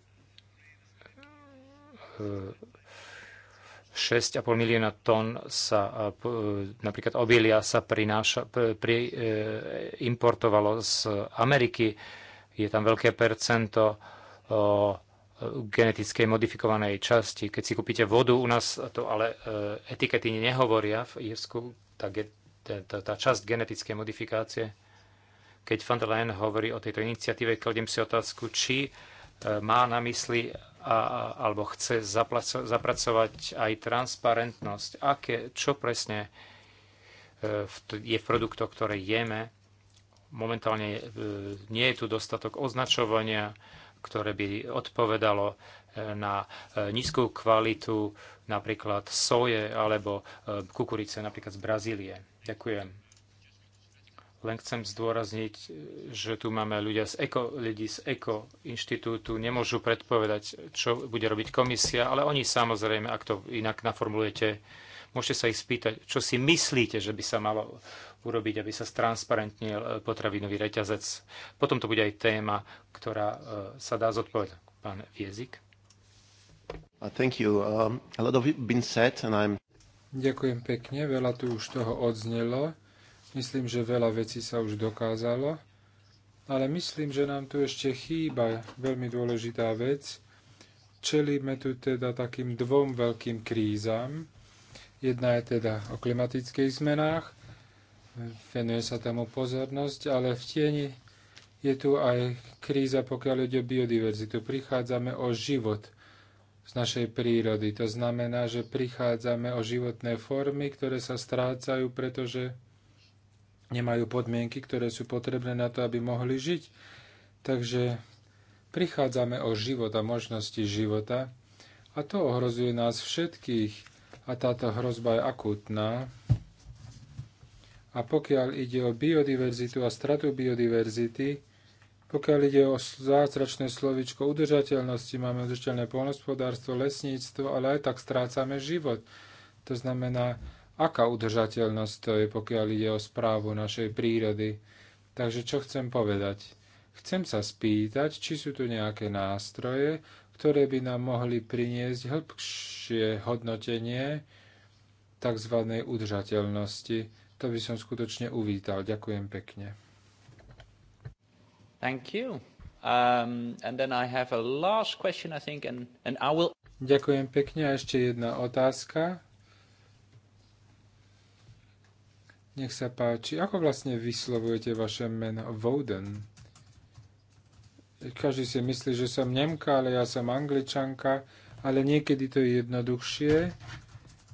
6,5 milióna tón sa e, e, napríklad obilia sa prináša, pri, e, importovalo z Ameriky. Je tam veľké percento genetickej modifikovanej časti. Keď si kúpite vodu, u nás to ale etikety nehovoria v Írsku, tá, tá, tá časť genetickej modifikácie. Keď van der Leyen hovorí o tejto iniciatíve, kladiem si otázku, či E, má na mysli a, alebo chce zaplaco, zapracovať aj transparentnosť, aké, čo presne e, je v produktoch, ktoré jeme. Momentálne e, nie je tu dostatok označovania, ktoré by odpovedalo na nízku kvalitu napríklad soje alebo kukurice napríklad z Brazílie. Ďakujem. Len chcem zdôrazniť, že tu máme ľudia z eko, ľudí z Eko inštitútu, nemôžu predpovedať, čo bude robiť komisia, ale oni samozrejme, ak to inak naformulujete, môžete sa ich spýtať, čo si myslíte, že by sa malo urobiť, aby sa stransparentnil eh, potravinový reťazec. Potom to bude aj téma, ktorá eh, sa dá zodpovedať. Pán Viezik. Uh, um, Ďakujem pekne, veľa tu už toho odznelo. Myslím, že veľa vecí sa už dokázalo, ale myslím, že nám tu ešte chýba veľmi dôležitá vec. Čelíme tu teda takým dvom veľkým krízam. Jedna je teda o klimatických zmenách, venuje sa tomu pozornosť, ale v tieni je tu aj kríza, pokiaľ ide o biodiverzitu. Prichádzame o život z našej prírody. To znamená, že prichádzame o životné formy, ktoré sa strácajú, pretože nemajú podmienky, ktoré sú potrebné na to, aby mohli žiť. Takže prichádzame o život a možnosti života a to ohrozuje nás všetkých a táto hrozba je akutná. A pokiaľ ide o biodiverzitu a stratu biodiverzity, pokiaľ ide o zázračné slovičko udržateľnosti, máme udržateľné polnospodárstvo, lesníctvo, ale aj tak strácame život. To znamená, Aká udržateľnosť to je, pokiaľ ide o správu našej prírody? Takže čo chcem povedať? Chcem sa spýtať, či sú tu nejaké nástroje, ktoré by nám mohli priniesť hĺbšie hodnotenie tzv. udržateľnosti. To by som skutočne uvítal. Ďakujem pekne. Thank you. Um, and then I have a last question, I think, and, and I will... Ďakujem pekne. A ešte jedna otázka. Nech sa páči. Ako vlastne vyslovujete vaše meno? Voden. Každý si myslí, že som Nemka, ale ja som Angličanka, ale niekedy to je jednoduchšie.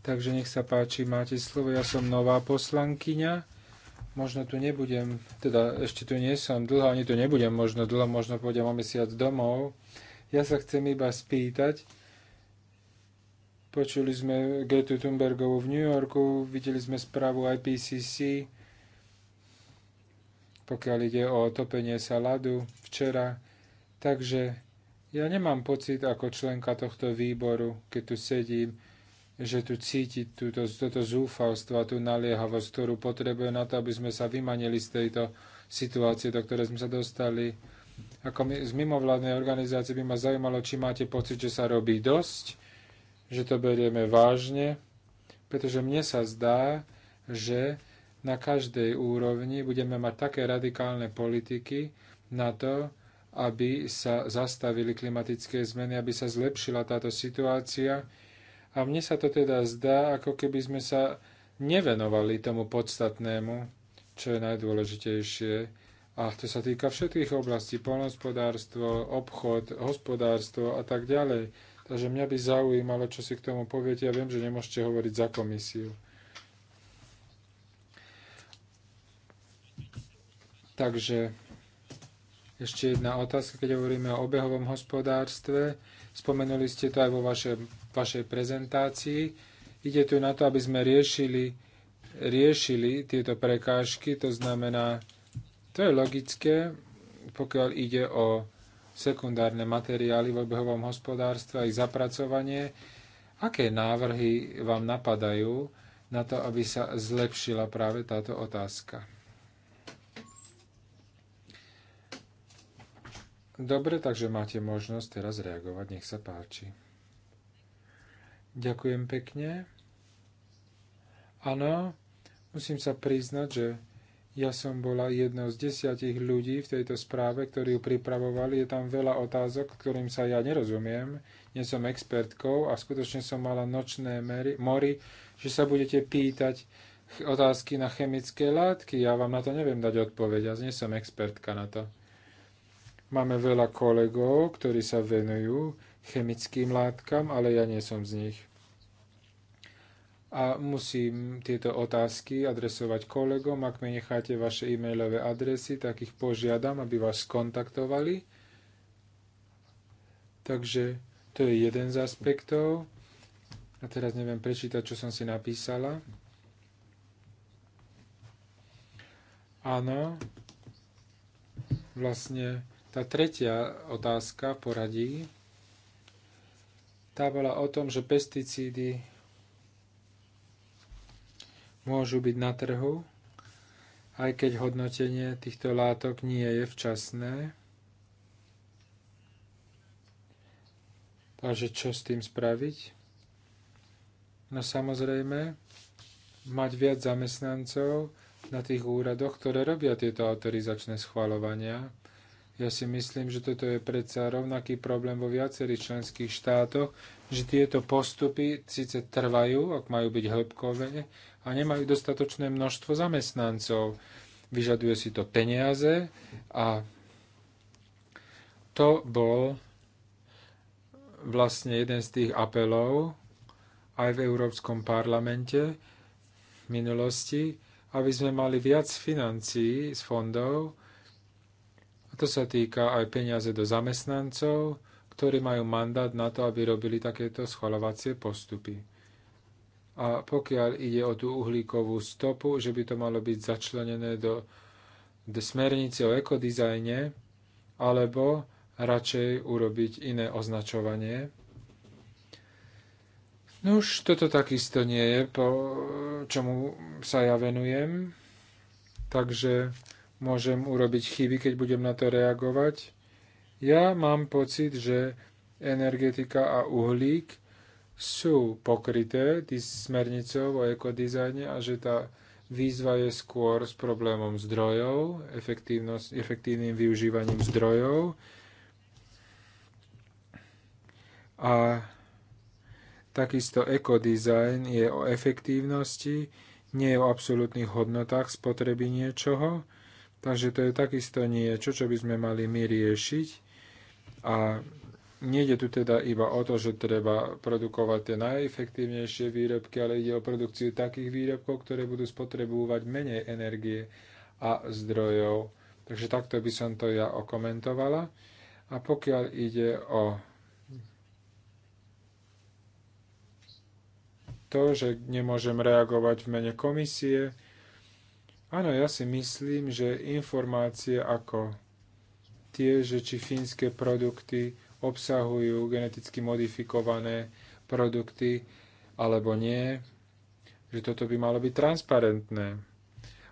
Takže nech sa páči, máte slovo. Ja som nová poslankyňa. Možno tu nebudem, teda ešte tu nie som dlho, ani tu nebudem možno dlho, možno pôjdem o mesiac domov. Ja sa chcem iba spýtať, Počuli sme Gretu Thunbergovu v New Yorku, videli sme správu IPCC, pokiaľ ide o topenie sa ľadu včera. Takže ja nemám pocit ako členka tohto výboru, keď tu sedím, že tu cíti túto, toto zúfalstvo a tú naliehavosť, ktorú potrebuje na to, aby sme sa vymanili z tejto situácie, do ktorej sme sa dostali. Ako my, z mimovládnej organizácie by ma zaujímalo, či máte pocit, že sa robí dosť, že to berieme vážne, pretože mne sa zdá, že na každej úrovni budeme mať také radikálne politiky na to, aby sa zastavili klimatické zmeny, aby sa zlepšila táto situácia. A mne sa to teda zdá, ako keby sme sa nevenovali tomu podstatnému, čo je najdôležitejšie. A to sa týka všetkých oblastí, polnospodárstvo, obchod, hospodárstvo a tak ďalej. Takže mňa by zaujímalo, čo si k tomu poviete. Ja viem, že nemôžete hovoriť za komisiu. Takže ešte jedna otázka, keď hovoríme o obehovom hospodárstve. Spomenuli ste to aj vo vašej, vašej prezentácii. Ide tu na to, aby sme riešili, riešili tieto prekážky, to znamená, to je logické, pokiaľ ide o sekundárne materiály v obehovom hospodárstve a ich zapracovanie. Aké návrhy vám napadajú na to, aby sa zlepšila práve táto otázka? Dobre, takže máte možnosť teraz reagovať. Nech sa páči. Ďakujem pekne. Áno, musím sa priznať, že ja som bola jednou z desiatich ľudí v tejto správe, ktorí ju pripravovali. Je tam veľa otázok, ktorým sa ja nerozumiem. Nie som expertkou a skutočne som mala nočné mery, mori, že sa budete pýtať otázky na chemické látky. Ja vám na to neviem dať odpoveď, ja nie som expertka na to. Máme veľa kolegov, ktorí sa venujú chemickým látkam, ale ja nie som z nich a musím tieto otázky adresovať kolegom. Ak mi necháte vaše e-mailové adresy, tak ich požiadam, aby vás skontaktovali. Takže to je jeden z aspektov. A teraz neviem prečítať, čo som si napísala. Áno, vlastne tá tretia otázka poradí, tá bola o tom, že pesticídy môžu byť na trhu, aj keď hodnotenie týchto látok nie je včasné. Takže čo s tým spraviť? No samozrejme, mať viac zamestnancov na tých úradoch, ktoré robia tieto autorizačné schvalovania. Ja si myslím, že toto je predsa rovnaký problém vo viacerých členských štátoch, že tieto postupy síce trvajú, ak majú byť hĺbkové, a nemajú dostatočné množstvo zamestnancov. Vyžaduje si to peniaze a to bol vlastne jeden z tých apelov aj v Európskom parlamente v minulosti, aby sme mali viac financií z fondov. A to sa týka aj peniaze do zamestnancov, ktorí majú mandát na to, aby robili takéto schvalovacie postupy a pokiaľ ide o tú uhlíkovú stopu, že by to malo byť začlenené do, do smernice o ekodizajne, alebo radšej urobiť iné označovanie. No už toto takisto nie je, po čomu sa ja venujem, takže môžem urobiť chyby, keď budem na to reagovať. Ja mám pocit, že energetika a uhlík sú pokryté smernicou o ekodizajne a že tá výzva je skôr s problémom zdrojov, efektívnym využívaním zdrojov. A takisto ekodizajn je o efektívnosti, nie je o absolútnych hodnotách spotreby niečoho, takže to je takisto niečo, čo by sme mali my riešiť. A Nejde tu teda iba o to, že treba produkovať tie najefektívnejšie výrobky, ale ide o produkciu takých výrobkov, ktoré budú spotrebovať menej energie a zdrojov. Takže takto by som to ja okomentovala. A pokiaľ ide o to, že nemôžem reagovať v mene komisie, áno, ja si myslím, že informácie ako tie, že či fínske produkty obsahujú geneticky modifikované produkty alebo nie, že toto by malo byť transparentné.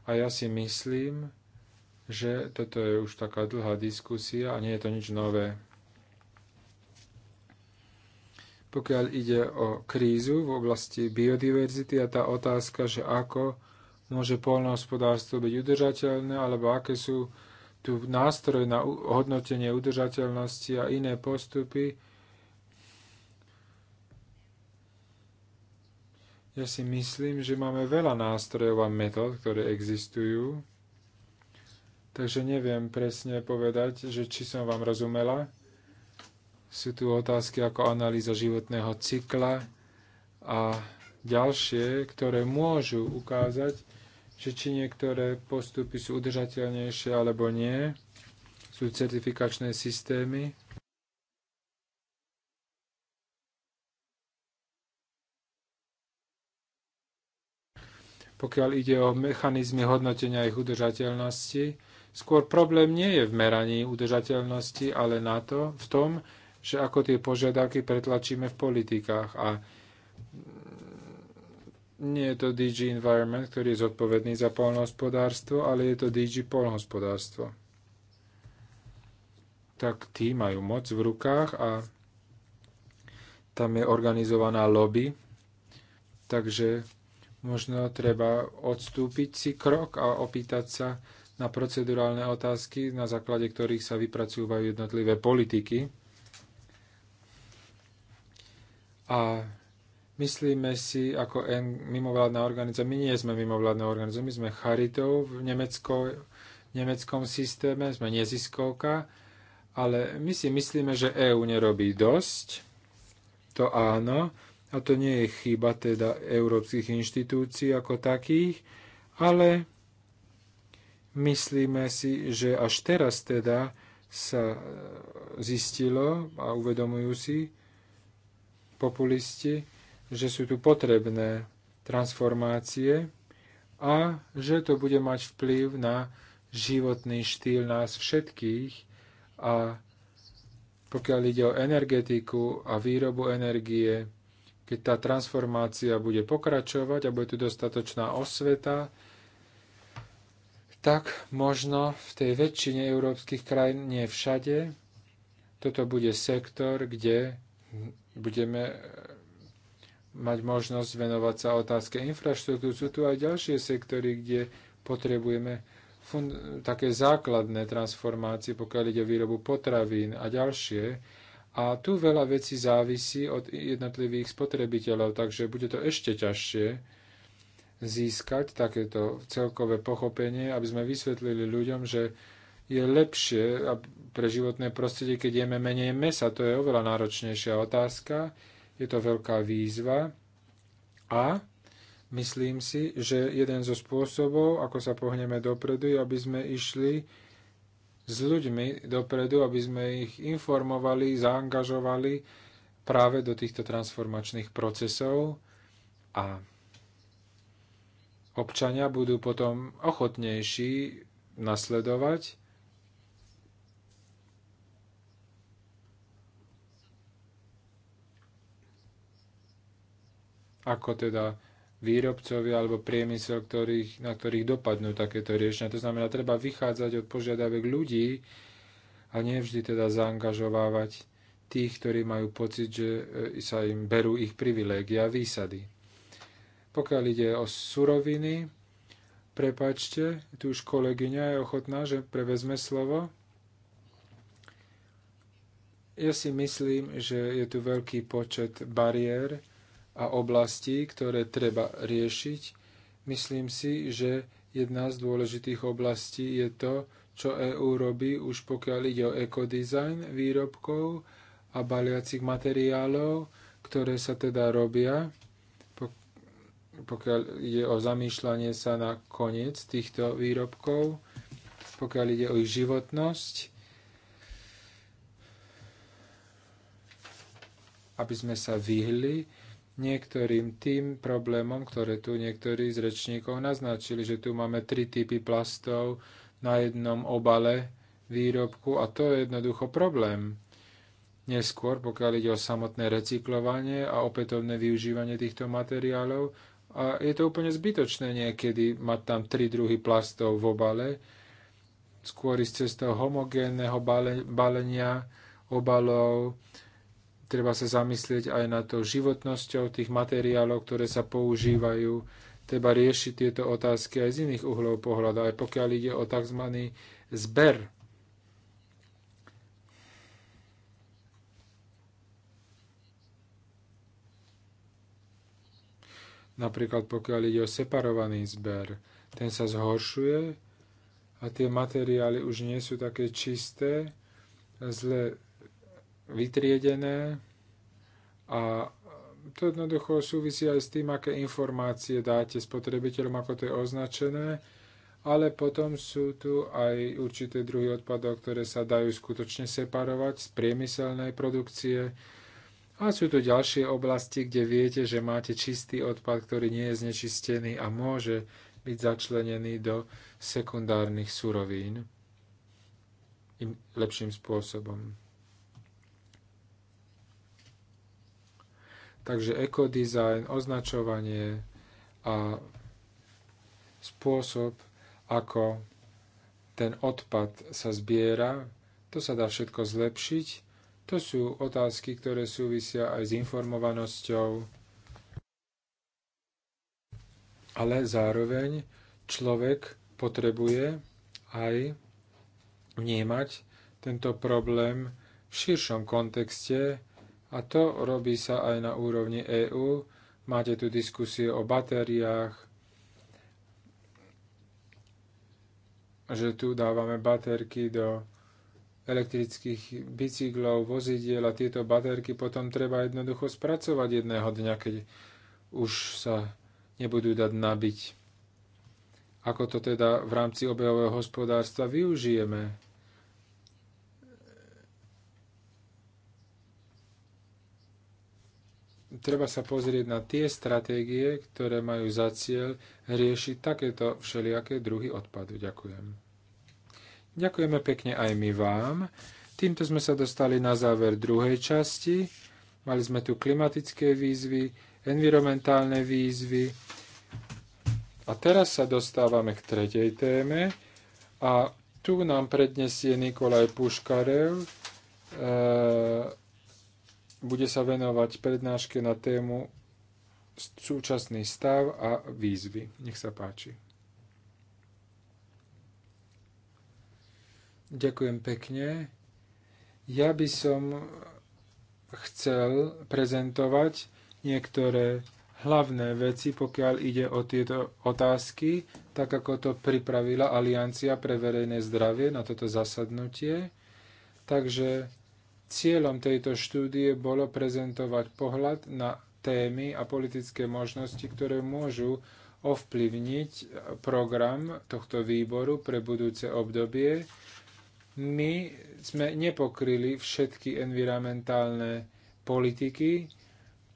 A ja si myslím, že toto je už taká dlhá diskusia a nie je to nič nové. Pokiaľ ide o krízu v oblasti biodiverzity a tá otázka, že ako môže poľnohospodárstvo byť udržateľné, alebo aké sú tu nástroj na hodnotenie udržateľnosti a iné postupy. Ja si myslím, že máme veľa nástrojov a metód, ktoré existujú. Takže neviem presne povedať, že či som vám rozumela. Sú tu otázky ako analýza životného cykla a ďalšie, ktoré môžu ukázať, že či niektoré postupy sú udržateľnejšie alebo nie. Sú certifikačné systémy, pokiaľ ide o mechanizmy hodnotenia ich udržateľnosti. Skôr problém nie je v meraní udržateľnosti, ale na to, v tom, že ako tie požiadavky pretlačíme v politikách. A nie je to DG Environment, ktorý je zodpovedný za polnohospodárstvo, ale je to DG polnohospodárstvo. Tak tí majú moc v rukách a tam je organizovaná lobby, takže možno treba odstúpiť si krok a opýtať sa na procedurálne otázky, na základe ktorých sa vypracúvajú jednotlivé politiky. A Myslíme si, ako en, mimovládna organizácia, my nie sme mimovládna organizácia, my sme charitou v Nemecko, nemeckom systéme, sme neziskovka, ale my si myslíme, že EÚ nerobí dosť, to áno, a to nie je chyba teda európskych inštitúcií ako takých, ale myslíme si, že až teraz teda sa zistilo a uvedomujú si populisti, že sú tu potrebné transformácie a že to bude mať vplyv na životný štýl nás všetkých a pokiaľ ide o energetiku a výrobu energie, keď tá transformácia bude pokračovať a bude tu dostatočná osveta, tak možno v tej väčšine európskych krajín, nie všade, toto bude sektor, kde budeme mať možnosť venovať sa otázke infraštruktúry. Sú tu aj ďalšie sektory, kde potrebujeme také základné transformácie, pokiaľ ide o výrobu potravín a ďalšie. A tu veľa vecí závisí od jednotlivých spotrebiteľov, takže bude to ešte ťažšie získať takéto celkové pochopenie, aby sme vysvetlili ľuďom, že je lepšie pre životné prostredie, keď jeme menej mesa. To je oveľa náročnejšia otázka je to veľká výzva a myslím si, že jeden zo spôsobov, ako sa pohneme dopredu, je, aby sme išli s ľuďmi dopredu, aby sme ich informovali, zaangažovali práve do týchto transformačných procesov a občania budú potom ochotnejší nasledovať ako teda výrobcovia alebo priemysel, ktorých, na ktorých dopadnú takéto riešenia. To znamená, treba vychádzať od požiadavek ľudí a nevždy teda zaangažovávať tých, ktorí majú pocit, že e, sa im berú ich privilégia a výsady. Pokiaľ ide o suroviny, prepačte, tu už kolegyňa je ochotná, že prevezme slovo. Ja si myslím, že je tu veľký počet bariér, a oblastí, ktoré treba riešiť, myslím si, že jedna z dôležitých oblastí je to, čo EÚ robí už pokiaľ ide o ekodizajn výrobkov a baliacich materiálov, ktoré sa teda robia, pokiaľ ide o zamýšľanie sa na koniec týchto výrobkov, pokiaľ ide o ich životnosť, aby sme sa vyhli niektorým tým problémom, ktoré tu niektorí z rečníkov naznačili, že tu máme tri typy plastov na jednom obale výrobku a to je jednoducho problém. Neskôr, pokiaľ ide o samotné recyklovanie a opätovné využívanie týchto materiálov, a je to úplne zbytočné niekedy mať tam tri druhy plastov v obale, skôr ísť cestou homogénneho balenia, obalov, treba sa zamyslieť aj na to životnosťou tých materiálov, ktoré sa používajú. Treba riešiť tieto otázky aj z iných uhlov pohľadu, aj pokiaľ ide o tzv. zber. Napríklad pokiaľ ide o separovaný zber, ten sa zhoršuje a tie materiály už nie sú také čisté, zle vytriedené a to jednoducho súvisí aj s tým, aké informácie dáte spotrebiteľom, ako to je označené, ale potom sú tu aj určité druhy odpadov, ktoré sa dajú skutočne separovať z priemyselnej produkcie. A sú tu ďalšie oblasti, kde viete, že máte čistý odpad, ktorý nie je znečistený a môže byť začlenený do sekundárnych surovín lepším spôsobom. Takže ekodizajn, označovanie a spôsob, ako ten odpad sa zbiera, to sa dá všetko zlepšiť. To sú otázky, ktoré súvisia aj s informovanosťou, ale zároveň človek potrebuje aj vnímať tento problém v širšom kontexte, a to robí sa aj na úrovni EÚ. Máte tu diskusie o batériách, že tu dávame baterky do elektrických bicyklov, vozidiel a tieto baterky potom treba jednoducho spracovať jedného dňa, keď už sa nebudú dať nabiť. Ako to teda v rámci obehového hospodárstva využijeme? treba sa pozrieť na tie stratégie, ktoré majú za cieľ riešiť takéto všelijaké druhy odpadu. Ďakujem. Ďakujeme pekne aj my vám. Týmto sme sa dostali na záver druhej časti. Mali sme tu klimatické výzvy, environmentálne výzvy. A teraz sa dostávame k tretej téme. A tu nám prednesie Nikolaj Puškarev, e bude sa venovať prednáške na tému súčasný stav a výzvy. Nech sa páči. Ďakujem pekne. Ja by som chcel prezentovať niektoré hlavné veci, pokiaľ ide o tieto otázky, tak ako to pripravila Aliancia pre verejné zdravie na toto zasadnutie. Takže Cieľom tejto štúdie bolo prezentovať pohľad na témy a politické možnosti, ktoré môžu ovplyvniť program tohto výboru pre budúce obdobie. My sme nepokryli všetky environmentálne politiky.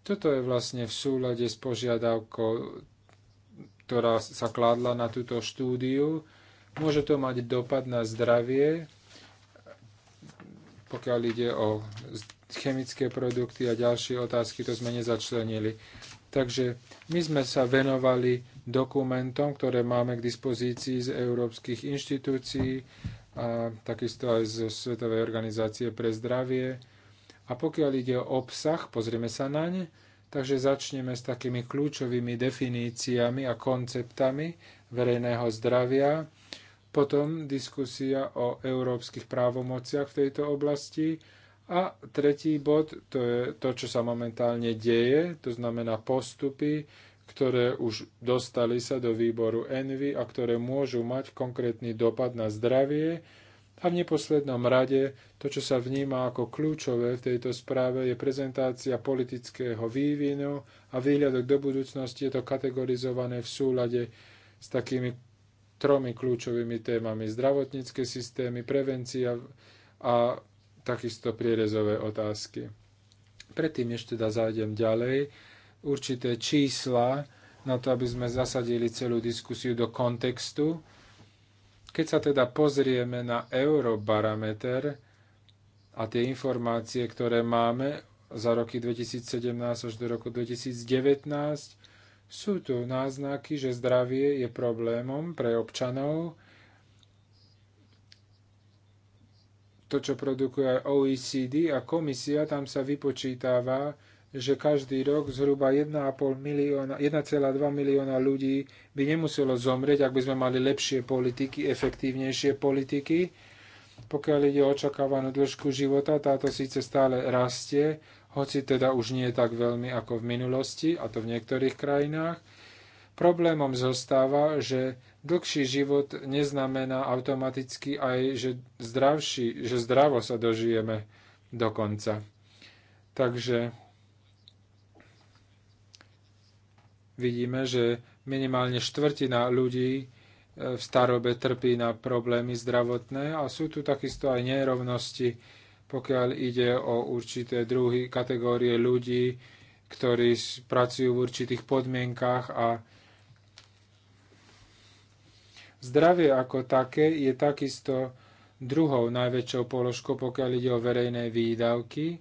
Toto je vlastne v súlade s požiadavkou, ktorá sa kládla na túto štúdiu. Môže to mať dopad na zdravie pokiaľ ide o chemické produkty a ďalšie otázky, to sme nezačlenili. Takže my sme sa venovali dokumentom, ktoré máme k dispozícii z európskych inštitúcií a takisto aj zo Svetovej organizácie pre zdravie. A pokiaľ ide o obsah, pozrieme sa naň, takže začneme s takými kľúčovými definíciami a konceptami verejného zdravia potom diskusia o európskych právomociach v tejto oblasti a tretí bod, to je to, čo sa momentálne deje, to znamená postupy, ktoré už dostali sa do výboru Envy a ktoré môžu mať konkrétny dopad na zdravie. A v neposlednom rade to, čo sa vníma ako kľúčové v tejto správe, je prezentácia politického vývinu a výhľadok do budúcnosti je to kategorizované v súlade s takými tromi kľúčovými témami. Zdravotnícke systémy, prevencia a takisto prierezové otázky. Predtým, ešte teda zájdem ďalej, určité čísla na to, aby sme zasadili celú diskusiu do kontextu. Keď sa teda pozrieme na Eurobarameter a tie informácie, ktoré máme za roky 2017 až do roku 2019, sú tu náznaky, že zdravie je problémom pre občanov. To, čo produkuje OECD a komisia, tam sa vypočítava, že každý rok zhruba 1,5 milióna, 1,2 milióna ľudí by nemuselo zomrieť, ak by sme mali lepšie politiky, efektívnejšie politiky. Pokiaľ ide o očakávanú dĺžku života, táto síce stále rastie, hoci teda už nie tak veľmi ako v minulosti, a to v niektorých krajinách. Problémom zostáva, že dlhší život neznamená automaticky aj, že, zdravší, že zdravo sa dožijeme do konca. Takže vidíme, že minimálne štvrtina ľudí e, v starobe trpí na problémy zdravotné a sú tu takisto aj nerovnosti pokiaľ ide o určité druhy, kategórie ľudí, ktorí pracujú v určitých podmienkách a zdravie ako také je takisto druhou najväčšou položkou, pokiaľ ide o verejné výdavky,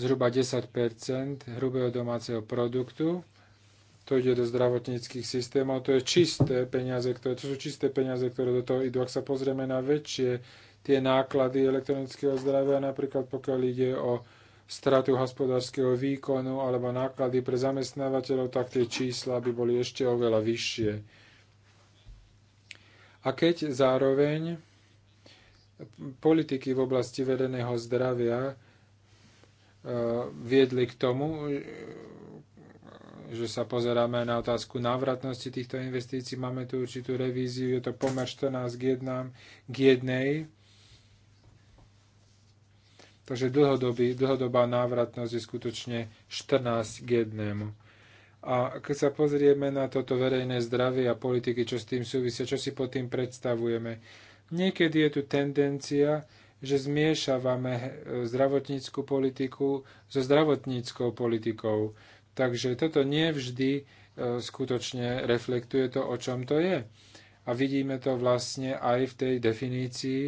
zhruba 10 hrubého domáceho produktu. To ide do zdravotníckých systémov, to, je čisté peniaze, ktoré, to sú čisté peniaze, ktoré do toho idú. Ak sa pozrieme na väčšie tie náklady elektronického zdravia, napríklad pokiaľ ide o stratu hospodárskeho výkonu alebo náklady pre zamestnávateľov, tak tie čísla by boli ešte oveľa vyššie. A keď zároveň politiky v oblasti vedeného zdravia e, viedli k tomu, že sa pozeráme na otázku návratnosti týchto investícií. Máme tu určitú revíziu, je to pomer 14 k 1, k 1 Takže dlhodobý, dlhodobá návratnosť je skutočne 14 k 1. A keď sa pozrieme na toto verejné zdravie a politiky, čo s tým súvisia, čo si pod tým predstavujeme, niekedy je tu tendencia, že zmiešavame eh, zdravotníckú politiku so zdravotníckou politikou. Takže toto nevždy eh, skutočne reflektuje to, o čom to je. A vidíme to vlastne aj v tej definícii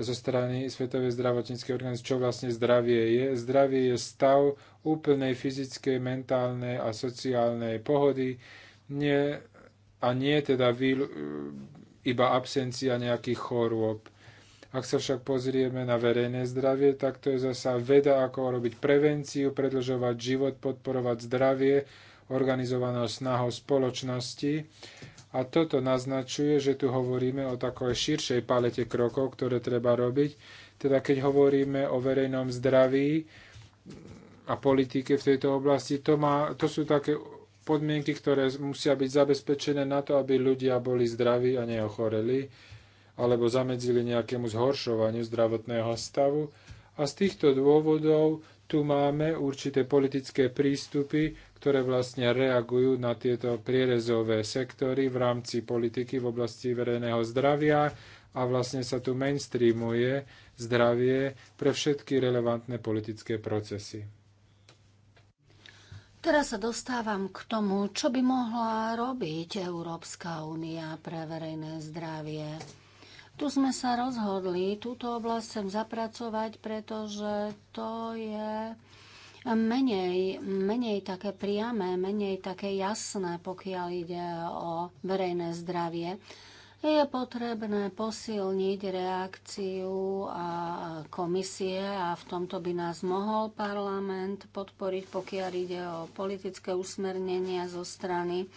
zo strany Svetovej zdravotníckej organizácie, čo vlastne zdravie je. Zdravie je stav úplnej fyzickej, mentálnej a sociálnej pohody nie, a nie teda výl, iba absencia nejakých chorôb. Ak sa však pozrieme na verejné zdravie, tak to je zasa veda, ako robiť prevenciu, predlžovať život, podporovať zdravie, organizovanou snahou spoločnosti a toto naznačuje, že tu hovoríme o takej širšej palete krokov, ktoré treba robiť. Teda keď hovoríme o verejnom zdraví a politike v tejto oblasti, to, má, to sú také podmienky, ktoré musia byť zabezpečené na to, aby ľudia boli zdraví a neochoreli, alebo zamedzili nejakému zhoršovaniu zdravotného stavu. A z týchto dôvodov tu máme určité politické prístupy, ktoré vlastne reagujú na tieto prierezové sektory v rámci politiky v oblasti verejného zdravia a vlastne sa tu mainstreamuje zdravie pre všetky relevantné politické procesy. Teraz sa dostávam k tomu, čo by mohla robiť Európska únia pre verejné zdravie. Tu sme sa rozhodli túto oblasť sem zapracovať, pretože to je menej, menej také priame, menej také jasné, pokiaľ ide o verejné zdravie je potrebné posilniť reakciu a komisie a v tomto by nás mohol parlament podporiť, pokiaľ ide o politické usmernenia zo strany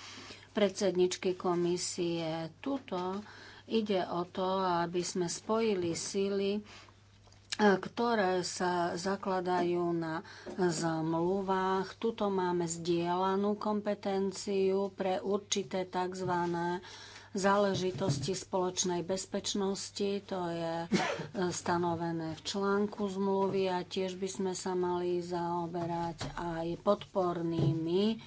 predsedničky komisie. Tuto ide o to, aby sme spojili síly E, ktoré sa zakladajú na zmluvách. Tuto máme zdieľanú kompetenciu pre určité tzv záležitosti spoločnej bezpečnosti, to je e, stanovené v článku zmluvy a tiež by sme sa mali zaoberať aj podpornými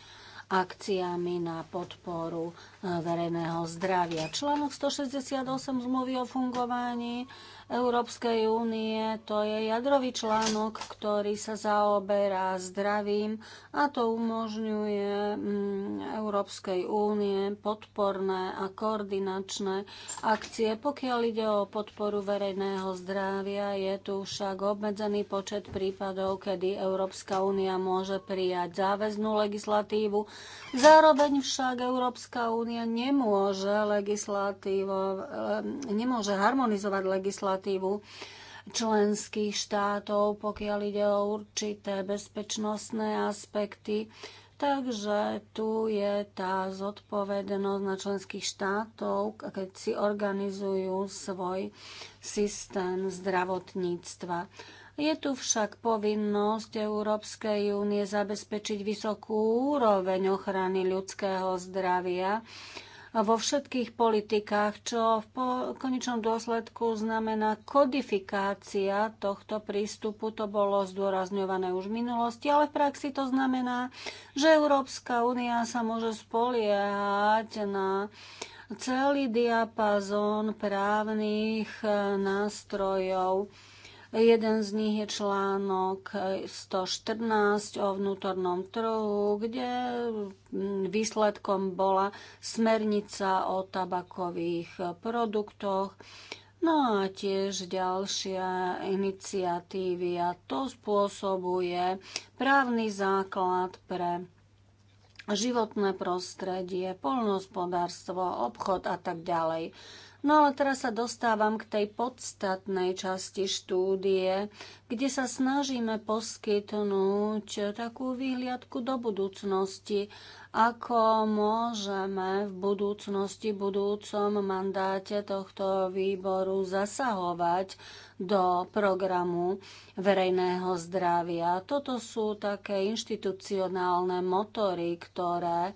akciami na podporu e, verejného zdravia. Článok 168 zmluvy o fungovaní Európskej únie. To je jadrový článok, ktorý sa zaoberá zdravím a to umožňuje mm, Európskej únie podporné a koordinačné akcie. Pokiaľ ide o podporu verejného zdravia, je tu však obmedzený počet prípadov, kedy Európska únia môže prijať záväznú legislatívu. Zároveň však Európska únia nemôže, legislatívo, nemôže harmonizovať legislatívu legislatívu členských štátov, pokiaľ ide o určité bezpečnostné aspekty. Takže tu je tá zodpovednosť na členských štátov, keď si organizujú svoj systém zdravotníctva. Je tu však povinnosť Európskej únie zabezpečiť vysokú úroveň ochrany ľudského zdravia vo všetkých politikách, čo v konečnom dôsledku znamená kodifikácia tohto prístupu. To bolo zdôrazňované už v minulosti, ale v praxi to znamená, že Európska únia sa môže spoliehať na celý diapazón právnych eh, nástrojov Jeden z nich je článok 114 o vnútornom trhu, kde výsledkom bola smernica o tabakových produktoch. No a tiež ďalšia iniciatívy a to spôsobuje právny základ pre životné prostredie, polnospodárstvo, obchod a tak ďalej. No ale teraz sa dostávam k tej podstatnej časti štúdie, kde sa snažíme poskytnúť takú výhliadku do budúcnosti, ako môžeme v budúcnosti, budúcom mandáte tohto výboru zasahovať do programu verejného zdravia. Toto sú také inštitucionálne motory, ktoré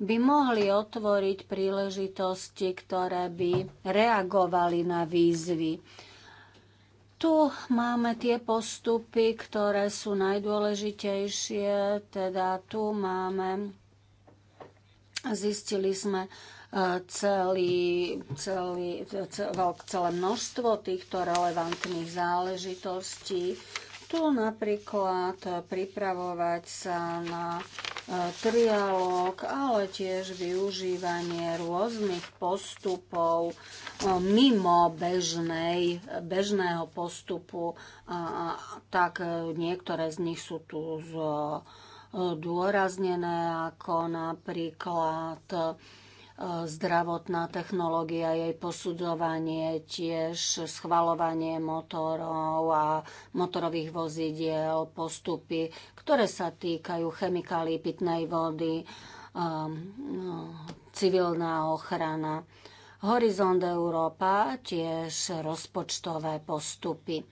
by mohli otvoriť príležitosti, ktoré by reagovali na výzvy. Tu máme tie postupy, ktoré sú najdôležitejšie, teda tu máme, zistili sme e, celý, celý, celé množstvo týchto relevantných záležitostí. Tu napríklad pripravovať sa na trialóg, ale tiež využívanie rôznych postupov e, mimo bežnej, bežného postupu. Tak e, niektoré z nich sú tu zdôraznené, e, ako napríklad zdravotná technológia, jej posudzovanie, tiež schvalovanie motorov a motorových vozidiel, postupy, ktoré sa týkajú chemikálií, pitnej vody, um, civilná ochrana. Horizont Európa tiež rozpočtové postupy.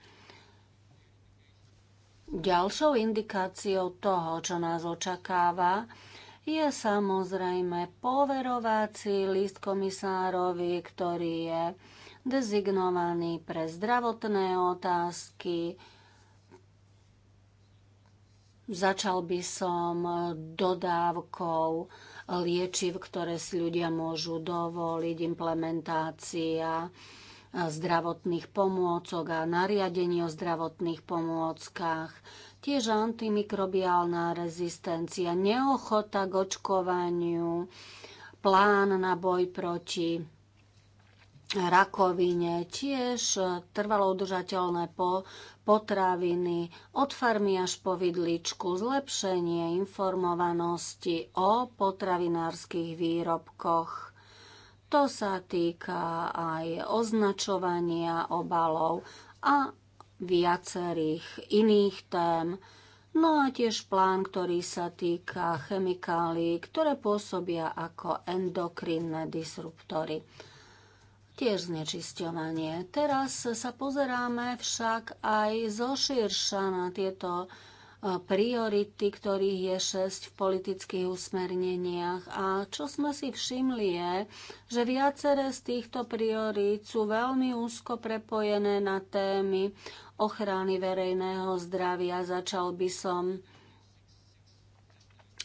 Ďalšou indikáciou toho, čo nás očakáva, je samozrejme poverovací list komisárovi, ktorý je dezignovaný pre zdravotné otázky. Začal by som dodávkou liečiv, ktoré si ľudia môžu dovoliť, implementácia zdravotných pomôcok a nariadenie o zdravotných pomôckach. Tiež antimikrobiálna rezistencia, neochota k očkovaniu, plán na boj proti rakovine, tiež trvalo udržateľné po, potraviny, od farmy až po vidličku, zlepšenie informovanosti o potravinárskych výrobkoch. To sa týka aj označovania obalov a viacerých iných tém, no a tiež plán, ktorý sa týka chemikálií, ktoré pôsobia ako endokrinné disruptory tiež znečisťovanie. Teraz sa pozeráme však aj širša na tieto e, priority, ktorých je 6 v politických usmerneniach. A čo sme si všimli je, že viaceré z týchto priorít sú veľmi úzko prepojené na témy, ochrany verejného zdravia. Začal by som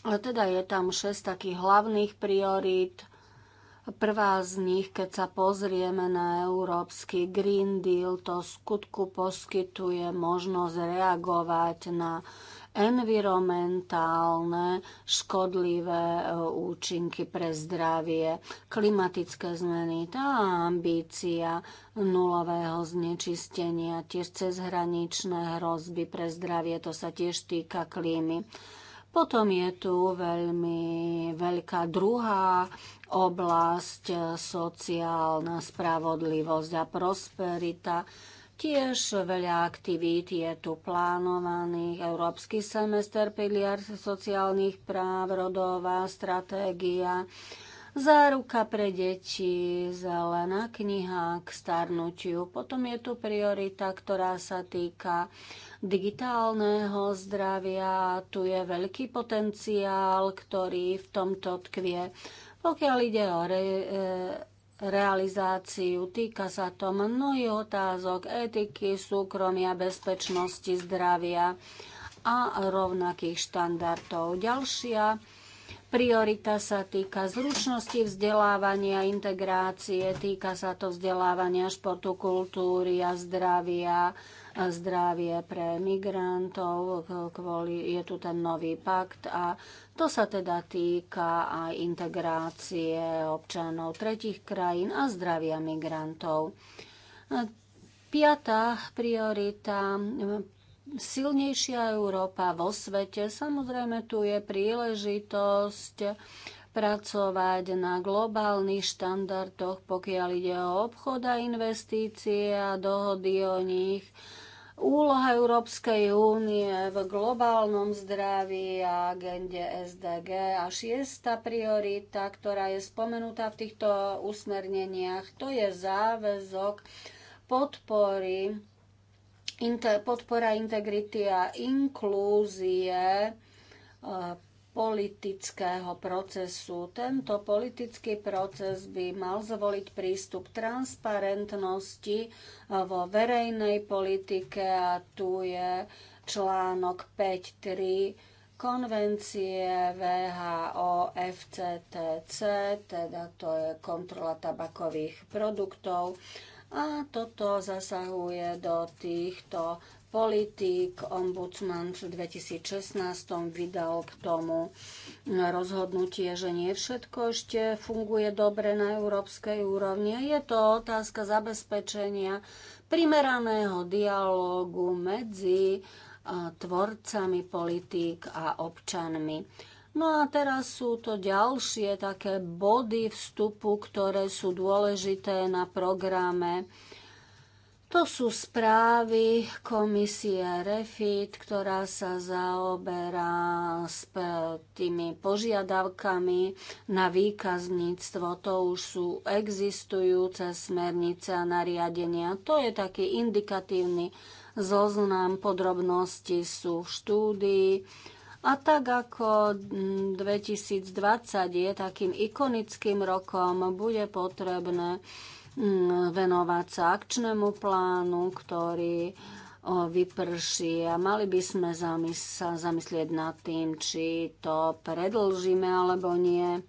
A teda je tam šesť takých hlavných priorít. Prvá z nich, keď sa pozrieme na európsky Green Deal, to skutku poskytuje možnosť reagovať na environmentálne škodlivé e, účinky pre zdravie, klimatické zmeny, tá ambícia nulového znečistenia, tiež cezhraničné hrozby pre zdravie, to sa tiež týka klímy. Potom je tu veľmi veľká druhá oblasť e, sociálna spravodlivosť a prosperita. Tiež veľa aktivít je tu plánovaných. Európsky semester, piliar sociálnych práv, rodová stratégia, záruka pre deti, zelená kniha k starnutiu. Potom je tu priorita, ktorá sa týka digitálneho zdravia. Tu je veľký potenciál, ktorý v tomto tkvie. Pokiaľ ide o re, e, realizáciu. Týka sa to mnohých otázok etiky, súkromia, bezpečnosti, zdravia a rovnakých štandardov. Ďalšia priorita sa týka zručnosti vzdelávania, integrácie, týka sa to vzdelávania športu, kultúry a zdravia, zdravie pre migrantov, kvôli, je tu ten nový pakt a to sa teda týka aj integrácie občanov tretich krajín a zdravia migrantov. Piatá priorita silnejšia Európa vo svete. Samozrejme, tu je príležitosť pracovať na globálnych štandardoch, pokiaľ ide o obchod a investície a dohody o nich. Úloha Európskej únie v globálnom zdraví a agende SDG a šiesta priorita, ktorá je spomenutá v týchto usmerneniach, to je záväzok podpory, inter, podpora integrity a inklúzie e, politického procesu. Tento politický proces by mal zvoliť prístup transparentnosti eh, vo verejnej politike a tu je článok 5.3 konvencie VHO FCTC, teda to je kontrola tabakových produktov. A toto zasahuje do týchto Politik Ombudsman v 2016 vydal k tomu rozhodnutie, že nie všetko ešte funguje dobre na európskej úrovni. Je to otázka zabezpečenia primeraného dialógu medzi tvorcami politík a občanmi. No a teraz sú to ďalšie také body vstupu, ktoré sú dôležité na programe to sú správy komisie REFIT, ktorá sa zaoberá s e, tými požiadavkami na výkazníctvo. To už sú existujúce smernice a nariadenia. To je taký indikatívny zoznam. Podrobnosti sú v štúdii. A tak ako 2020 je takým ikonickým rokom, bude potrebné Mm, venovať sa akčnému plánu, ktorý vyprší a mali by sme sa zamyslieť nad tým, či to predlžíme alebo nie.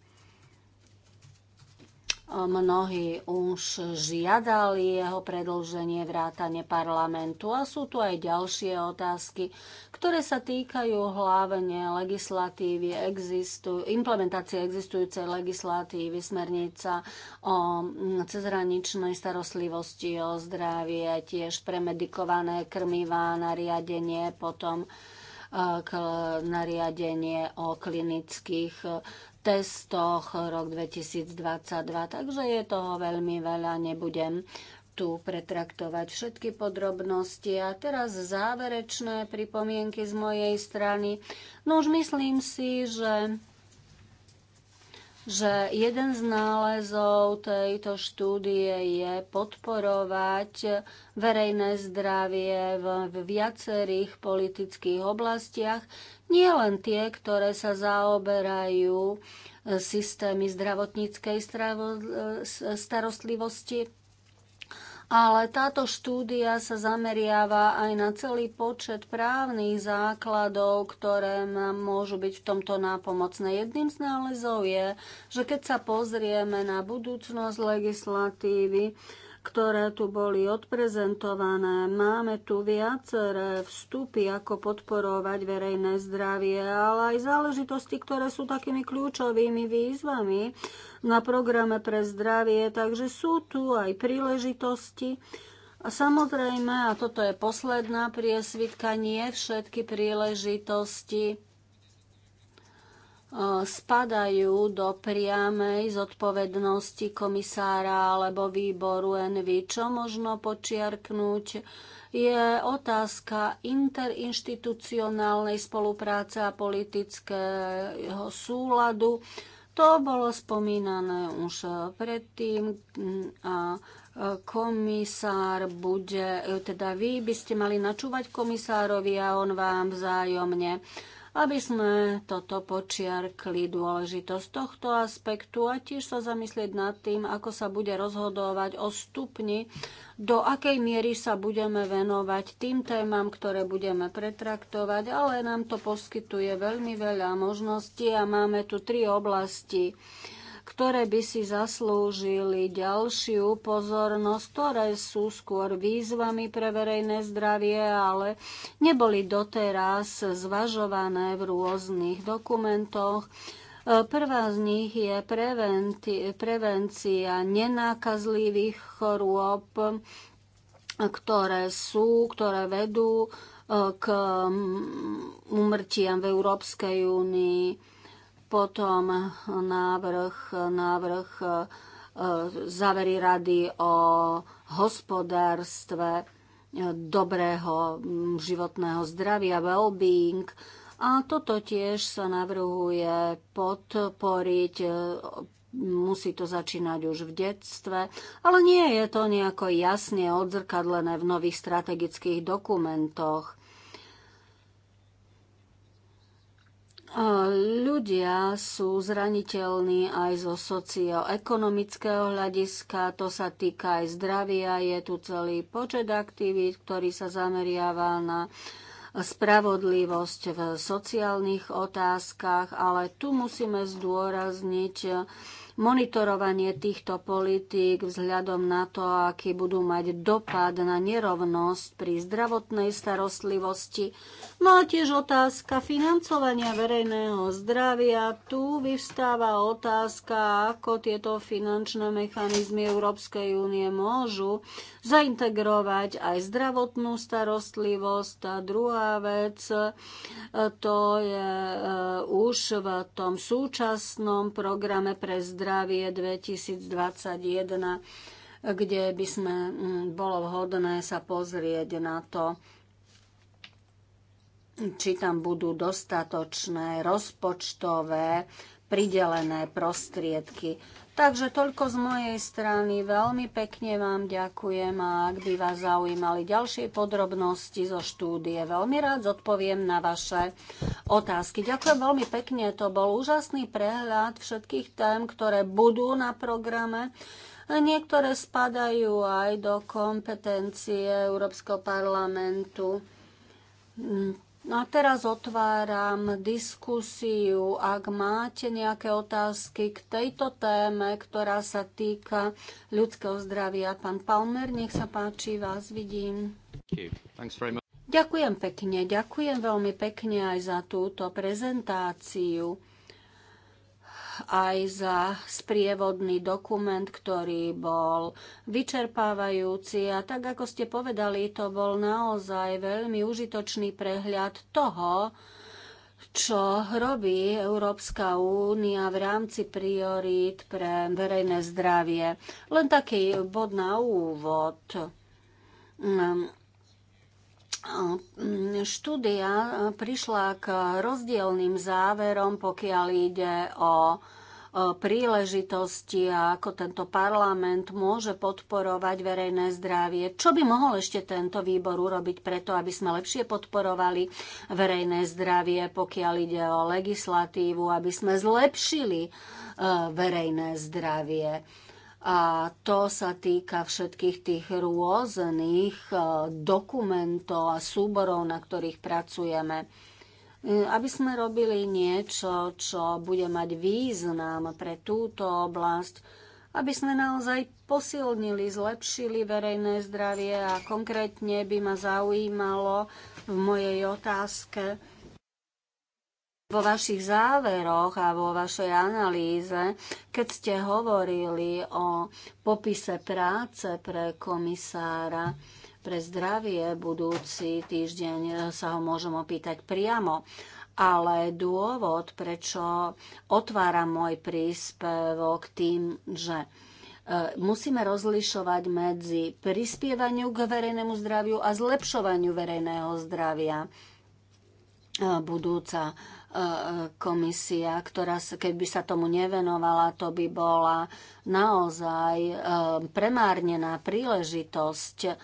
Mnohí už žiadali jeho predlženie vrátane parlamentu a sú tu aj ďalšie otázky, ktoré sa týkajú hlavne legislatívy, existu- implementácie existujúcej legislatívy, smernica o cezhraničnej starostlivosti o zdravie, tiež premedikované krmivá, nariadenie, potom eh, k nariadenie o klinických testoch rok 2022, takže je toho veľmi veľa, nebudem tu pretraktovať všetky podrobnosti. A teraz záverečné pripomienky z mojej strany. No už myslím si, že že jeden z nálezov tejto štúdie je podporovať verejné zdravie v, v viacerých politických oblastiach. Nie len tie, ktoré sa zaoberajú e, systémy zdravotníckej e, starostlivosti, ale táto štúdia sa zameriava aj na celý počet právnych základov, ktoré môžu byť v tomto nápomocné. Jedným z nálezov je, že keď sa pozrieme na budúcnosť legislatívy, ktoré tu boli odprezentované. Máme tu viaceré vstupy, ako podporovať verejné zdravie, ale aj záležitosti, ktoré sú takými kľúčovými výzvami na programe pre zdravie. Takže sú tu aj príležitosti. A samozrejme, a toto je posledná priesvitka, nie všetky príležitosti spadajú do priamej zodpovednosti komisára alebo výboru NV. Čo možno počiarknúť, je otázka interinštitucionálnej spolupráce a politického súladu. To bolo spomínané už predtým a komisár bude, teda vy by ste mali načúvať komisárovi a on vám vzájomne aby sme toto počiarkli dôležitosť tohto aspektu a tiež sa zamyslieť nad tým, ako sa bude rozhodovať o stupni, do akej miery sa budeme venovať tým témam, ktoré budeme pretraktovať, ale nám to poskytuje veľmi veľa možností a máme tu tri oblasti ktoré by si zaslúžili ďalšiu pozornosť, ktoré sú skôr výzvami pre verejné zdravie, ale neboli doteraz zvažované v rôznych dokumentoch. E, Prvá z nich je prevencia nenákazlivých chorôb, ktoré sú, ktoré vedú e, k mm, umrtiam v Európskej únii. Potom eh, návrh, eh, návrh eh, závery rady o hospodárstve dobrého mm, životného zdravia, well-being, a toto tiež sa navrhuje podporiť, musí to začínať už v detstve, ale nie je to nejako jasne odzrkadlené v nových strategických dokumentoch. Ľudia sú zraniteľní aj zo socioekonomického hľadiska, to sa týka aj zdravia, je tu celý počet aktivít, ktorý sa zameriava na spravodlivosť v sociálnych otázkach, ale tu musíme zdôrazniť monitorovanie týchto politík vzhľadom na to, aký budú mať dopad na nerovnosť pri zdravotnej starostlivosti. No a tiež otázka financovania verejného zdravia. Tu vyvstáva otázka, ako tieto finančné mechanizmy Európskej únie môžu zaintegrovať aj zdravotnú starostlivosť. Tá druhá vec, e, to je e, už v tom súčasnom programe pre zdravie 2021 kde by sme bolo vhodné sa pozrieť na to, či tam budú dostatočné rozpočtové pridelené prostriedky. Takže toľko z mojej strany. Veľmi pekne vám ďakujem a ak by vás zaujímali ďalšie podrobnosti zo štúdie, veľmi rád zodpoviem na vaše otázky. Ďakujem veľmi pekne. To bol úžasný prehľad všetkých tém, ktoré budú na programe. Niektoré spadajú aj do kompetencie Európskeho parlamentu. No a teraz otváram diskusiu. Ak máte nejaké otázky k tejto téme, ktorá sa týka ľudského zdravia, pán Palmer, nech sa páči, vás vidím. Ďakujem pekne, ďakujem veľmi pekne aj za túto prezentáciu aj za sprievodný dokument, ktorý bol vyčerpávajúci. A tak, ako ste povedali, to bol naozaj veľmi užitočný prehľad toho, čo robí Európska únia v rámci priorít pre verejné zdravie. Len taký bod na úvod hm, Ehm, štúdia eh, prišla k rozdielným záverom, pokiaľ ide o príležitosti a ako tento parlament môže podporovať verejné zdravie. Čo by mohol ešte tento výbor urobiť preto, aby sme lepšie podporovali verejné zdravie, pokiaľ ide o legislatívu, aby sme zlepšili eh, verejné zdravie? A to sa týka všetkých tých rôznych e, dokumentov a súborov, na ktorých pracujeme. E, aby sme robili niečo, čo bude mať význam pre túto oblasť, aby sme naozaj posilnili, zlepšili verejné zdravie a konkrétne by ma zaujímalo v mojej otázke, vo vašich záveroch a vo vašej analýze, keď ste hovorili o popise práce pre komisára pre zdravie budúci týždeň, sa ho môžem opýtať priamo. Ale dôvod, prečo otváram môj príspevok tým, že e, musíme rozlišovať medzi prispievaniu k verejnému zdraviu a zlepšovaniu verejného zdravia e, budúca komisia, ktorá keby sa tomu nevenovala, to by bola naozaj e, premárnená príležitosť.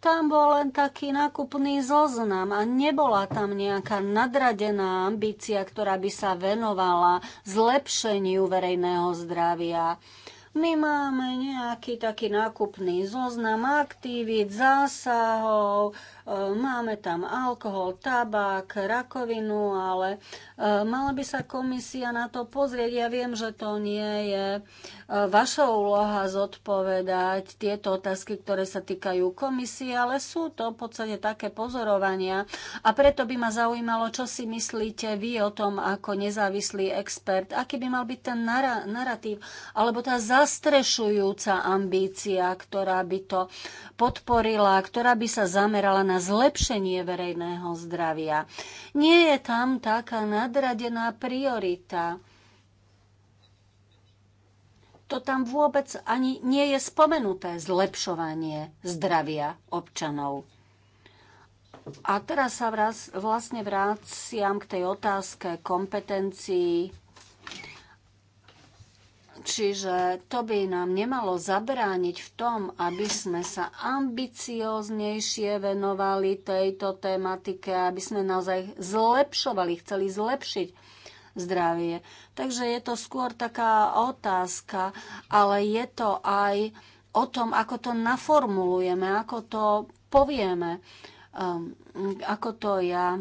Tam bol len taký nákupný zoznam a nebola tam nejaká nadradená ambícia, ktorá by sa venovala zlepšeniu verejného zdravia. My máme nejaký taký nákupný zoznam aktivít, zásahov, E, máme tam alkohol, tabak, rakovinu, ale e, mala by sa komisia na to pozrieť. Ja viem, že to nie je e, vaša úloha zodpovedať tieto otázky, ktoré sa týkajú komisie, ale sú to v podstate také pozorovania. A preto by ma zaujímalo, čo si myslíte vy o tom ako nezávislý expert. Aký by mal byť ten narratív alebo tá zastrešujúca ambícia, ktorá by to podporila, ktorá by sa zamerala na zlepšenie verejného zdravia. Nie je tam taká nadradená priorita. To tam vôbec ani nie je spomenuté zlepšovanie zdravia občanov. A teraz sa vlastne vráciam k tej otázke kompetencií Čiže to by nám nemalo zabrániť v tom, aby sme sa ambicióznejšie venovali tejto tematike, aby sme naozaj zlepšovali, chceli zlepšiť zdravie. Takže je to skôr taká otázka, ale je to aj o tom, ako to naformulujeme, ako to povieme, ehm, ako to ja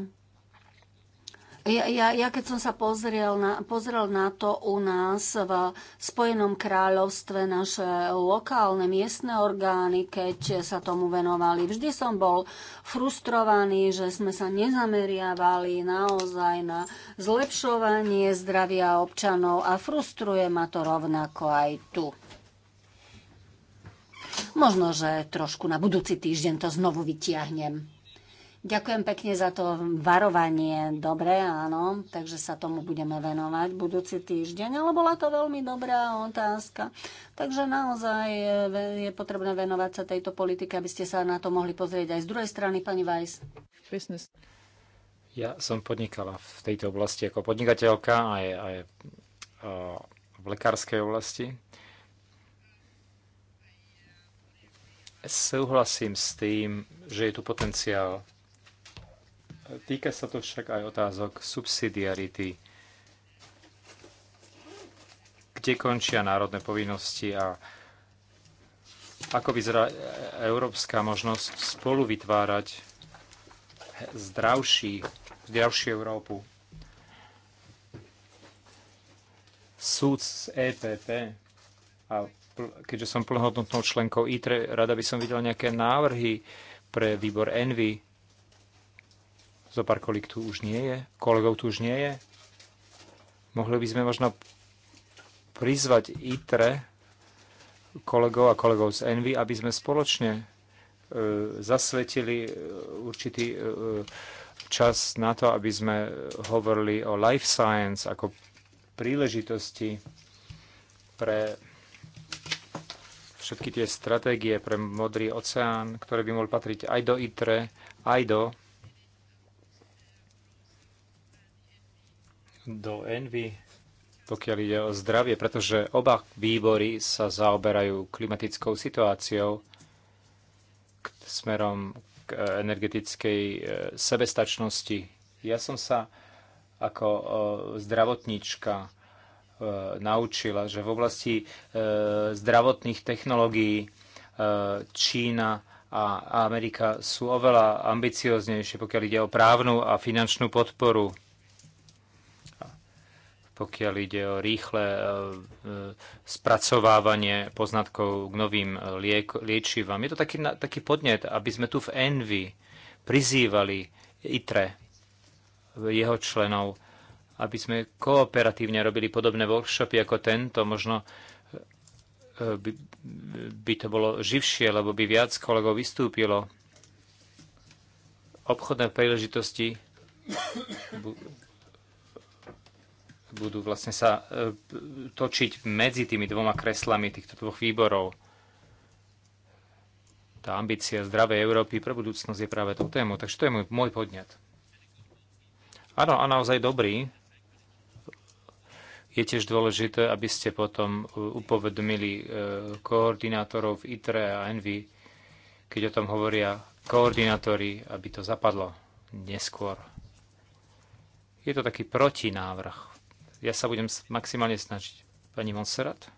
ja, ja, ja keď som sa pozrel na, pozrel na to u nás v Spojenom kráľovstve naše lokálne miestne orgány, keď sa tomu venovali, vždy som bol frustrovaný, že sme sa nezameriavali naozaj na zlepšovanie zdravia občanov a frustruje ma to rovnako aj tu. Možno, že trošku na budúci týždeň to znovu vytiahnem. Ďakujem pekne za to varovanie. Dobre, áno, takže sa tomu budeme venovať budúci týždeň, ale bola to veľmi dobrá otázka. Takže naozaj je potrebné venovať sa tejto politike, aby ste sa na to mohli pozrieť aj z druhej strany, pani Vajs. Business. Ja som podnikala v tejto oblasti ako podnikateľka aj, aj v lekárskej oblasti. Súhlasím s tým, že je tu potenciál Týka sa to však aj otázok subsidiarity, kde končia národné povinnosti a ako vyzerá európska možnosť spolu vytvárať zdravší, zdravšiu Európu. Súd z EPP a keďže som plnohodnotnou členkou ITRE, rada by som videl nejaké návrhy pre výbor ENVY, pár kolik tu už nie je. Kolegov tu už nie je. Mohli by sme možno prizvať ITRE, kolegov a kolegov z Envy, aby sme spoločne e, zasvetili e, určitý e, e, čas na to, aby sme hovorili o life science ako príležitosti pre všetky tie stratégie pre modrý oceán, ktoré by mohli patriť aj do ITRE, aj do do Envy, pokiaľ ide o zdravie, pretože oba výbory sa zaoberajú klimatickou situáciou k, smerom k e, energetickej e, sebestačnosti. Ja som sa ako e, zdravotníčka naučila, že v oblasti zdravotných technológií Čína a Amerika sú oveľa ambicioznejšie, pokiaľ ide o právnu a finančnú podporu pokiaľ ide o rýchle e, e, spracovávanie poznatkov k novým e, liek, liečivám. Je to taký, taký podnet, aby sme tu v Envy prizývali ITRE, jeho členov, aby sme kooperatívne robili podobné workshopy ako tento. Možno by, by to bolo živšie, lebo by viac kolegov vystúpilo. Obchodné príležitosti budú vlastne sa e, točiť medzi tými dvoma kreslami týchto dvoch výborov. Tá ambícia zdravej Európy pre budúcnosť je práve tou tému. Takže to je môj, môj podnet. Áno, a naozaj dobrý. Je tiež dôležité, aby ste potom e, upovedomili e, koordinátorov v ITRE a ENVY, keď o tom hovoria koordinátori, aby to zapadlo neskôr. Je to taký protinávrh ja sa budem maximálne snažiť. Pani Monserrat?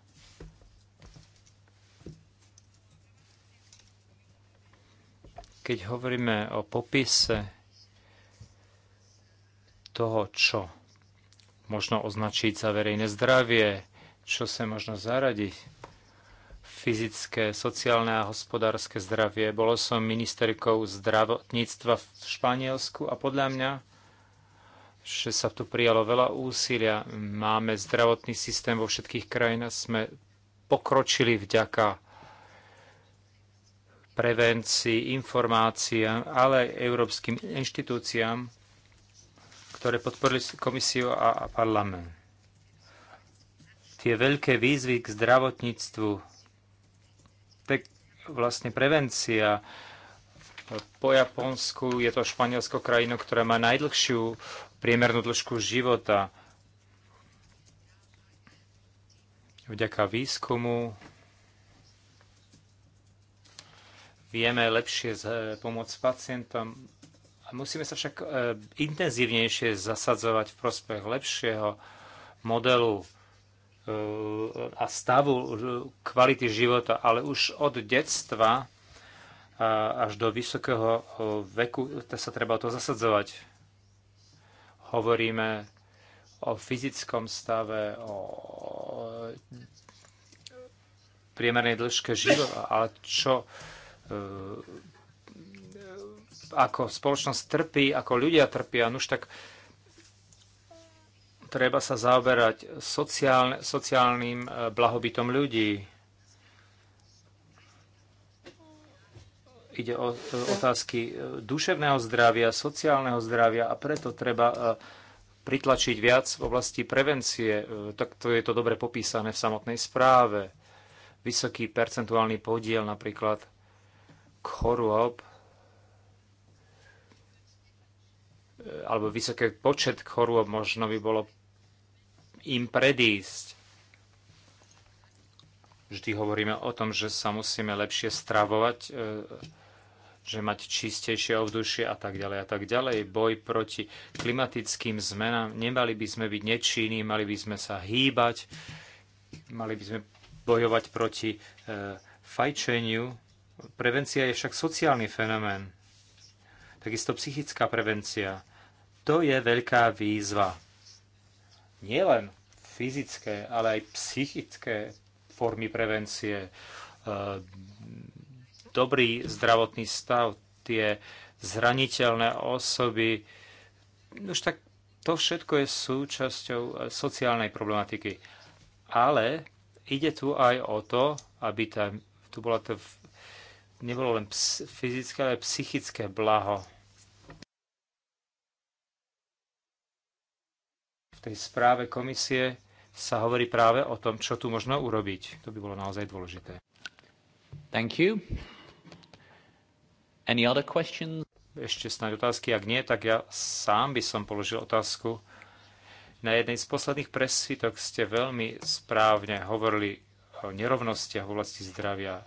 Keď hovoríme o popise toho, čo možno označiť za verejné zdravie, čo sa možno zaradiť, fyzické, sociálne a hospodárske zdravie. Bolo som ministerkou zdravotníctva v Španielsku a podľa mňa že sa tu prijalo veľa úsilia. Máme zdravotný systém vo všetkých krajinách. Sme pokročili vďaka prevencii, informáciám, ale aj európskym inštitúciám, ktoré podporili komisiu a, parlament. Tie veľké výzvy k zdravotníctvu, tak vlastne prevencia, po Japonsku je to Španielsko krajino, ktorá má najdlhšiu priemernú dĺžku života. Vďaka výskumu vieme lepšie pomôcť pacientom. Musíme sa však e, intenzívnejšie zasadzovať v prospech lepšieho modelu e, a stavu e, kvality života, ale už od detstva až do vysokého veku sa treba o to zasadzovať. Hovoríme o fyzickom stave, o priemernej dĺžke života a čo e, ako spoločnosť trpí, ako ľudia trpia, no už tak treba sa zaoberať sociálne, sociálnym e, blahobytom ľudí. Ide o e, otázky e, duševného zdravia, sociálneho zdravia a preto treba e, pritlačiť viac v oblasti prevencie. to je to dobre popísané v samotnej správe. Vysoký percentuálny podiel napríklad chorôb alebo vysoký počet chorôb možno by bolo im predísť. Vždy hovoríme o tom, že sa musíme lepšie stravovať, že mať čistejšie ovdušie a tak ďalej a tak ďalej. Boj proti klimatickým zmenám. Nemali by sme byť nečinní, mali by sme sa hýbať, mali by sme bojovať proti e, fajčeniu. Prevencia je však sociálny fenomén. Takisto psychická prevencia. To je veľká výzva. Nielen fyzické, ale aj psychické formy prevencie. E, dobrý zdravotný stav, tie zraniteľné osoby, už tak to všetko je súčasťou eh, sociálnej problematiky. Ale ide tu aj o to, aby tam, tu bola to, nebolo len ps, fyzické, ale psychické blaho. V tej správe komisie sa hovorí práve o tom, čo tu možno urobiť. To by bolo naozaj dôležité. Thank you. Any other questions? Ešte snáď otázky. Ak nie, tak ja sám by som položil otázku. Na jednej z posledných presvitok ste veľmi správne hovorili o nerovnostiach v oblasti zdravia,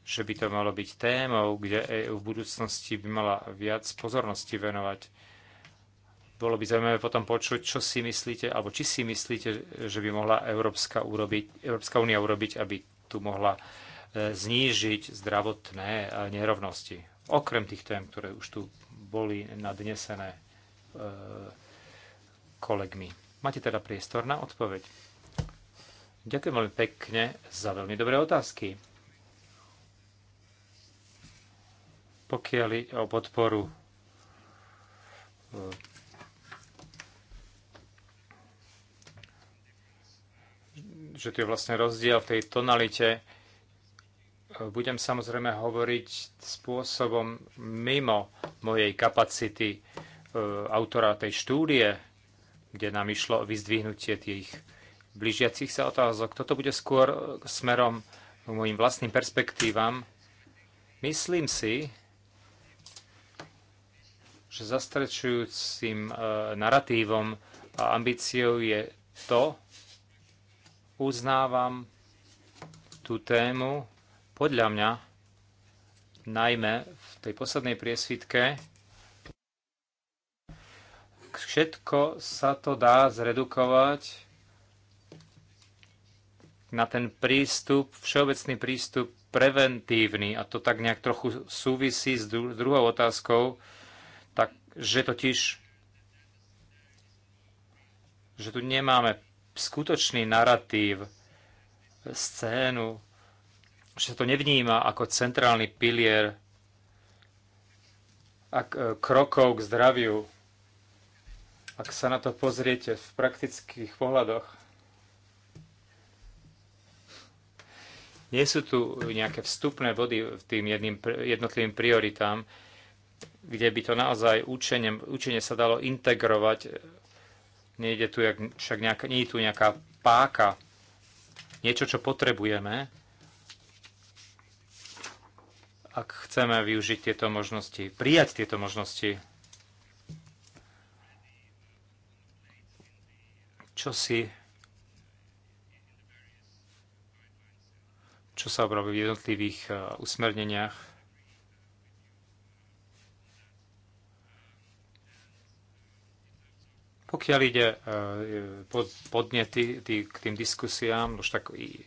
že by to malo byť témou, kde EU v budúcnosti by mala viac pozornosti venovať. Bolo by zaujímavé potom počuť, čo si myslíte, alebo či si myslíte, že by mohla Európska, urobiť, Európska únia urobiť, aby tu mohla znížiť zdravotné e, nerovnosti. Okrem tých tém, ktoré už tu boli nadnesené e, kolegmi. Máte teda priestor na odpoveď. Ďakujem veľmi pekne za veľmi dobré otázky. Pokiaľ o podporu e, že tu je vlastne rozdiel v tej tonalite budem samozrejme hovoriť spôsobom mimo mojej kapacity e, autora tej štúdie, kde nám išlo o vyzdvihnutie tých blížiacich sa otázok. Toto bude skôr smerom k mojim vlastným perspektívam. Myslím si, že zastrečujúcim e, naratívom a ambíciou je to, uznávam tú tému podľa mňa, najmä v tej poslednej priesvitke, všetko sa to dá zredukovať na ten prístup, všeobecný prístup preventívny, a to tak nejak trochu súvisí s druhou otázkou, takže totiž, že tu nemáme skutočný narratív, scénu, že sa to nevníma ako centrálny pilier ak, e, krokov k zdraviu. Ak sa na to pozriete v praktických pohľadoch, nie sú tu nejaké vstupné vody tým jedným, jednotlivým prioritám, kde by to naozaj učenie, učenie sa dalo integrovať. Nejde tu, však nejaká, nie je tu nejaká páka, niečo, čo potrebujeme, ak chceme využiť tieto možnosti, prijať tieto možnosti, čo si čo sa obrobí v jednotlivých e, usmerneniach. Pokiaľ ide e, e, podnety k tým diskusiám, už tak i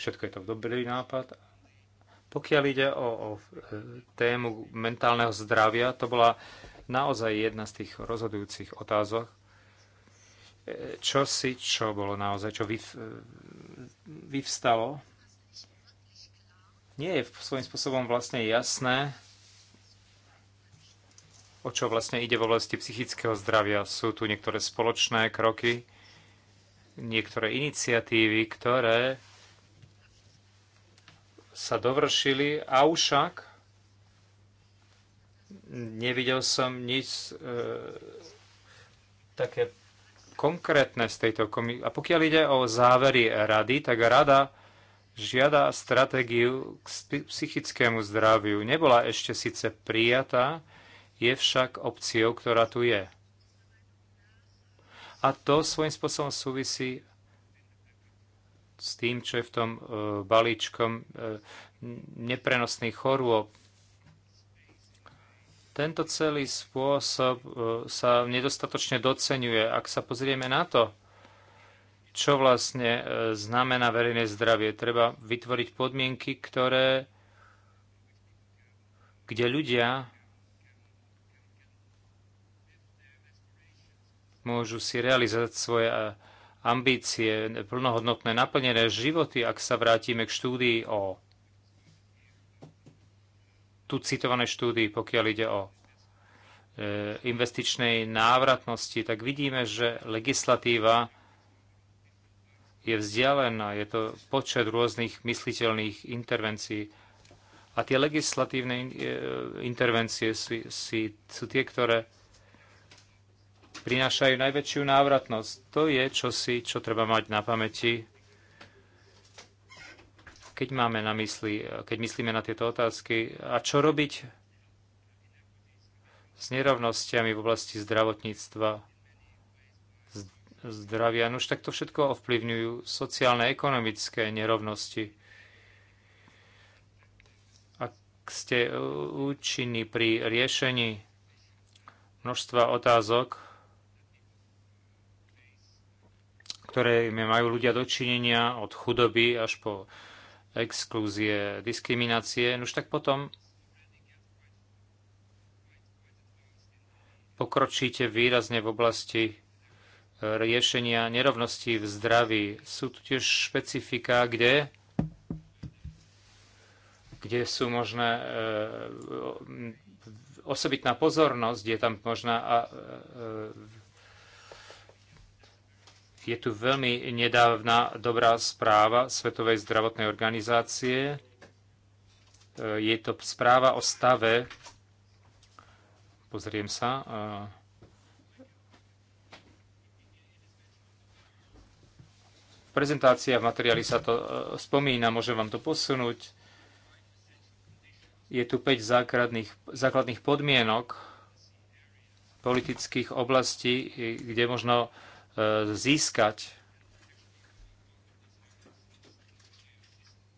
všetko je to dobrý nápad, pokiaľ ide o, o e, tému mentálneho zdravia, to bola naozaj jedna z tých rozhodujúcich otázok. E, čo si, čo bolo naozaj, čo vyv, e, vyvstalo, nie je svojím spôsobom vlastne jasné, o čo vlastne ide v oblasti psychického zdravia. Sú tu niektoré spoločné kroky, niektoré iniciatívy, ktoré sa dovršili, avšak nevidel som nič e, také konkrétne z tejto komisie. A pokiaľ ide o závery rady, tak rada žiada stratégiu k psychickému zdraviu. Nebola ešte síce prijatá, je však opciou, ktorá tu je. A to svojím spôsobom súvisí s tým, čo je v tom e, balíčkom e, neprenosných chorôb. Tento celý spôsob e, sa nedostatočne doceňuje. Ak sa pozrieme na to, čo vlastne znamená verejné zdravie, treba vytvoriť podmienky, ktoré, kde ľudia môžu si realizovať svoje ambície, plnohodnotné naplnené životy, ak sa vrátime k štúdii o tu citované štúdii, pokiaľ ide o e, investičnej návratnosti, tak vidíme, že legislatíva je vzdialená, je to počet rôznych mysliteľných intervencií. A tie legislatívne e, intervencie sú tie, ktoré prinášajú najväčšiu návratnosť. To je čosi, čo treba mať na pamäti, keď máme na mysli, keď myslíme na tieto otázky. A čo robiť s nerovnostiami v oblasti zdravotníctva, zdravia? No už to všetko ovplyvňujú sociálne, ekonomické nerovnosti ak ste uh, účinní pri riešení množstva otázok, ktorými majú ľudia dočinenia, od chudoby až po exklúzie, diskriminácie, no už tak potom pokročíte výrazne v oblasti e, riešenia nerovností v zdraví. Sú tu tiež špecifika, kde, kde sú možné e, osobitná pozornosť, je tam možná e, je tu veľmi nedávna dobrá správa Svetovej zdravotnej organizácie. E, je to správa o stave, pozriem sa, e, prezentácia, v materiáli sa to e, spomína, môžem vám to posunúť. Je tu 5 základných, základných podmienok politických oblastí, kde možno získať.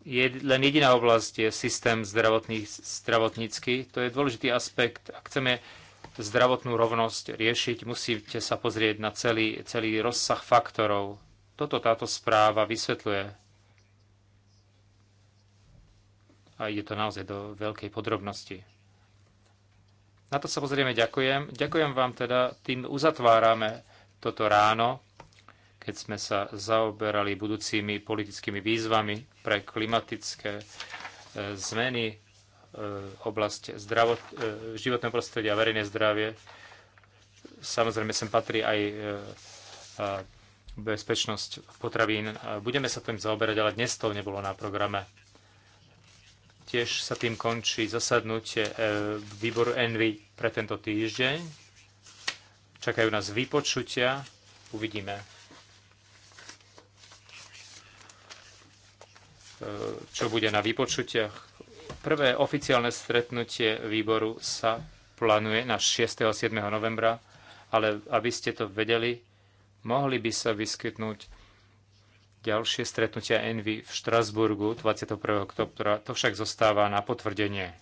Je, len jediná oblasť je systém zdravotnícky. To je dôležitý aspekt. Ak chceme zdravotnú rovnosť riešiť, musíte sa pozrieť na celý, celý rozsah faktorov. Toto táto správa vysvetľuje. A ide to naozaj do veľkej podrobnosti. Na to sa pozrieme, ďakujem. Ďakujem vám teda, tým uzatvárame toto ráno, keď sme sa zaoberali budúcimi politickými výzvami pre klimatické e, zmeny, e, oblasti zdravot, e, životného prostredia a verejné zdravie. Samozrejme, sem patrí aj bezpečnosť potravín. Budeme sa tým zaoberať, ale dnes to nebolo na programe. Tiež sa tým končí zasadnutie výboru Envy pre tento týždeň. Čakajú nás vypočutia. Uvidíme, e, čo bude na vypočutiach. Prvé oficiálne stretnutie výboru sa plánuje na 6. a 7. novembra, ale aby ste to vedeli, mohli by sa vyskytnúť ďalšie stretnutia Envy v Štrasburgu 21. oktobra. To však zostáva na potvrdenie.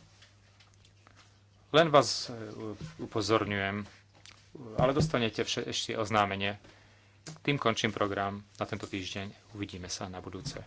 Len vás e, upozorňujem ale dostanete ešte oznámenie. Tým končím program na tento týždeň. Uvidíme sa na budúce.